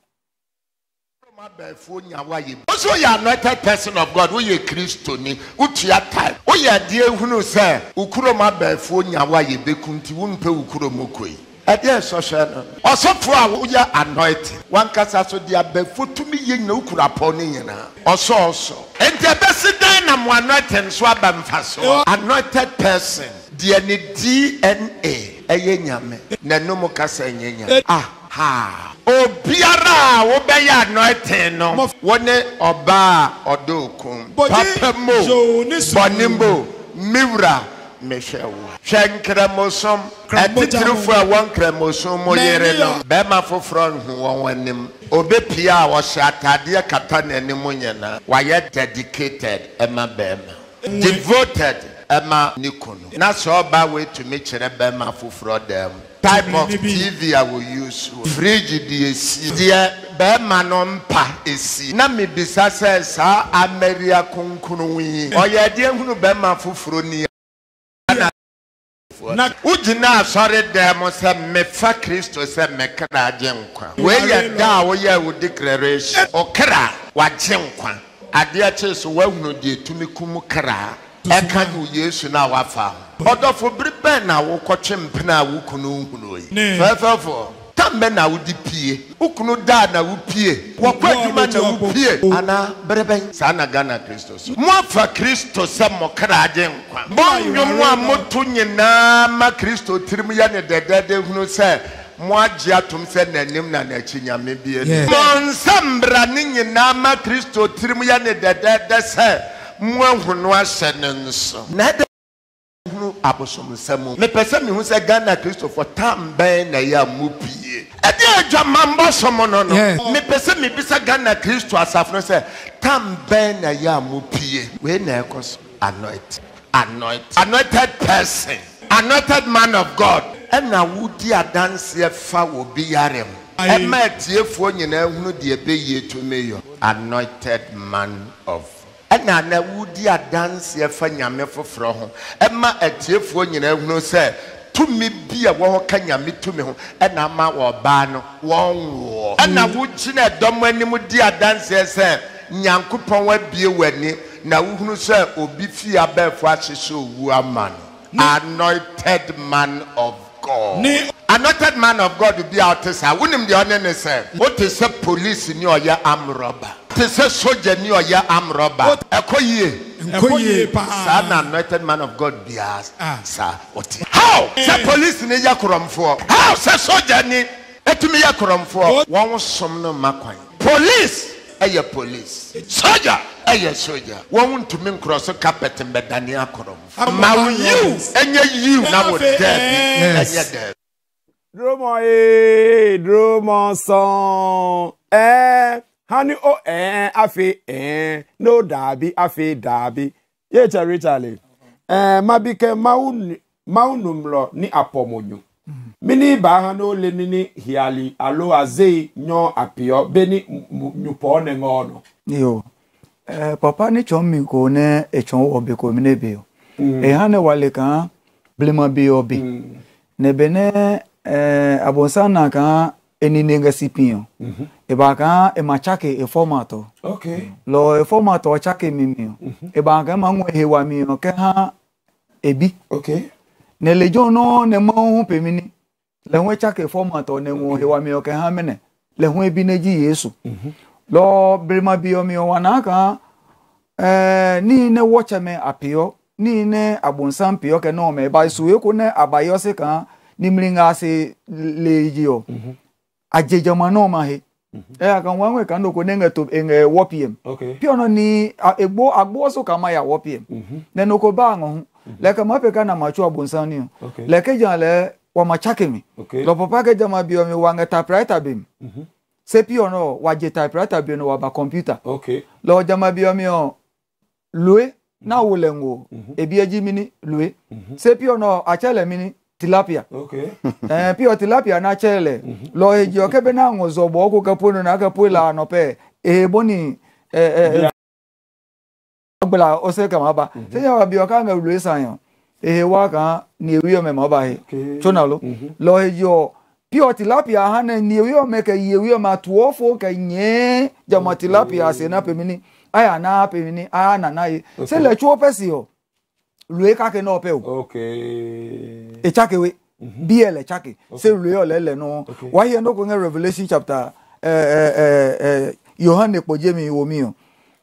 yɛ anointed person of God, woyɛ Kristo ni, wotua time, woyɛ adeɛ hunu sɛ, okurom abɛɛfo nyawa yɛ beku nti wumpe okurom okoe. Ɛdeɛ e sɔhwɛ no. Ɔsɔfo a woyɛ anointed, wankasa so de abɛɛfo tumi yɛ nyina okura pɔw ne nyinaa. Ɔsɔɔsɔ. Nti ɛbɛsi dan na mo anointed nso aba so. Anointed person deɛ ne dna ɛyɛ nyame n'anum kasa nyɛ nyame aha obiara a wobɛyɛ anointing no wɔne ɔbaa ɔdo okun papa mo bɔne mo miwura mehwɛ wo hwɛ nkramosom ɛtitirifo a wɔn nkramosom mo yere no bɛrima foforɔ nhu wɔn anim obe pia a wɔhyɛ ataadeɛ kata n'anim nyinaa wɔayɛ dedicated ɛma bɛrima devoted ɛma ne kunu na sɛ ɔba wetumi kyerɛ bɛma foforɔ dɛm type of tv a wò use wò fridge di esi deɛ bɛrima no mpa esi na mi bisa sɛ saa amɛria kunkun yi ɔyɛ deɛ hunu bɛrima foforɔ ni wogyina asɔre dɛm mo sɛ mefa kristo sɛ mekra agye nkwa woeyɛ da a woyɛ wo declaration ɔkra wagye nkwa adeɛ kyee so woahunu deɛ tumi kum kraa ɛka no yesu no a wafa ho ɔdɔfo bere bɛn na wokɔtwe mpena a wo kunu hunu yi fɛfɛfoɔ tam bɛ na wode pie wo kunu daa na wo pie wɔkɔ adwuma na wo pie anaa bere bɛn saa na ghana kristo so moafa kristo sɛ mɔkraagye nkwa mɔnwom a moto nyinaa ma kristo tirim yɛ ne dɛdɛde hunu sɛ mo agye atom sɛ n'anim na n'akyi nyame bie mɔ nsɛmbra ne nyinaa ma kristo tirim yɛ ne dɛdɛdɛ sɛ mmɔhunu ahyɛ ne nso. na ɛda hunu abosomsɛm mepɛ sɛ mehu sɛ ghana kristofo tam bɛn na ɛyɛ a mu pie ɛde adwamambɔ som no no mepɛ sɛ mebisa ghana kristo asafo no sɛ tam bɛn na ɛyɛ a mu pie na ɛkɔ so anointed anointed anointed person anointed man of god ɛna wudi adansi efa ubi bi yare mu ɛma atiefoɔ nyinaa hunu deɛ ɛbɛyie tumi yɔ anointed man of ɛna na wudi adanseɛ fa nyame foforɔ ho ɛma atiefoɔ nyinaa hunu sɛ tumi bi a wɔn ka nyame tumi ho ɛna ama ɔbaa no wɔn wɔ ɛna wogyina dɔm anim di adanseɛ sɛ nyankopɔn abie w'ani na wohunu sɛ obi fie abɛɛfo ahyehyɛ owu ama no anointed man of god anointed man of god bi a ɔte saa wonim deɛ ɔne ne sɛ wote sɛ polisi ni ɔyɛ amrɔba te sɛ sojani ɔyɛ amrɔba ɛkɔ e yie ɛkɔ e yie paa saa na anointed man of god bia ah. saa ɔte how eh. sɛ polisi ni yɛ korɔmfoɔ how sɛ sojani etumi yɛ korɔmfoɔ wɔn som no ma kwan polisi ɛyɛ e polisi soja ɛyɛ soja wɔn ntumi nkorɔ so carpet mbɛdani akorɔmfoɔ ma wo yiw ɛnyɛ yiw na wo dɛbi ɛnyɛ dɛbi. dúró mọ ee dúró mọ sàn ẹ. Eh. ha ní o ẹ̀ẹ́n àfi ẹ̀ẹ́n ní ó dàbí àfi dàbí yé ma bike ma mabike maunumlọ ní mini baa ha ní ó lé ní hiali alo azei nyọ àpìọ bẹ́ẹ̀ yo eh, papa ní tsɔn mi ko ne etsɔn wɔ bi ko mi ne bi o mm. eh, mm. ne wale bi ne eh, ne na eninenga sipinyo mm -hmm. ebaka emachake eformato okay. lo eformato achake mimio mm -hmm. ebaka emangwe hewa mio ke ha ebi okay. ne lejo no ne mahu pemini le hwe chake eformato ne okay. hewa mio ke ha mene le hwe ebi neji yesu mm -hmm. lo brema bio mio wanaka eh ni ne watcha me apiyo ni ne abonsan piyo ke no me ba su eku ne abayo se ni mringa se leji o mm -hmm ajeja manoo mahe mm -hmm. eh akanwanwe kando konenge to enge 1 pm okay pio no ni a, egbo agboso kama ya 1 pm mm -hmm. neno ko ba ngo mm -hmm. leka mape kana machu abonsani okay. leke jale wa machake mi okay. lo papa ke jama bi omi wanga typewriter bi mm -hmm. se pio no wa je typewriter bi no wa ba computer okay lo jama bi omi o lue na mhm. wo lengo mm ebi eji mini lue mm -hmm. se pio no achele mini tilapia okay. eh, pia tilapia na chele mm -hmm. lo eji okebe na ngozo bo ko kapono na kapola no pe e boni eh, eh, agbela ose kama ba mm -hmm. se ya bi nga lu esayan e wa kan ni ewi me mo he okay. chona lo mm -hmm. lo eji o pia tilapia ha ni ewi o me ka ewi o ma tuo fo nye jama tilapia se na pemini aya na pemini aya na na ye okay. se le chuo pesi o lue kake na ope uko okay e chake we mm -hmm. bl e chake okay. se lue ole le no okay. wa here no ko nge revelation chapter eh eh eh, eh yohane poje mi wo mi o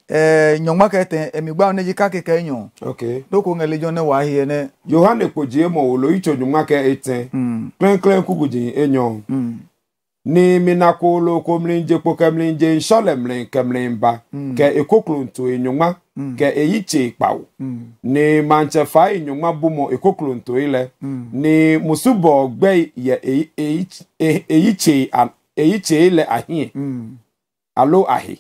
eh nyon ke ten emi gba oneji kake ke nyon okay no ko nge le jone wa here ne yohane poje mo wo lo icho e mm. e nyon ke eten mm. clean clean ku enyon mm. ni mina ko lo ko mlinje po kemlinje inshallah mlin kemlin ba mm. ke ekoklo nto enyon ka ke che ikpawu ni manchefa inyuma bumo ikokulu ntoile ni musubo ogbe ye eyiche che ile ahie alo ahi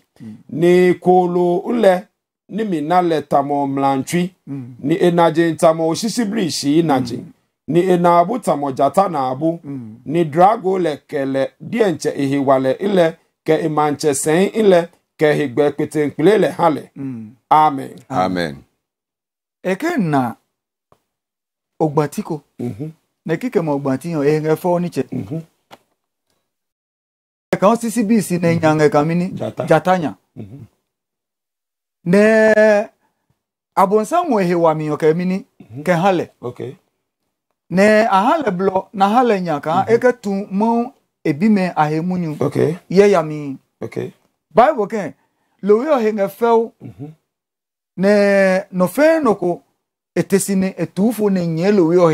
ni kolo ule ni minale tamo mlantwi ni enaje osisi osisiblishi inaje ni enabu tamo jata na abu ni drago lekele dienche ihiwale ile ke imanche sen ile Kehigbe higbe kpete le hã le amen. amen. eke na ogbati ko na ekike ma ogbati yan ehe fọ niche. ẹ̀ka osisi bíi si na ẹ̀yàn ẹ̀ka mini ni jatanya. na abonsanwo ehe wa mi yan kẹ́mi ni kẹ́ hã lẹ̀. na aha lẹ̀ blọ na aha lẹ̀ yàn eke tu mọ́ ebime ahemunu ya mi. Okay. bible ke lo yo henga mhm. ne no fe no etesi etufu e ne nye lo yo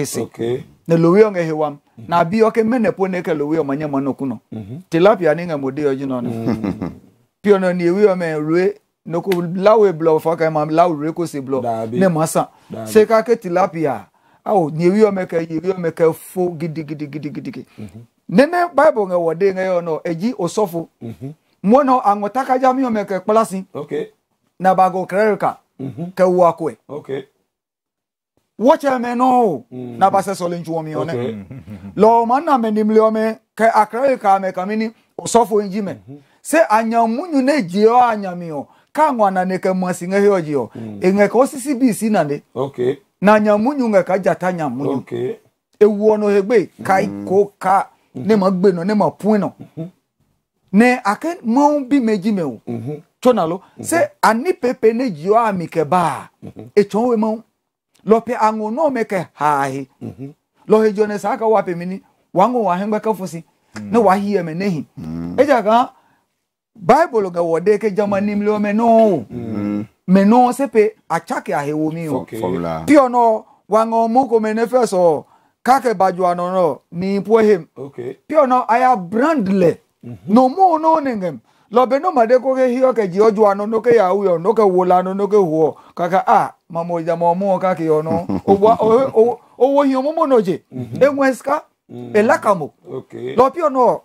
ne lo yo hewam mhm. na bi yo mene po ne ke lo yo mhm. tilapia ne nga mode jino na pio no ni me rue lawe blow fa ma lawe ne masa se ka ke tilapia awo ni wi me ke me ke fo gidi gidi gidi gidi bible wode yo no eji mm -hmm. mwana angotaka mi omeke kpalasi okay. na bago krerka mm -hmm. ke wakwe okay. wɔkyɛ mɛ no mhm. na ba sɛ sɔle ntuwɔ mi ɔnɛ lɔɔ ma na mɛ nimle ɔmɛ kɛ akra ka mɛ kami ni ɔsɔfo nji mɛ sɛ anyamunyu ne gye ɔ anyami ɔ ka anane kɛ mu asi ŋɛhɛ ɔgye ɔ eŋɛ kɛ ɔsisi bi si nane na anyamunyu ŋɛ ka anya mhm. anyamunyu ewu ɔnɔ hegbe kai ko ka ne mhm. ma gbe nɔ ne ma pun nɔ. ne ake mɔnu bi me dzi me o tsɔna lo se ani pepe ne dziwo ami ke baa etsɔ wo mɔnu lɔpe aŋɔnɔ me ke haahe mhm. lɔhe dzɔ ne saa ka wa pemi ni wa ŋɔ wa hɛngbɛ ke fosi mhm. ne wa hi eme ne hi edze mhm. kan baibulu ke wɔ de ke jamani mi le me nɔ o me nɔ sepe atsake ahe wo mi o piyɔ nɔ wa ŋɔ mo ko me kake badzɔ anɔ nɔ ni po hem piyɔ nɔ aya brand le. no mo no nengem lo be no made ko ke hiyo ke jio jwa no ke ya uyo no ke no no ke kaka a ah, mamo ja mo mo ka ke o owa owo hiyo mo mo elakamo mhm. e e okay lo pio no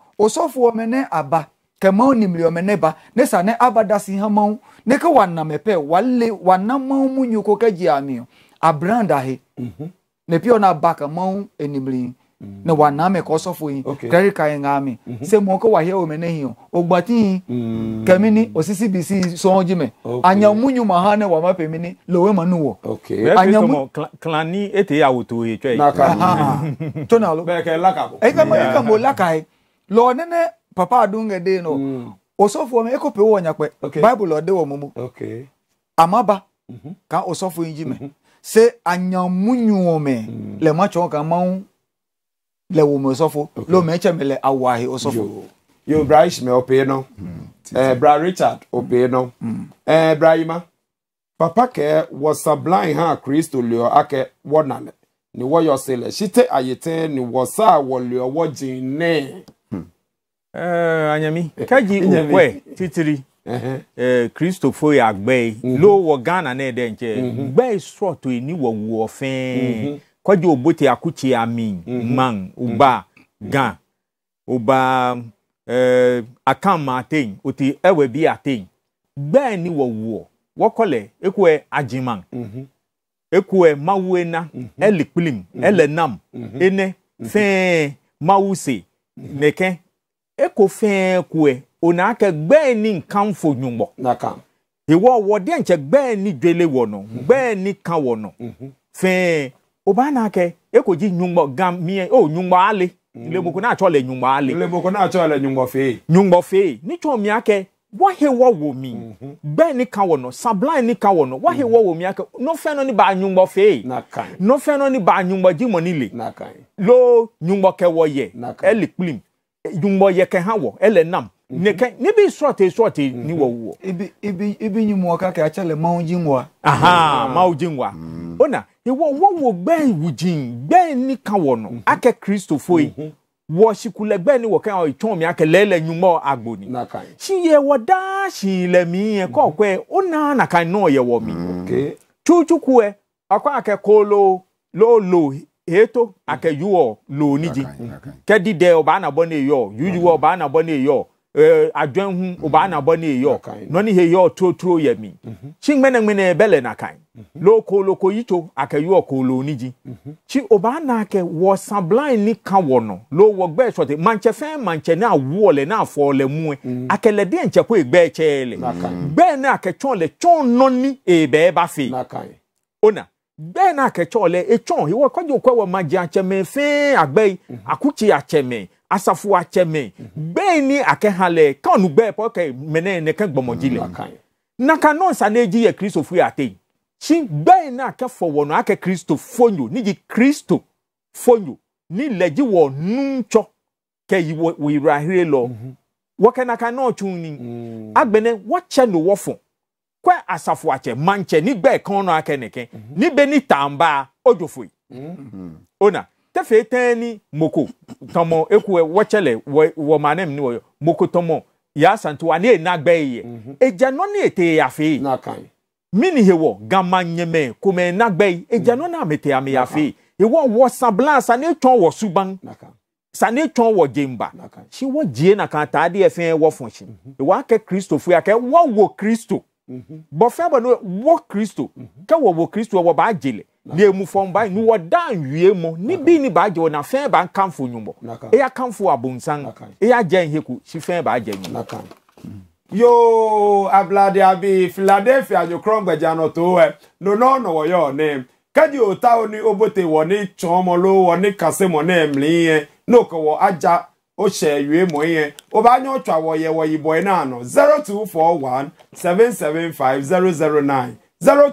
aba kɛmɛw nimiri ɔmɛ ne ba ne sa ne abadasi hamaw ne ke waname pɛ wale wanamaw mu nyoko kɛ gyi ami abranda he mhm. ne pio na ba kɛmɛw enimiri na mm-hmm. waname kɔ sɔfo yi credit card nga mi mm-hmm. se mo ko wahɛ omi ne hi o ogbati yi mm. kɛmi ni osisi bisi sɔn jimɛ anyamunyu ma ha ne wa ma pɛmi ni lowe ma nu wɔ. anyamu kilan ni e te awoto ye tɔ ye. tó na lo. bɛɛ kɛ laka bɔ. e ka mo e ka mo laka ye lɔ nene papa dun kɛ den nɔ osɔfo mi e ko pe wɔ nyakpɛ bible ɔde wɔ mumu amaba mm-hmm. kan osɔfo yi jimɛ se anyamunyu wɔ mɛ mm. lɛ ma tsɔn kan ma le wo me sɔfo okay. lo me kyɛ me le awahe osɔfo. yo bra ishmael opee no ɛɛ hmm. eh, bra richard opee no ɛɛ hmm. eh, bra yima papa kɛ wɔsa blind ha kristo leo akɛ wɔnale ni wɔyɔ sele shite ayete ni wɔsa wɔleo wɔgye ne. ɛɛ hmm. eh, anyami kaji okwe titiri. kristofo yɛ agbɛ yi mhm. lo wɔ ghana ne yɛ dɛ nkyɛn mhm. gbɛ yi sɔrɔ to yi e ni wɔ wɔ fɛn. Kwaji Obote Akuche Amin mm man uba mm uba eh, akam oti ewe bi atẹyin bẹẹ ni wọ wọ wọkọlẹ eku ajiman mhm. ekwe -hmm. eku ẹ ẹlẹ nam mhm. ene mhm. fẹẹ eko fẹẹ ku ẹ ona ni nkan fo wọ nọ ni wọ nọ obana ke ekoji nyungbo gam mie o oh, nyungbo ale mm. le boko na chole nyungbo ale le boko na chole nyungbo fe nyungbo fe ni cho mi ake wa he wa wo mi mm ni kan wo no sublime ni kan wo no wa he mm. wa wo mi ake no fe no ni ba nyungbo fe na kan no fe no ni ba nyungbo ji mo ni le na kan lo nyungbo ke wo ye eli plim e, nyungbo ye ke ha wo e nam Mhm. ne ka ne bi sɔrɔte sɔrɔte ni wa wɔ. i bi i bi i bi ɲimu ka kɛ a cɛ lɛ maaw jin wa. ahan maaw jin wa o na iwọ wọ wọ gbẹ̀yìn wùjìn gbẹ̀yìn nìkan wọ̀ nọ mhm. akẹ́ kristo foyi. Mhm. wọ sikulẹ gbẹ̀yìn ni wọ kẹ́ àwọn ìtàn mi akẹ́ lẹ́lẹ̀ ɲumọ́ agbo ni. si yẹ wọ daa si lẹ mi yẹ kọ́ ọ̀kọ́ yẹ ó nà nàka náà yẹ mi. tuutuku yẹ ọkọ akẹ́ kóolo ló lò ètò akẹ́ yúwọ̀ lò níjì kẹ́ dídẹ ọba ànàbọ́ ní èyọ yúyúwọ̀ ọba ànàbọ́ ní Eh, adwan hu obaa na bɔ ne eyɔ nɔ ne heyɔ tuotuo yɛ mi mhm. chi ŋmɛnɛŋmɛnɛ bɛlɛ na kan mhm. loko loko yito akɛyɔ kolo ni dzi mhm. chi obaa na kɛ wɔ sablan ni ka wɔ nɔ lo wɔ gbɛɛ sɔte mantsɛ fɛn mantsɛ ne awɔ lɛ ne afɔ lɛ muɛ akɛlɛ deɛ ntsɛ ko egbɛɛ tsɛ lɛ gbɛɛ ne akɛtsɔn lɛ tsɔn nɔni ebɛɛ ba fe ona gbɛɛ na akɛtsɔn lɛ etsɔn iwɔ kɔdzi okɔ wɔ ma dzi atsɛmɛ fɛn agbɛɛ akutsi atsɛmɛ. asafo akyɛme bɛn ni akɛha lɛ kan nu bɛɛ pɔ kɛ mɛnɛ ne kɛ gbɔmɔdzi lɛ naka nɔ nsa ne dzi yɛ kristofo yɛ ate tsi bɛn na akɛ fɔwɔ nɔ akɛ kristo fonyo ni dzi kristo fonyo ni lɛ dzi wɔ nuntsɔ kɛ yi wɔ wira hire lɔ mhm. wɔkɛ naka nɔ tsun ni mm. agbɛnɛ wɔtsɛ no wɔfɔ kɔ asafo akyɛ mantsɛ ni bɛɛ kan nɔ akɛ nɛkɛ mhm. ni bɛ ni tàn ba ojofoyi mm. mhm. ona. Mm -hmm. tefe tani moko tɔmɔ eku wɔkyɛlɛ wɔ wɔ maanam ni wɔyɔ moko tɔmɔ yasanto ani ena gbɛɛ yɛ edzanɔ ni ete yafe mini he wɔ gama nyɛmɛ kome ena gbɛɛ edzanɔ na mete ame yafe ewɔ wɔ sablan sani etɔn wɔ suban sani etɔn wɔ jemba si wɔ jie na kan ta adeɛ fɛn wɔ fɔnsi kristo fo yakɛ wɔ wɔ kristo bɔfɛn bɔ no wɔ kristo kɛ wɔ wɔ kristo wɔ b'a jele. deɛ mufɔm ban ni wɔda nwie mu ni bi ni baagye wɔn na fɛn ba nkanfo nwumɔ eya kanfo abonsan eya gyɛn heku si fɛn ba gyɛn mm. yoo abladi abi philadelphia nyokoro ngbɛgya no to ɛ nono na wɔyɛ ɔne kadi ota oni obote yɛ wɔ mɔ yɛ nyɛ ɔtwa wɔ yibɔ yɛ zero two four one seven seven five zero zero nine zero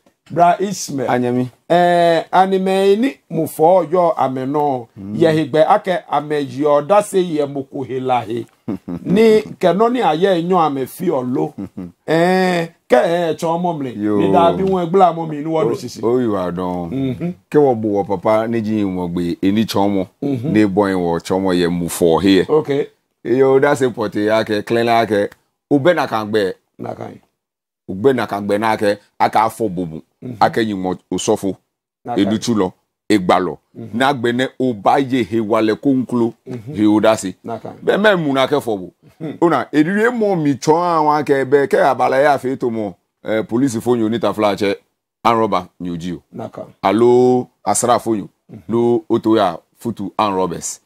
bra ismail anyami ɛɛ eh, animɛyini mufɔ yɔ amɛnɔ mm. yɛhigbɛ akɛ amɛyɔ dase yɛmukuhilahi ni kɛnɔ ni ayɛ nyɔ amɛfi ɔlo ɛɛ eh, kɛ ɛ eh, tsɔ mɔmle ni dabi wọn gbla mɔmi ni wɔdu sisi. o yiwa dɔn kí wọ́n bu wọ papa ní jí wọn gbé eni tsɔmɔ ní bɔn wọ tsɔmɔ yɛ mufɔ hiɛ. ok iye o dase pɔtɛ akɛ kilɛnɛ akɛ o bɛ na kan gbɛ o bɛ na kan gbɛ n'akɛ aka afɔ bubu. Mm-hmm. akẹyìnmọ osọfo edutu lọ egbalọ mm-hmm. n'agbẹnẹ ọba ye hewalẹ kónkolo mm-hmm. hewodasi bẹẹ mẹ múna kẹfọ bò ọnà èdìrí mọ mi tsọ àwọn akẹ bẹẹ kẹ abala yà fẹ tó mọ ẹ polisi fóyún oníta filakyẹ anrọba nyòjì o alo asra fóyún ló o tó yà futu anrọbẹs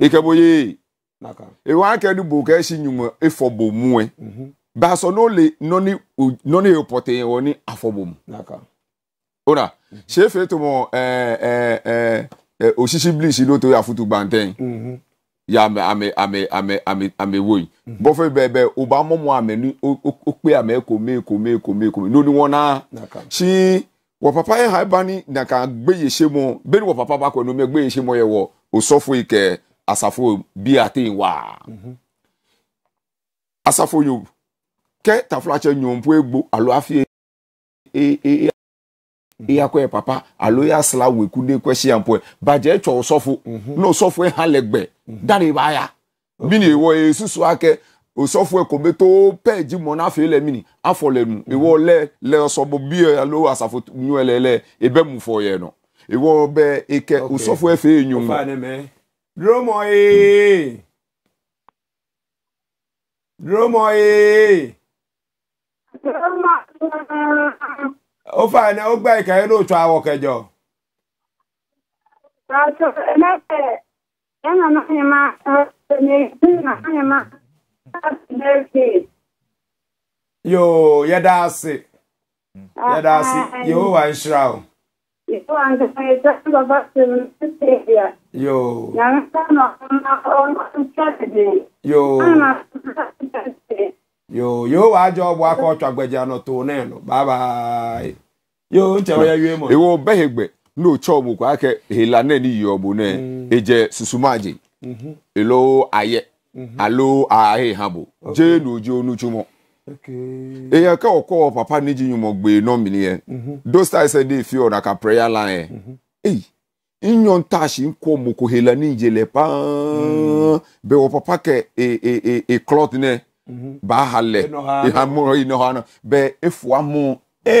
ikẹbóyè ìwọ akẹ ni bò kẹ efọ bò mú ẹ bàṣọ n'ole nọ ní ọpọtẹ yẹn wọ ní afọ bò mú ora shefe to mo eh eh eh osisi blisi lo to ya futu gbanten mhm ya ame ame ame ame ame ame woyi mhm. bọfẹ bẹbẹ ọba mọmọ ame ni ó pé ame kòmé kòmé kòmé kòmé lóni wọn náà ṣí wọ papa yẹn hàn bá ní nàkà gbéyè ṣe mọ bẹ́ẹ̀ ni wọ papa bá kọ ẹnu mi gbéyè ṣe mọ yẹ wọ òsọfọ ìkẹ àsàfọ bí àtẹyìn wá àsàfọ yòó kẹ tàfúlàṣẹ yòó ń mhm. pọ egbò àlọ àfíẹ eya kɔ yɛ papa alo ya asra weku de kɔ si yan pɔ bàjɛ tsɔ sɔfo n'o sɔfo yɛ e hã lɛ gbɛ mm-hmm. dari b'a ya e mm-hmm. bi e ni ewɔ ye susu akɛ osɔfo yɛ ko bɛ to pɛɛ dzi mɔ n'afɛ lɛ mini afɔ lɛ nu ewɔ lɛ lɛ sɔbɔ bi yɛ alo asafo nyɔ lɛ lɛ ebe mu fɔ yɛ nɔ ewɔ bɛ ekɛ osɔfo yɛ fɛ yɛ nyɔ mu. dromo ye dromo mm. ye. dromo. ofe a na ogbe anyị ka anyị n'otu awọ kejọ yo yɛda ase yɛda ase yehowa nhyira yoo yo yo yehowa agya ọgbụ aka ọtwa gbagya no too ne no bye bye iwo behegbe na ochọọgbukwa ake hela neni yiọgbu na mm. eje susumaji mm-hmm. elo aye mm-hmm. alo ahe ha bụ jee na oji eya ka ọkọ papa n'iji nyumọ gbe nọmini ya. E. Mm-hmm. those times ẹ dey fi ọ̀nà ka praya line yẹn e. eyi ìyàn taasi nkọ moko hela ní ìjẹlẹ paan mm. bẹ wọ papa kẹ e e e e cloth nẹ baa halẹ ìhàmúrò ìnáwó àná bẹ efu amụ e.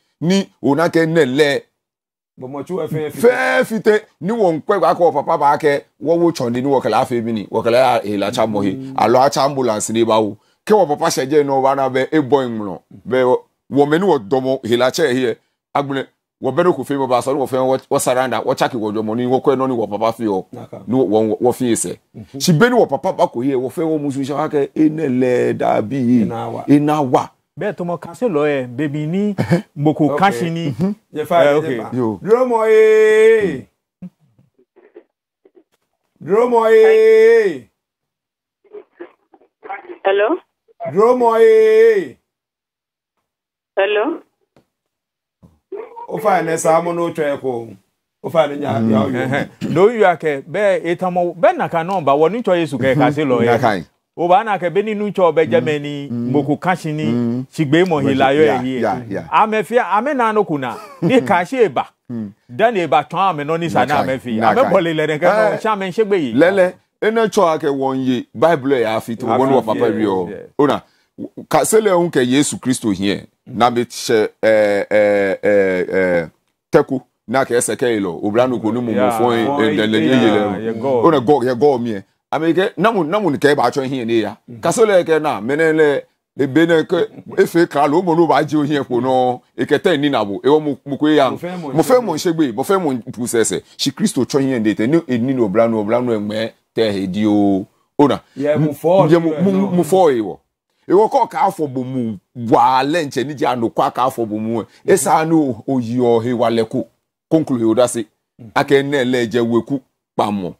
ni onake nele fɛn fi tɛ ni wɔn kɔ ɛgbɛ akɔ papa b'a kɛ wɔwo tsɔndi ni wɔkɛlɛ afɛ mi ni wɔkɛlɛ ɛla tsa mɔ ye alo atsa ambulance ni b'awo kɛ wɔ papa sɛjɛ nɔ wa na bɛ e bɔ yen ŋlɔ bɛ wɔ mɛ ni wɔ dɔmɔ ɛla tsɛ yɛ agbɛnɛ wɔ bɛ ne ko fɛn bɔ ba sɔrɔ wɔ fɛn wɔ saranda wɔ tsaki wɔ jɔmɔ ni wɔ kɔɛ nɔ ni wɔ papa fi yɔ ni wɔ wɔ fi yɛ sɛ si bɛ ni wɔ papa ba ko yɛ wɔ fɛn wɔ musu bẹẹ tó mọ kase lọ ẹ bèbí ní gboko kasi ni. jefa ee dúró ee. hello. dúró ee. hello. o fa ne sa mo n'o tẹ ko o fa ne nya ya o yọ. lóyún akẹ bẹẹ ètò ọmọ bẹẹ nàka náà bá wọ nítorí èsù kẹ kase lọ yẹ o ba na kebe ninu cho be germany mboku kashi ni shigbe mm. mo hilayo eyi amefi ame na no kuna ni kashi eba dan mm. eba ton ame no ni sana amefi ame bole le nke no eh, sha me shegbe yi lele ene cho ake won ye bible ya e fit won wo papa e, ri o ona ka sele hun yesu kristo hie mm. na be che eh, eh eh eh teku na ke ese ke ilo obra no ko ni mo mo fo en den le ye le ona go ye go mi e ameke namu namu ni kɛ b'a tɔ hiɛ ne ya mhm. kaso kɛ na mɛnɛ lɛ ebe ne ke mhm. efe kra lo mo lo b'a dzi o hiɛ ko nɔ eke tɛ ni na bo ewɔ mo mo ko eya mo fɛ mo nsegbe mo fɛ mo pusɛsɛ si kristo tɔ hiɛ de tɛ ne eni ni e, o bla nu o bla nu ɛgbɛ tɛ edi o o na mo fɔ ye wɔ ewɔ kɔ k'a fɔ bo mu wa lɛ ntsɛ ni dza no kɔ k'a fɔ bo mu e. mhm. esa no oyi ɔhe wa lɛ ko konkulu he o da se akɛ nɛ lɛ dze weku kpamɔ.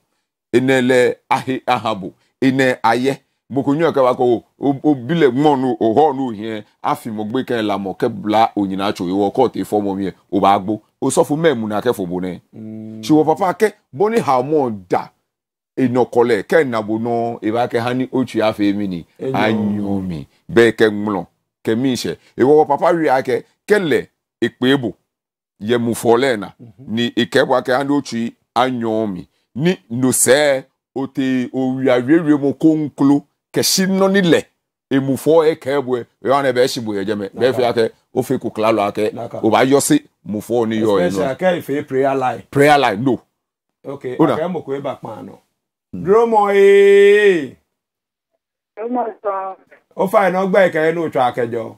ene le ahe ahabu ene ayɛ boko nyɔ kaba ko obile mɔnu ohɔ nu hiɛ afi mo gbe kɛ lamɔ kɛ bla onyina tso iwɔ kɔɔte fɔmɔ miɛ o b'a gbó o sɔfo fu mu na kɛ fo mm. bo nɛ. siwɔ papa kɛ bɔnni hamɔ da enɔkɔlɛ kɛ nabo nɔ eba kɛ hani otu afe mi ni anyo mi bɛɛ kɛ ŋlɔ kɛ mi sɛ ewɔ papa wi akɛ kɛlɛ ekpe bo yɛmufɔlɛ na ni ekɛ bɔ akɛ hani otu anyo ni nosɛ ote owia wiewie mo ko nklo kɛsi nɔni lɛ emufɔ ɛkɛ bɔ yɔn ne bɛ si bɔ yɛjɛ mɛ bɛɛ o fɛ ko o b'a ni especially akɛ ife prayer line prayer line no. ok akɛ moko eba kpan nɔ. dromo ee. dromo sɔn. ó fà iná gbẹ́ ìkẹyẹ ní òtún akẹjọ.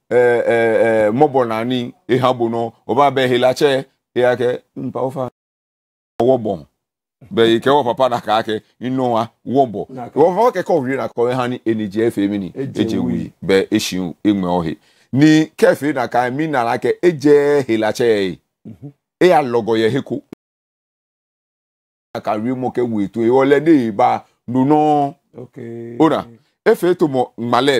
Eh, eh, eh, mọbọ nani eha bono ọba bẹ hela kyẹ eya kẹ mpa ọfa ọwọ bọ bẹẹ kẹ wọ papa n'aka kẹ nnọ wa wọ bọ wọfọ kẹkẹ ọwiri na kọ ẹha e e ni enigye efe mi ni egye e wi bẹẹ ehyin emu ọhe ni kẹfì n'aka mi nana kẹ egye hela kyẹ yẹ eya lọgọ yẹ heko aka wi mo kẹ wo eto ewọlẹ ne ba nunọ ona efe to mọ ngmalẹ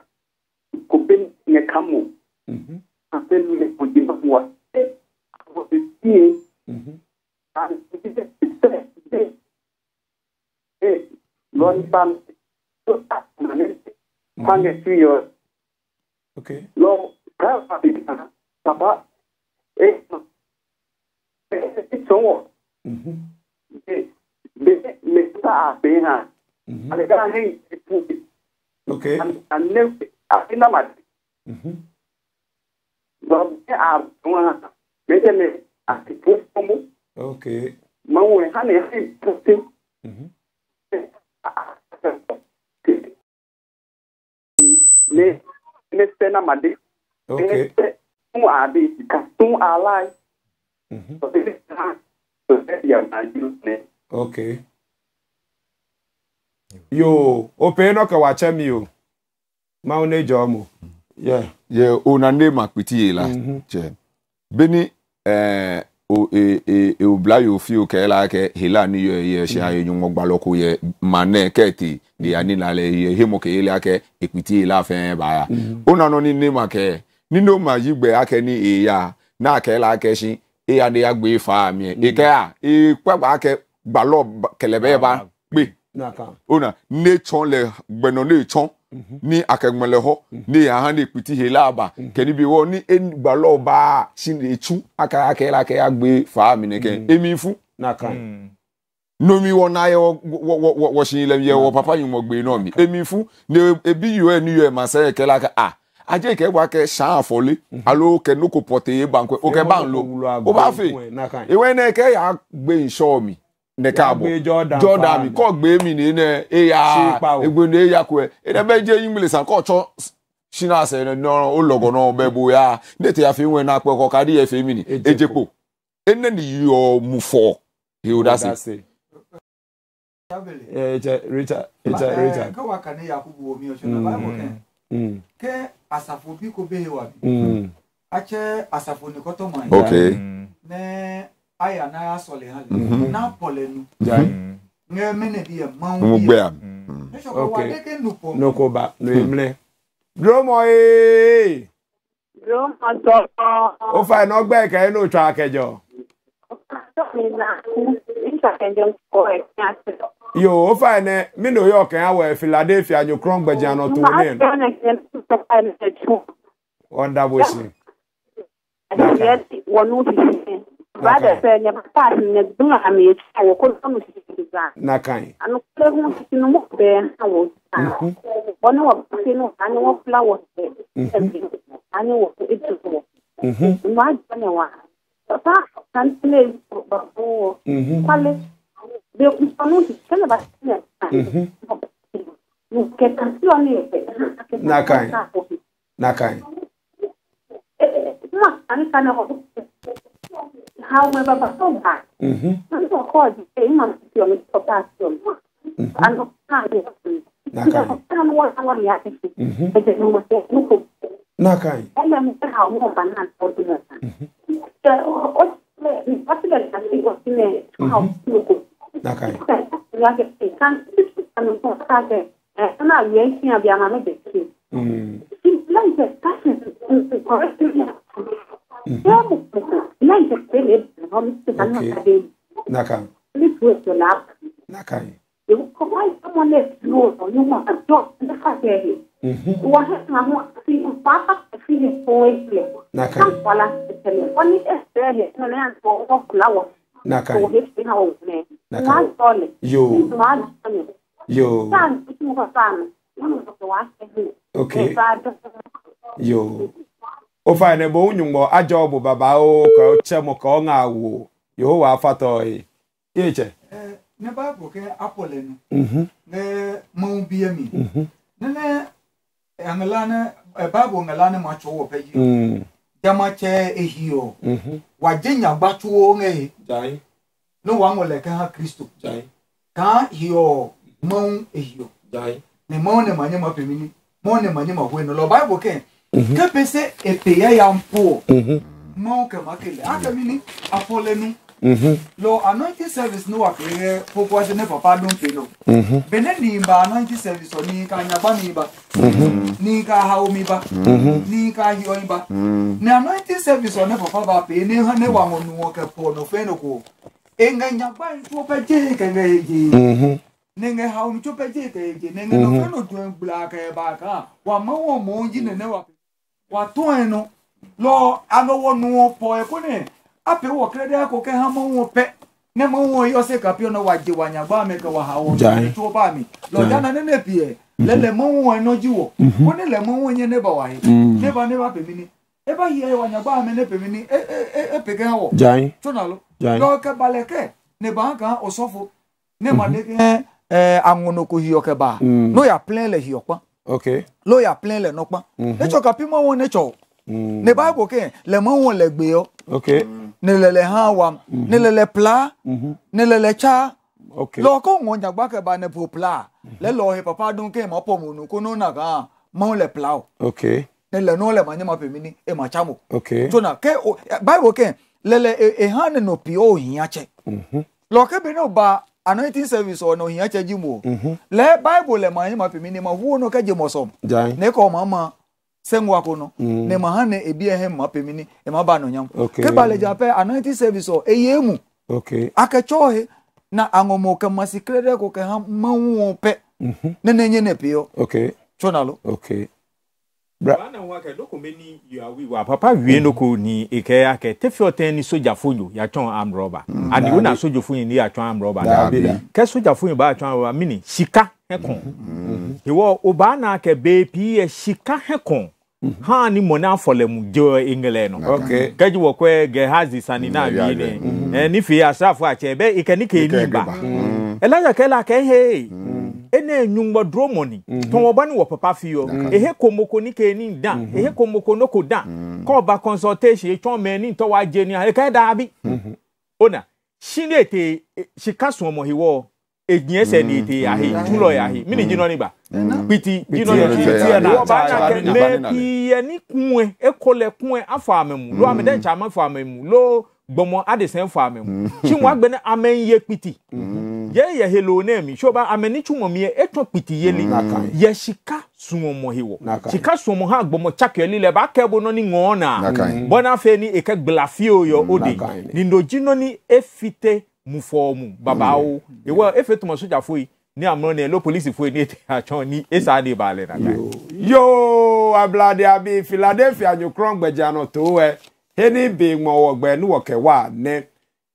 kupen nge kamu kupen nge kujiba mwa kwa kutie lon pan pange tuyo okay lo kawa bita tapa e eh, e eh, songo e be me ta pe na ale ka hin ok an an ne abin namadi babban abuwa mede ne atipo mu okay manwe ha na ya ipote ne ne se namadi okay tun ade sika tun alai ok yo o pe no ka wa chemi o ma une jomu ye yeah una ne makpiti ye la mhm. che beni eh o e e e obla yo fi o ke la ke hela ni yo ye se ayun mo ye mane ke ti de ani la le ye hemo ke ile ake epiti la fe ba ya una mhm. no ni ne ma ke ni no ma yigbe ake ni e ya na ke la ke e ya eya ya agbe fa mi e mhm. ke a e papa ake gba lo kelebe ba pe una ah, ne chon le gbeno ne chon Mm-hmm. ni akɛgmɛlɛ hɔ mm-hmm. ne yɛn hã ne piti he mm-hmm. la ba kɛni bi wɔ ni enugbalɔ ba si ne tsu aka akɛ la akɛ agbe fa minɛ kɛ emi fún. Mm. nomi wɔ n'ayɛ wɔ wɔsi lɛ yɛ wɔ papa yun wɔ gbe nɔ mi emi fún ne ebi yɔ yɛ ni yɔ yɛ ma sɛ yɛ kɛ la kɛ a ajé ìkẹ́ wa kẹ ṣáà fọlé alo kẹ lóko pọ̀tẹ́ yé bankẹ́ o kẹ bá ń lo o bá fè ìwé náà kẹ nke abụọ Jordan kọgbe emi a ene eya egbe na eya kwe edebe je English akọchọ shinase n'ọrụ ụlọgọ n'ọba ebo ya ndete ya fe nwe na ya efe emi ni ene na yọ mufọ hildasi. Richard Richard Richard. Kọ́wá kan ní aya na ya sɔle hã le na pɔ le nu ŋe mene bi yɛ mawu bi yɛ esɔkɔ wa deke nu pɔ ne ko ba lo ye mlɛ dromɔ ye. dromɔ tɔ. o fa iná gbẹ kẹ inú tsɔ akẹjọ. yo o fa iná mi n'o yọ kẹ́ awọ Philadelphia nyo kúrọ̀ gbẹ̀jẹ̀ àná tó ní. ọ̀dà bó ṣe. wọnú fi fi rather sɛ nyɛ pass nyɛ dum a meyɛ kyi a wɔkɔ dɔm sisi dza na kan anokɔlɛ ho sisi no mu bɛɛ na wɔ saa wɔne wɔ base no ane wɔ fla wɔ sɛ ane wɔ so etu wɔ mmaa agya ne wa papa kante na eyi wɔ babo wɔ mhm. kwale de nsɔno sisi kɛlɛ ba sisi na ɛka kɛkɛ si wɔ ne yɛ kɛkɛ na kan na kan. Kuma ani kan na hɔ however persoonbaar. Mm -hmm. Dat is wel goed. Die iemand die om op dat film. En op dat Nakai. Nakai. Nakai. Siamo lei per quello non mi não tô na Não é sério, não é só Não, é. Ok ofane bo unyumbo aja obu baba o ka oche mo ka onga wo yehowa afato e yeche ne bible ke apole nu mhm ne mo bi mi mhm ne ne angala ne eh, bible angala ne ma chowo pe yi mm. e mhm jama che ehi o mhm wa jenya gbatuo nge jai no wa ngole ka ha kristo jai ka hi o mo e ehi o jai ne mo ne manye ma pemini mo ne manye ma hwe no lo bible ke Mhm. kepese epeya ya mpụọ, mhm. nonke makele ake mini mhm. lo anointing service ni wapere popo ase ne papa don pelo bene ni ba anointing service ni ka ni ba ni ka ha omi ba ni ka ba ne anointing service ne papa ba pe ne ha ne wa no no ko e e je ye ha omi je ye no ka ba ka wa ma ne wato eno lɔ amewo nuwo pɔ eko ne ape wɔ kre ɖe ko ke hã mewo pɛ ne mewo yi ɔse kapi ɔnɔ wadze wanyagba ame ke waha wɔ tso ba mi lɔ dana ne ne pie mhm. le le mewo eno dzi wɔ mhm. ko ne le mewo nye ne ba wa he mhm. ne ba ne ba pe mi ne e ba yi wanyagba ame ne pe mi ne e e e pe ke hã wɔ tso na lo lɔ ke balɛ ke ne ba hã kan osɔfo ne ma de ke ɛɛ eh, aŋɔnoko hiyɔ ba mm. n'o y'a plɛ le okay lawyer plain le nokpa mm -hmm. nature ka pimo won nature mm. ne bible ke le mo won le gbe yo okay mhm. ne le le han mhm. ne le le pla mm -hmm. ne le le cha okay lo ko won jagba ne po pla mm -hmm. le lo he papa dun ke mo po mo nu ko no na ga mo pla o okay ne le no le ma ne ma pe mi ni e ma cha mo okay to na ke o, bible ke le le e, e mhm. ba anointing service na òhìn ẹ̀chẹ̀ jí mu o mhm. lẹ́ bible lẹ̀ mọ̀ ẹ̀ ma pèmí ni ma wúwo n'oké jẹ́ mọ̀ sọ̀m ní kọ́ ọ̀ma ma sẹ́ngu akono ní ma hàn ní mhm. ebi ẹ̀hẹ́ ma pèmí ni ẹ̀ ma bá nù yàn kébà lẹ̀ jà anointing service ọ̀ ẹ̀ mu akẹ́kyọ́ ọ̀hẹ́ na àngọ̀mọ̀ kẹ́ ma sì kéré dẹ́ kọ́ kẹ́ ne papa wie no mm. ko ni eke ake tefi ɔtɛn ni sojafo yo yatɔn amrɔba mm. ani wona sojafo yi ni yatɔn amrɔba daabi kɛ sojafo yi ba yatɔn amrɔba mini sika hɛkɔn mm. oba na kɛ beepi yɛ sika hɛkɔn hàn ni mɔni afɔlɛmu jɛ engele nɔ kɛji sani na bi ne ɛ nifi asrafo ike ni ke ni ba e ɛna enwumbɔdoro mɔni tɔnwɔba ni wɔ papa fi yɔ ehe komoko ni ke ni dan mhm. ehe komoko no ko dan mhm. kɔɔba consultation etɔn mɛ ni ntɔwa je ni eka e daa bi mhm. ona sini ete sika sɔmɔ hi wɔ egbin ɛsɛ ni ete ahi tulɔ ahi mini jinɔ ni ba piti jinɔ ni ti na wɔba na kɛ mɛ piyɛ ni kun yɛ ekɔ lɛ kun yɛ afɔ amɛ mu lo amɛ dɛ nkyɛn ma fɔ amɛ mu lo. gbɔmɔ adesɛn fa mi mu tí wọn agbɛnɛ amɛn yɛ kpiti yɛ yɛ helo ne mi soba amɛni tí wọn mi yɛ etɔ kpiti yeli yɛ sika sunwɔmɔ yi wɔ sika sunwɔmɔ hã gbɔmɔ tsakɛli lɛ ba kɛ bo nɔni ŋɔɔ na bɔna ni eke gbilafi o yɔ o de nindoji nɔni efite mufɔmu babawo ewɔ efe tuma soja foyi ní àmúràn ni ẹ ló polisi fún ẹ ní ètò àtúnṣe ní ẹsà ní ìbàlẹ̀ nàgbà. yóò ablade abi philadelphia nyokron gbẹjà náà tó ẹ. heni bi ŋmɔwɔ gbɛ nuwɔkɛ wa ne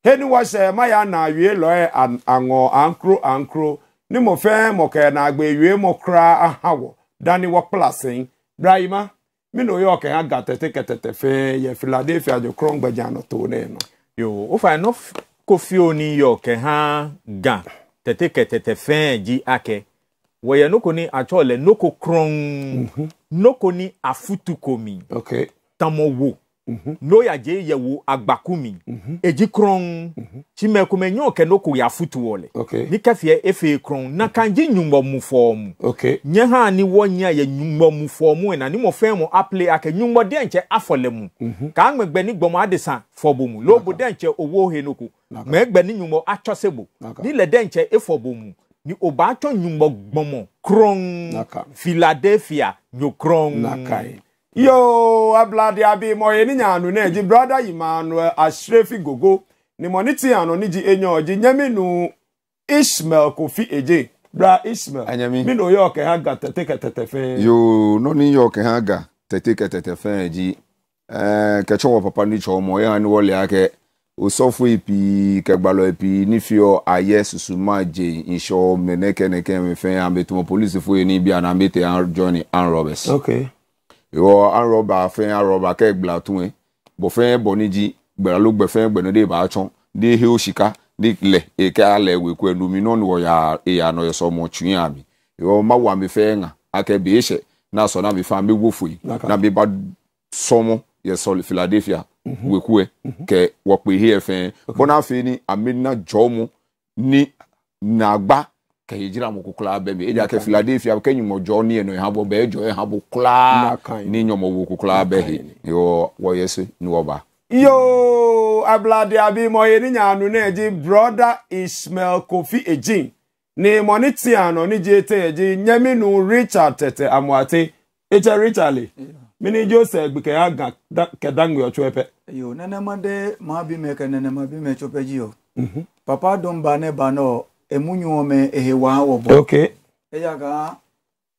heni wɔsɛ ya na wie lɔɛ aŋɔ ankro ankro ni mo na agbe wie mo kura aha wɔ dani wɔ kpla brahima mi na ha ga tɛtɛ kɛtɛtɛ fɛn yɛ philadelphia jo kron gbɛdza nɔ to ne nɔ. yo o fa kofi ha ga n'oyaje yewo agbakumi eji kron chimekume nyo ke no ya futuwo le ni kafie efe kron na kanji nyumbo mu form nye ha ni wonya ye nyumbo mu form na ni mo fe mo aple ake nyumbo de nche afole mu ka ngbegbe ni gbomo adesa fobo lobo de nche owo he noko megbe ni nyumbo achosebo ni le de nche efobo ni oba acho nyumbo gbomo kron philadelphia nyo kron yo ablade abi moye ni nyanu na eji brother Emmanuel Ashrefi Gogo ni mo ti anu ni ji enyo oji nyeminu Ishmael Kofi Eje bra Ishmael anyami mi no yo ke haga tete ketete fe yo no ni yo ke haga tete ketete fe ji eh ke chowo papa ni chowo mo ya ni wole ake osɔfo ipi kɛgbalɔ ipi nifiɔ ayɛ susuma je nsɔ menekɛnekɛ mefɛn an bɛ tuma polisi foyi ni bi an bɛ an jɔni an rɔbɛs. okay. ìwọ arọba fẹ arọba kẹ gbla tún ẹ bọfẹ bọniji gbẹralógbẹfẹ gbẹnudẹ ìbátan dé he òṣìkà dé lẹ èké alẹ wẹkọ ẹnumí náà ni wọya ìyànà ẹsọ ọmọ tún yàn mi ìwọ má wà mí fẹ náà sọ náà mi sọmọ yẹsọ Philadelphia mhm. wẹkọ ẹ kẹ ihe ẹfẹ ni kɛyɛ gyina mu kokoraa bɛɛ bi ɛdi akɛ philadelphia kɛ nyɔmɔdzɔ e e e ni yɛn no ɛha bɔ bɛɛ dzɔ ɛha bɔ koraa ne nyɔmɔwo kokoraa bɛɛ he yɔ wɔyɛ se ne wɔba. yoo ablade abi mɔye ne nyaanu ne ɛgye broda ismail kofi egyin ne mɔne tia ano ni gye te ɛgye nyɛminu richard tete amuate ɛkyɛ richard le mini joseph gbikɛya gan kɛdangbe ɔtɔ ɛpɛ. yo nenema de maa bi mɛ kɛ nenema bi mɛ tso pɛ dzi o papa dun ba ne ba n'o. emunyuome ehewa obo okay eyaga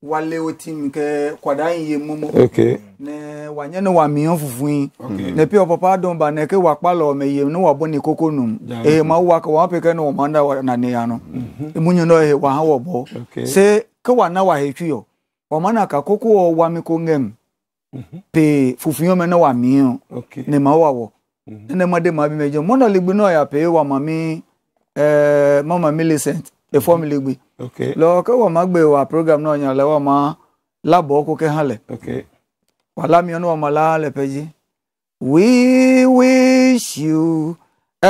wale otim ke kwada yin mumu okay ne wanye no wa mi onfufun ne pe don ba ne ke wa palo ye no wa e ma wa ka wa pe ke no ma wa na ne ya mhm. no emunyu no e wa obo okay. se ke wa na wa hetu yo mana ka koko wa mi ko ngem mhm. pe fufun no wa mi okay. ne ma wa wo mhm. ne ma de ma bi ya pe wa Eh, mama Millicent mm-hmm. efo miligbe okay. lọ ke wọ ma gbe wa program náà yan lẹwọ ma labọ ko ke hanlẹ okay. wàhálà mi ọ̀nà ọmọ lálẹ́ pẹ́jì. we wish you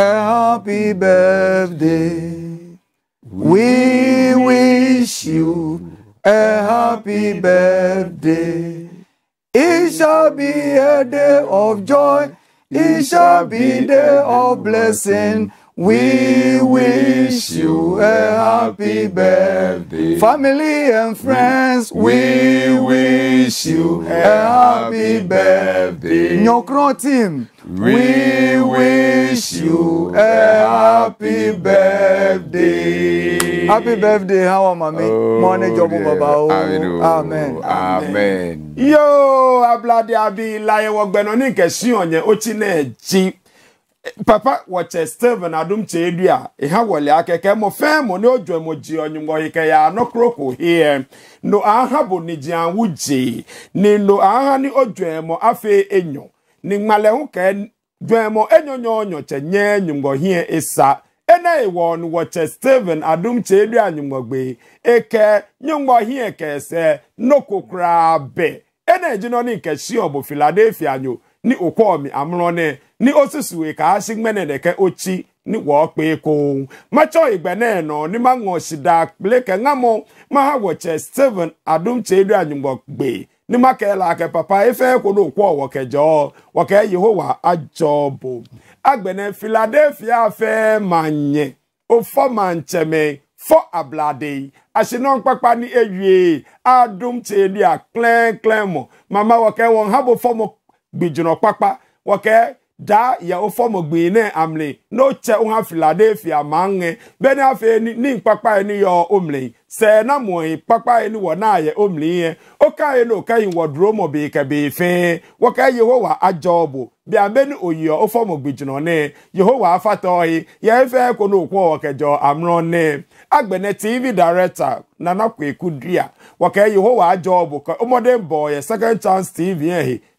a happy birthday. We wish you a happy birthday. It shall be a day of joy. It shall be a day of blessing. We wish you a happy birthday. Family and friends, we wish you a happy birthday. Nyokro team, we wish you a happy birthday. Happy birthday, how am I? Money, job baba. Amen. Amen. Yo, ablade abi ilaye wo ni kesi onye o ti papa wɔkyɛ steven adomkyɛ edu a ɛha wɔle akɛkɛ mo fɛn mo ne odwa mo gye ɔnyimɔ yikɛ yɛ ano koro ko heɛ agha aha bo ne gye awo gye ne no aha ne enyo na ŋmalɛ ho kɛ nyo mo enyonyɔnyɔ kyɛ nyɛ nyimɔ steven philadelphia nyo ni osisi wee ka kà á sí gbẹ́nẹ̀dẹ̀kẹ́ ó chi ní wọ́ọ́ pé kó mẹ́tọ́ ìgbẹ́ nọ ní má ŋọ̀ sí dáa ma ha ŋá steven adum tse papa efe kó ló kọ́ wọ̀ kẹ́ jọ wọ̀ kẹ́ yehowa adzọ bò agbẹ̀nẹ̀ philadelphia ni ewie adum a klẹ́ńklẹ́ń mama wọ̀ kẹ́ wọn da ya ofo mogbe ne amle no che unha philadelphia mange bene afe ni ni papa ni yo omle se na mo papa ni wo na ye omle ye o ka ye no ka yin wodro mo be ka be fe wo ka ye wa ajobu bia bene oyo ofo mogbe jino ne ye ho afato yi ye fe ko no ko kejo amro ne agbene tv director nana kweku dria wo ka ye wa ajobu ko modern boy second chance tv eh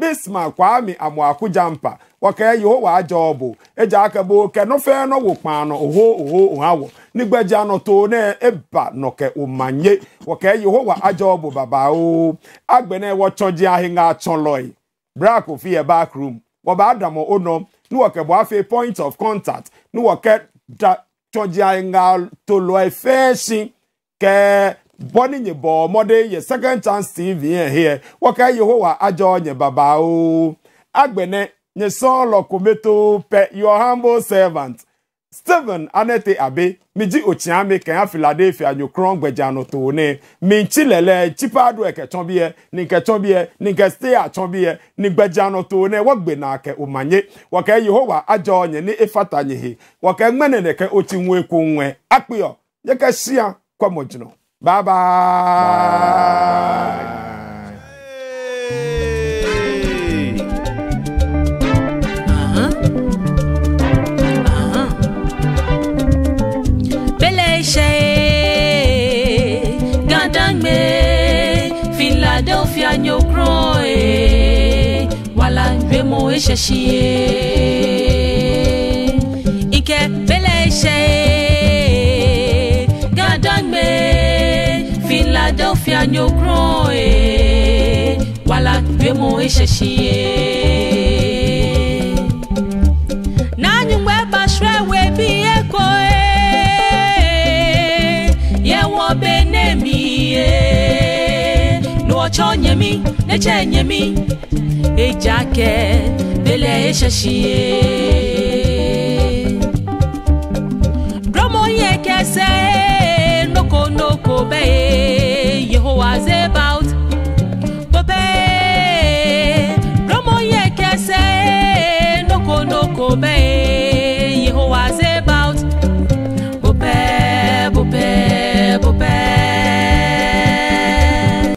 bisma kwami amuaku jampa wọkẹ yehowa àjọ ọbọ ẹjà akẹbọ kẹnufẹ náà wò kpanu òhó òhó òhàwọ nígbàjẹ ànọtò na ẹbà nọke òmànyé wọkẹ yehowa àjọ ọbọ bàbá agbena agbẹnẹ wọtsọdzi ahinga tsọlọyì brak òfi yẹ e back room wọba adamu ọnọ níwọkẹ point of contact níwọkẹ tsọdzi ahinga tolọ efe si kẹ. bɔne nye bɔɔ mmɔden yɛ second chance tv yɛn heɛ wɔka yehowa agyɔ nye babao agbene nye sɔɔlɔ kometo pɛ your humble servant stephen anete abe miji ochiame kenya philadelphia nyokron gbẹjano tòóni minchi lẹlẹ chipado ẹkẹtàn bíẹ nìkẹtàn bíẹ nìkẹsẹ àtàn bíẹ nìgbẹjano tòóni wọgbẹna kẹ ọmọnyé wọkẹ yehowa ajọ ọnyẹ ní efata nyehe wọkẹ gbẹnẹnẹkẹ otí nwe kó nwẹ akpẹyọ yẹkẹ ṣíà kọmọjìnà. Bye-bye. Bye. Hey. Uh-huh. Uh-huh. Beleche, Gandangme, Philadelphia, Nyokroe, Wala, Philadelphia nyokron e wala dwemo esheshi Nanyo nyumwe bashwe we bi ko e eh. ye wo benemi e eh. no cho mi ne che nyemi e jake bele esheshi e eh. Bromo ye kese e ko bɛɛ ye yehowa zeba